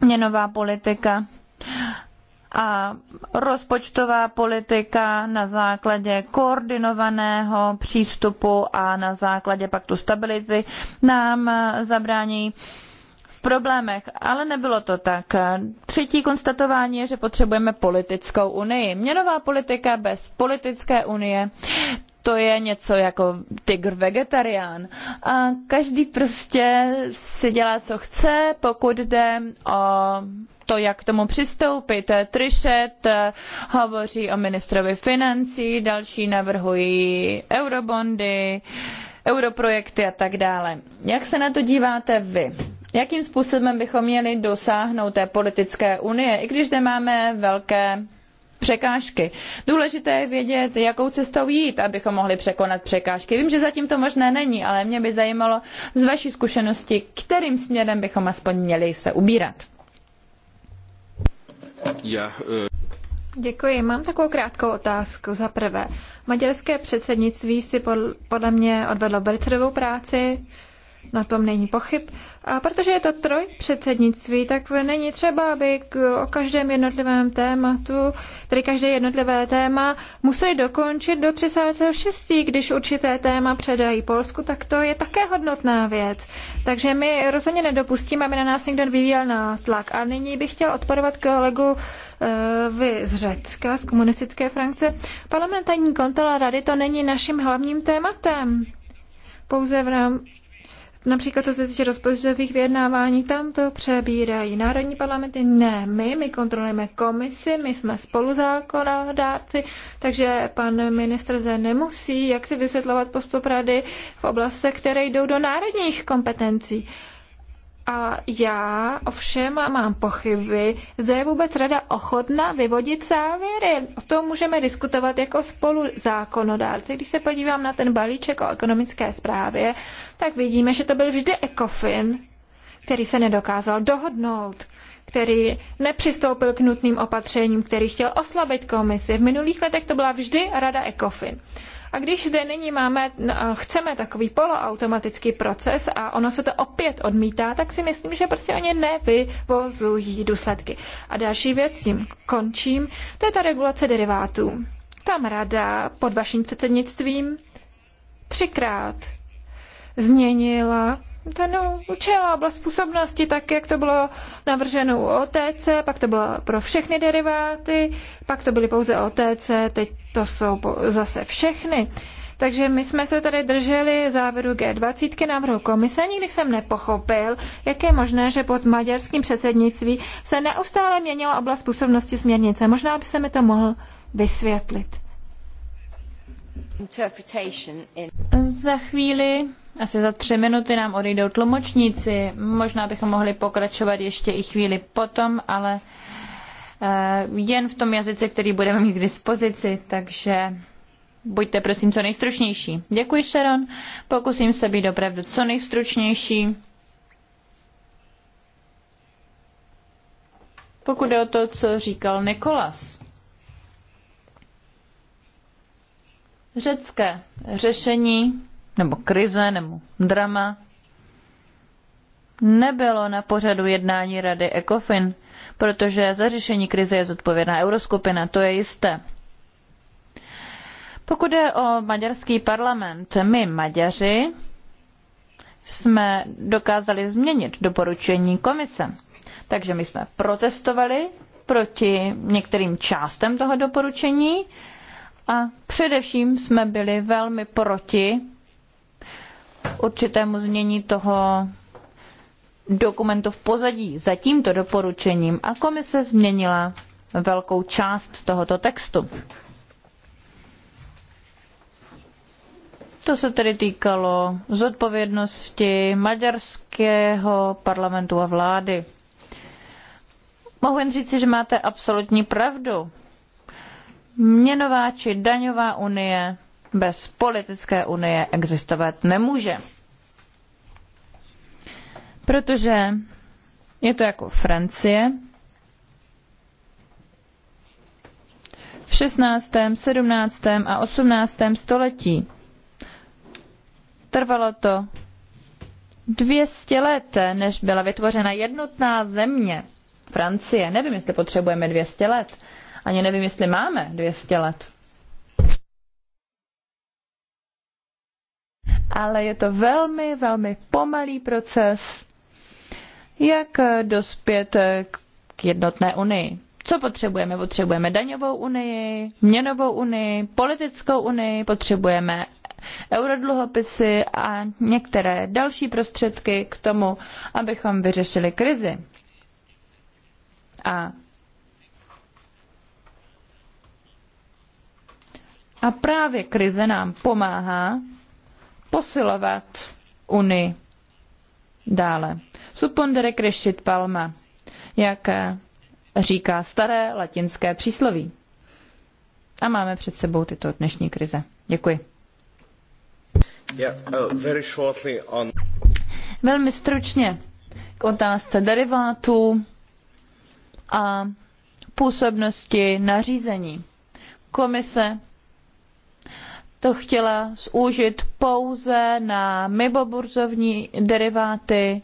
měnová politika a rozpočtová politika na základě koordinovaného přístupu a na základě paktu stability nám zabrání v problémech, ale nebylo to tak. Třetí konstatování je, že potřebujeme politickou unii. Měnová politika bez politické unie to je něco jako tygr vegetarián. A každý prostě si dělá, co chce, pokud jde o to, jak k tomu přistoupit. Trichet eh, hovoří o ministrovi financí, další navrhují eurobondy, europrojekty a tak dále. Jak se na to díváte vy? Jakým způsobem bychom měli dosáhnout té politické unie, i když zde máme velké překážky. Důležité je vědět, jakou cestou jít, abychom mohli překonat překážky. Vím, že zatím to možné není, ale mě by zajímalo z vaší zkušenosti, kterým směrem bychom aspoň měli se ubírat. Eh, Děkuji. Mám takovou krátkou otázku. Za prvé, maďarské předsednictví si podle mě odvedlo velice dobrou práci na tom není pochyb. A protože je to troj předsednictví, tak není třeba, aby k, o každém jednotlivém tématu, tedy každé jednotlivé téma, museli dokončit do 36. Když určité téma předají Polsku, tak to je také hodnotná věc. Takže my rozhodně nedopustíme, aby na nás někdo vyvíjel nátlak. A nyní bych chtěl odporovat kolegu eh, vy z Řecka, z komunistické frakce. Parlamentární kontrola rady to není naším hlavním tématem. Pouze v rámci Například co se týče rozpočtových vyjednávání, tam to přebírají národní parlamenty. Ne, my, my kontrolujeme komisi, my jsme spoluzákonodárci, takže pan ministr zde nemusí jak si vysvětlovat postup rady v oblastech, které jdou do národních kompetencí. A já ovšem mám pochyby, zda je vůbec rada ochotna vyvodit závěry. O tom můžeme diskutovat jako spolu zákonodárci. Když se podívám na ten balíček o ekonomické zprávě, tak vidíme, že to byl vždy ECOFIN, který se nedokázal dohodnout který nepřistoupil k nutným opatřením, který chtěl oslabit komisi. V minulých letech to byla vždy rada ECOFIN. A když zde nyní máme, no, chceme takový poloautomatický proces a ono se to opět odmítá, tak si myslím, že prostě oni nevyvozují důsledky. A další věc, s tím končím, to je ta regulace derivátů. Tam rada pod vaším předsednictvím třikrát změnila danou učila oblast působnosti, tak jak to bylo navrženo u OTC, pak to bylo pro všechny deriváty, pak to byly pouze OTC, teď to jsou zase všechny. Takže my jsme se tady drželi závěru G20 návrhu komise. Nikdy jsem nepochopil, jak je možné, že pod maďarským předsednictví se neustále měnila oblast působnosti směrnice. Možná by se mi to mohl vysvětlit. Za chvíli asi za tři minuty nám odejdou tlumočníci. Možná bychom mohli pokračovat ještě i chvíli potom, ale eh, jen v tom jazyce, který budeme mít k dispozici, takže buďte prosím co nejstručnější. Děkuji, Sharon. Pokusím se být opravdu co nejstručnější. Pokud jde o to, co říkal Nikolas. Řecké řešení nebo krize nebo drama nebylo na pořadu jednání Rady ECOFIN, protože za řešení krize je zodpovědná euroskupina, to je jisté. Pokud je o maďarský parlament, my Maďaři jsme dokázali změnit doporučení komise. Takže my jsme protestovali proti některým částem toho doporučení a především jsme byli velmi proti určitému změní toho dokumentu v pozadí za tímto doporučením a komise změnila velkou část tohoto textu. To se tedy týkalo zodpovědnosti maďarského parlamentu a vlády. Mohu jen říci, že máte absolutní pravdu. Měnová či daňová unie bez politické unie existovat nemůže. Protože je to jako Francie. V 16., 17. a 18. století trvalo to 200 let, než byla vytvořena jednotná země Francie. Nevím, jestli potřebujeme 200 let. Ani nevím, jestli máme 200 let. ale je to velmi, velmi pomalý proces, jak dospět k jednotné unii. Co potřebujeme? Potřebujeme daňovou unii, měnovou unii, politickou unii, potřebujeme eurodluhopisy a některé další prostředky k tomu, abychom vyřešili krizi. A A právě krize nám pomáhá posilovat Unii. Dále. Supondere crescit palma, jak říká staré latinské přísloví. A máme před sebou tyto dnešní krize. Děkuji. Yeah, uh, on... Velmi stručně k otázce derivátů a působnosti nařízení. Komise to chtěla zúžit pouze na miboburzovní deriváty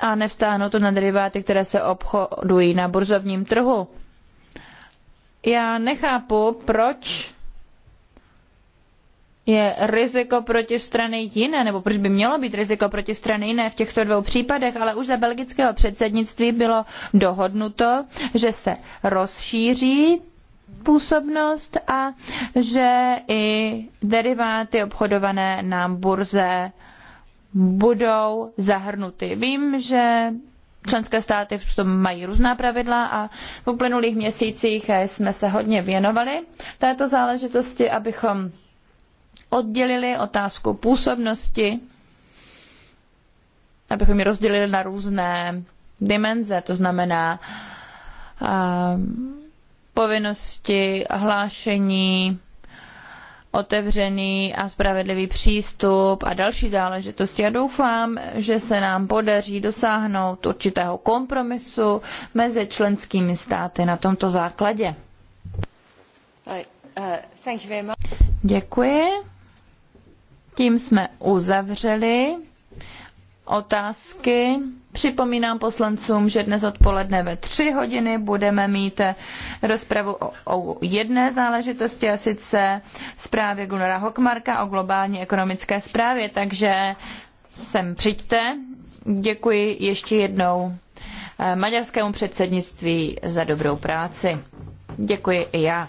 a nevstáhnout to na deriváty, které se obchodují na burzovním trhu. Já nechápu, proč je riziko proti strany jiné, nebo proč by mělo být riziko proti strany jiné v těchto dvou případech, ale už za belgického předsednictví bylo dohodnuto, že se rozšíří působnost a že i deriváty obchodované na burze budou zahrnuty. Vím, že členské státy v tom mají různá pravidla a v uplynulých měsících jsme se hodně věnovali této záležitosti, abychom oddělili otázku působnosti, abychom ji rozdělili na různé dimenze, to znamená um, povinnosti hlášení, otevřený a spravedlivý přístup a další záležitosti. Já doufám, že se nám podaří dosáhnout určitého kompromisu mezi členskými státy na tomto základě. Uh, Děkuji. Tím jsme uzavřeli otázky Připomínám poslancům, že dnes odpoledne ve tři hodiny budeme mít rozpravu o, o jedné záležitosti, a sice zprávě Gunnara Hokmarka o globální ekonomické zprávě, takže sem přijďte. Děkuji ještě jednou eh, maďarskému předsednictví za dobrou práci. Děkuji i já.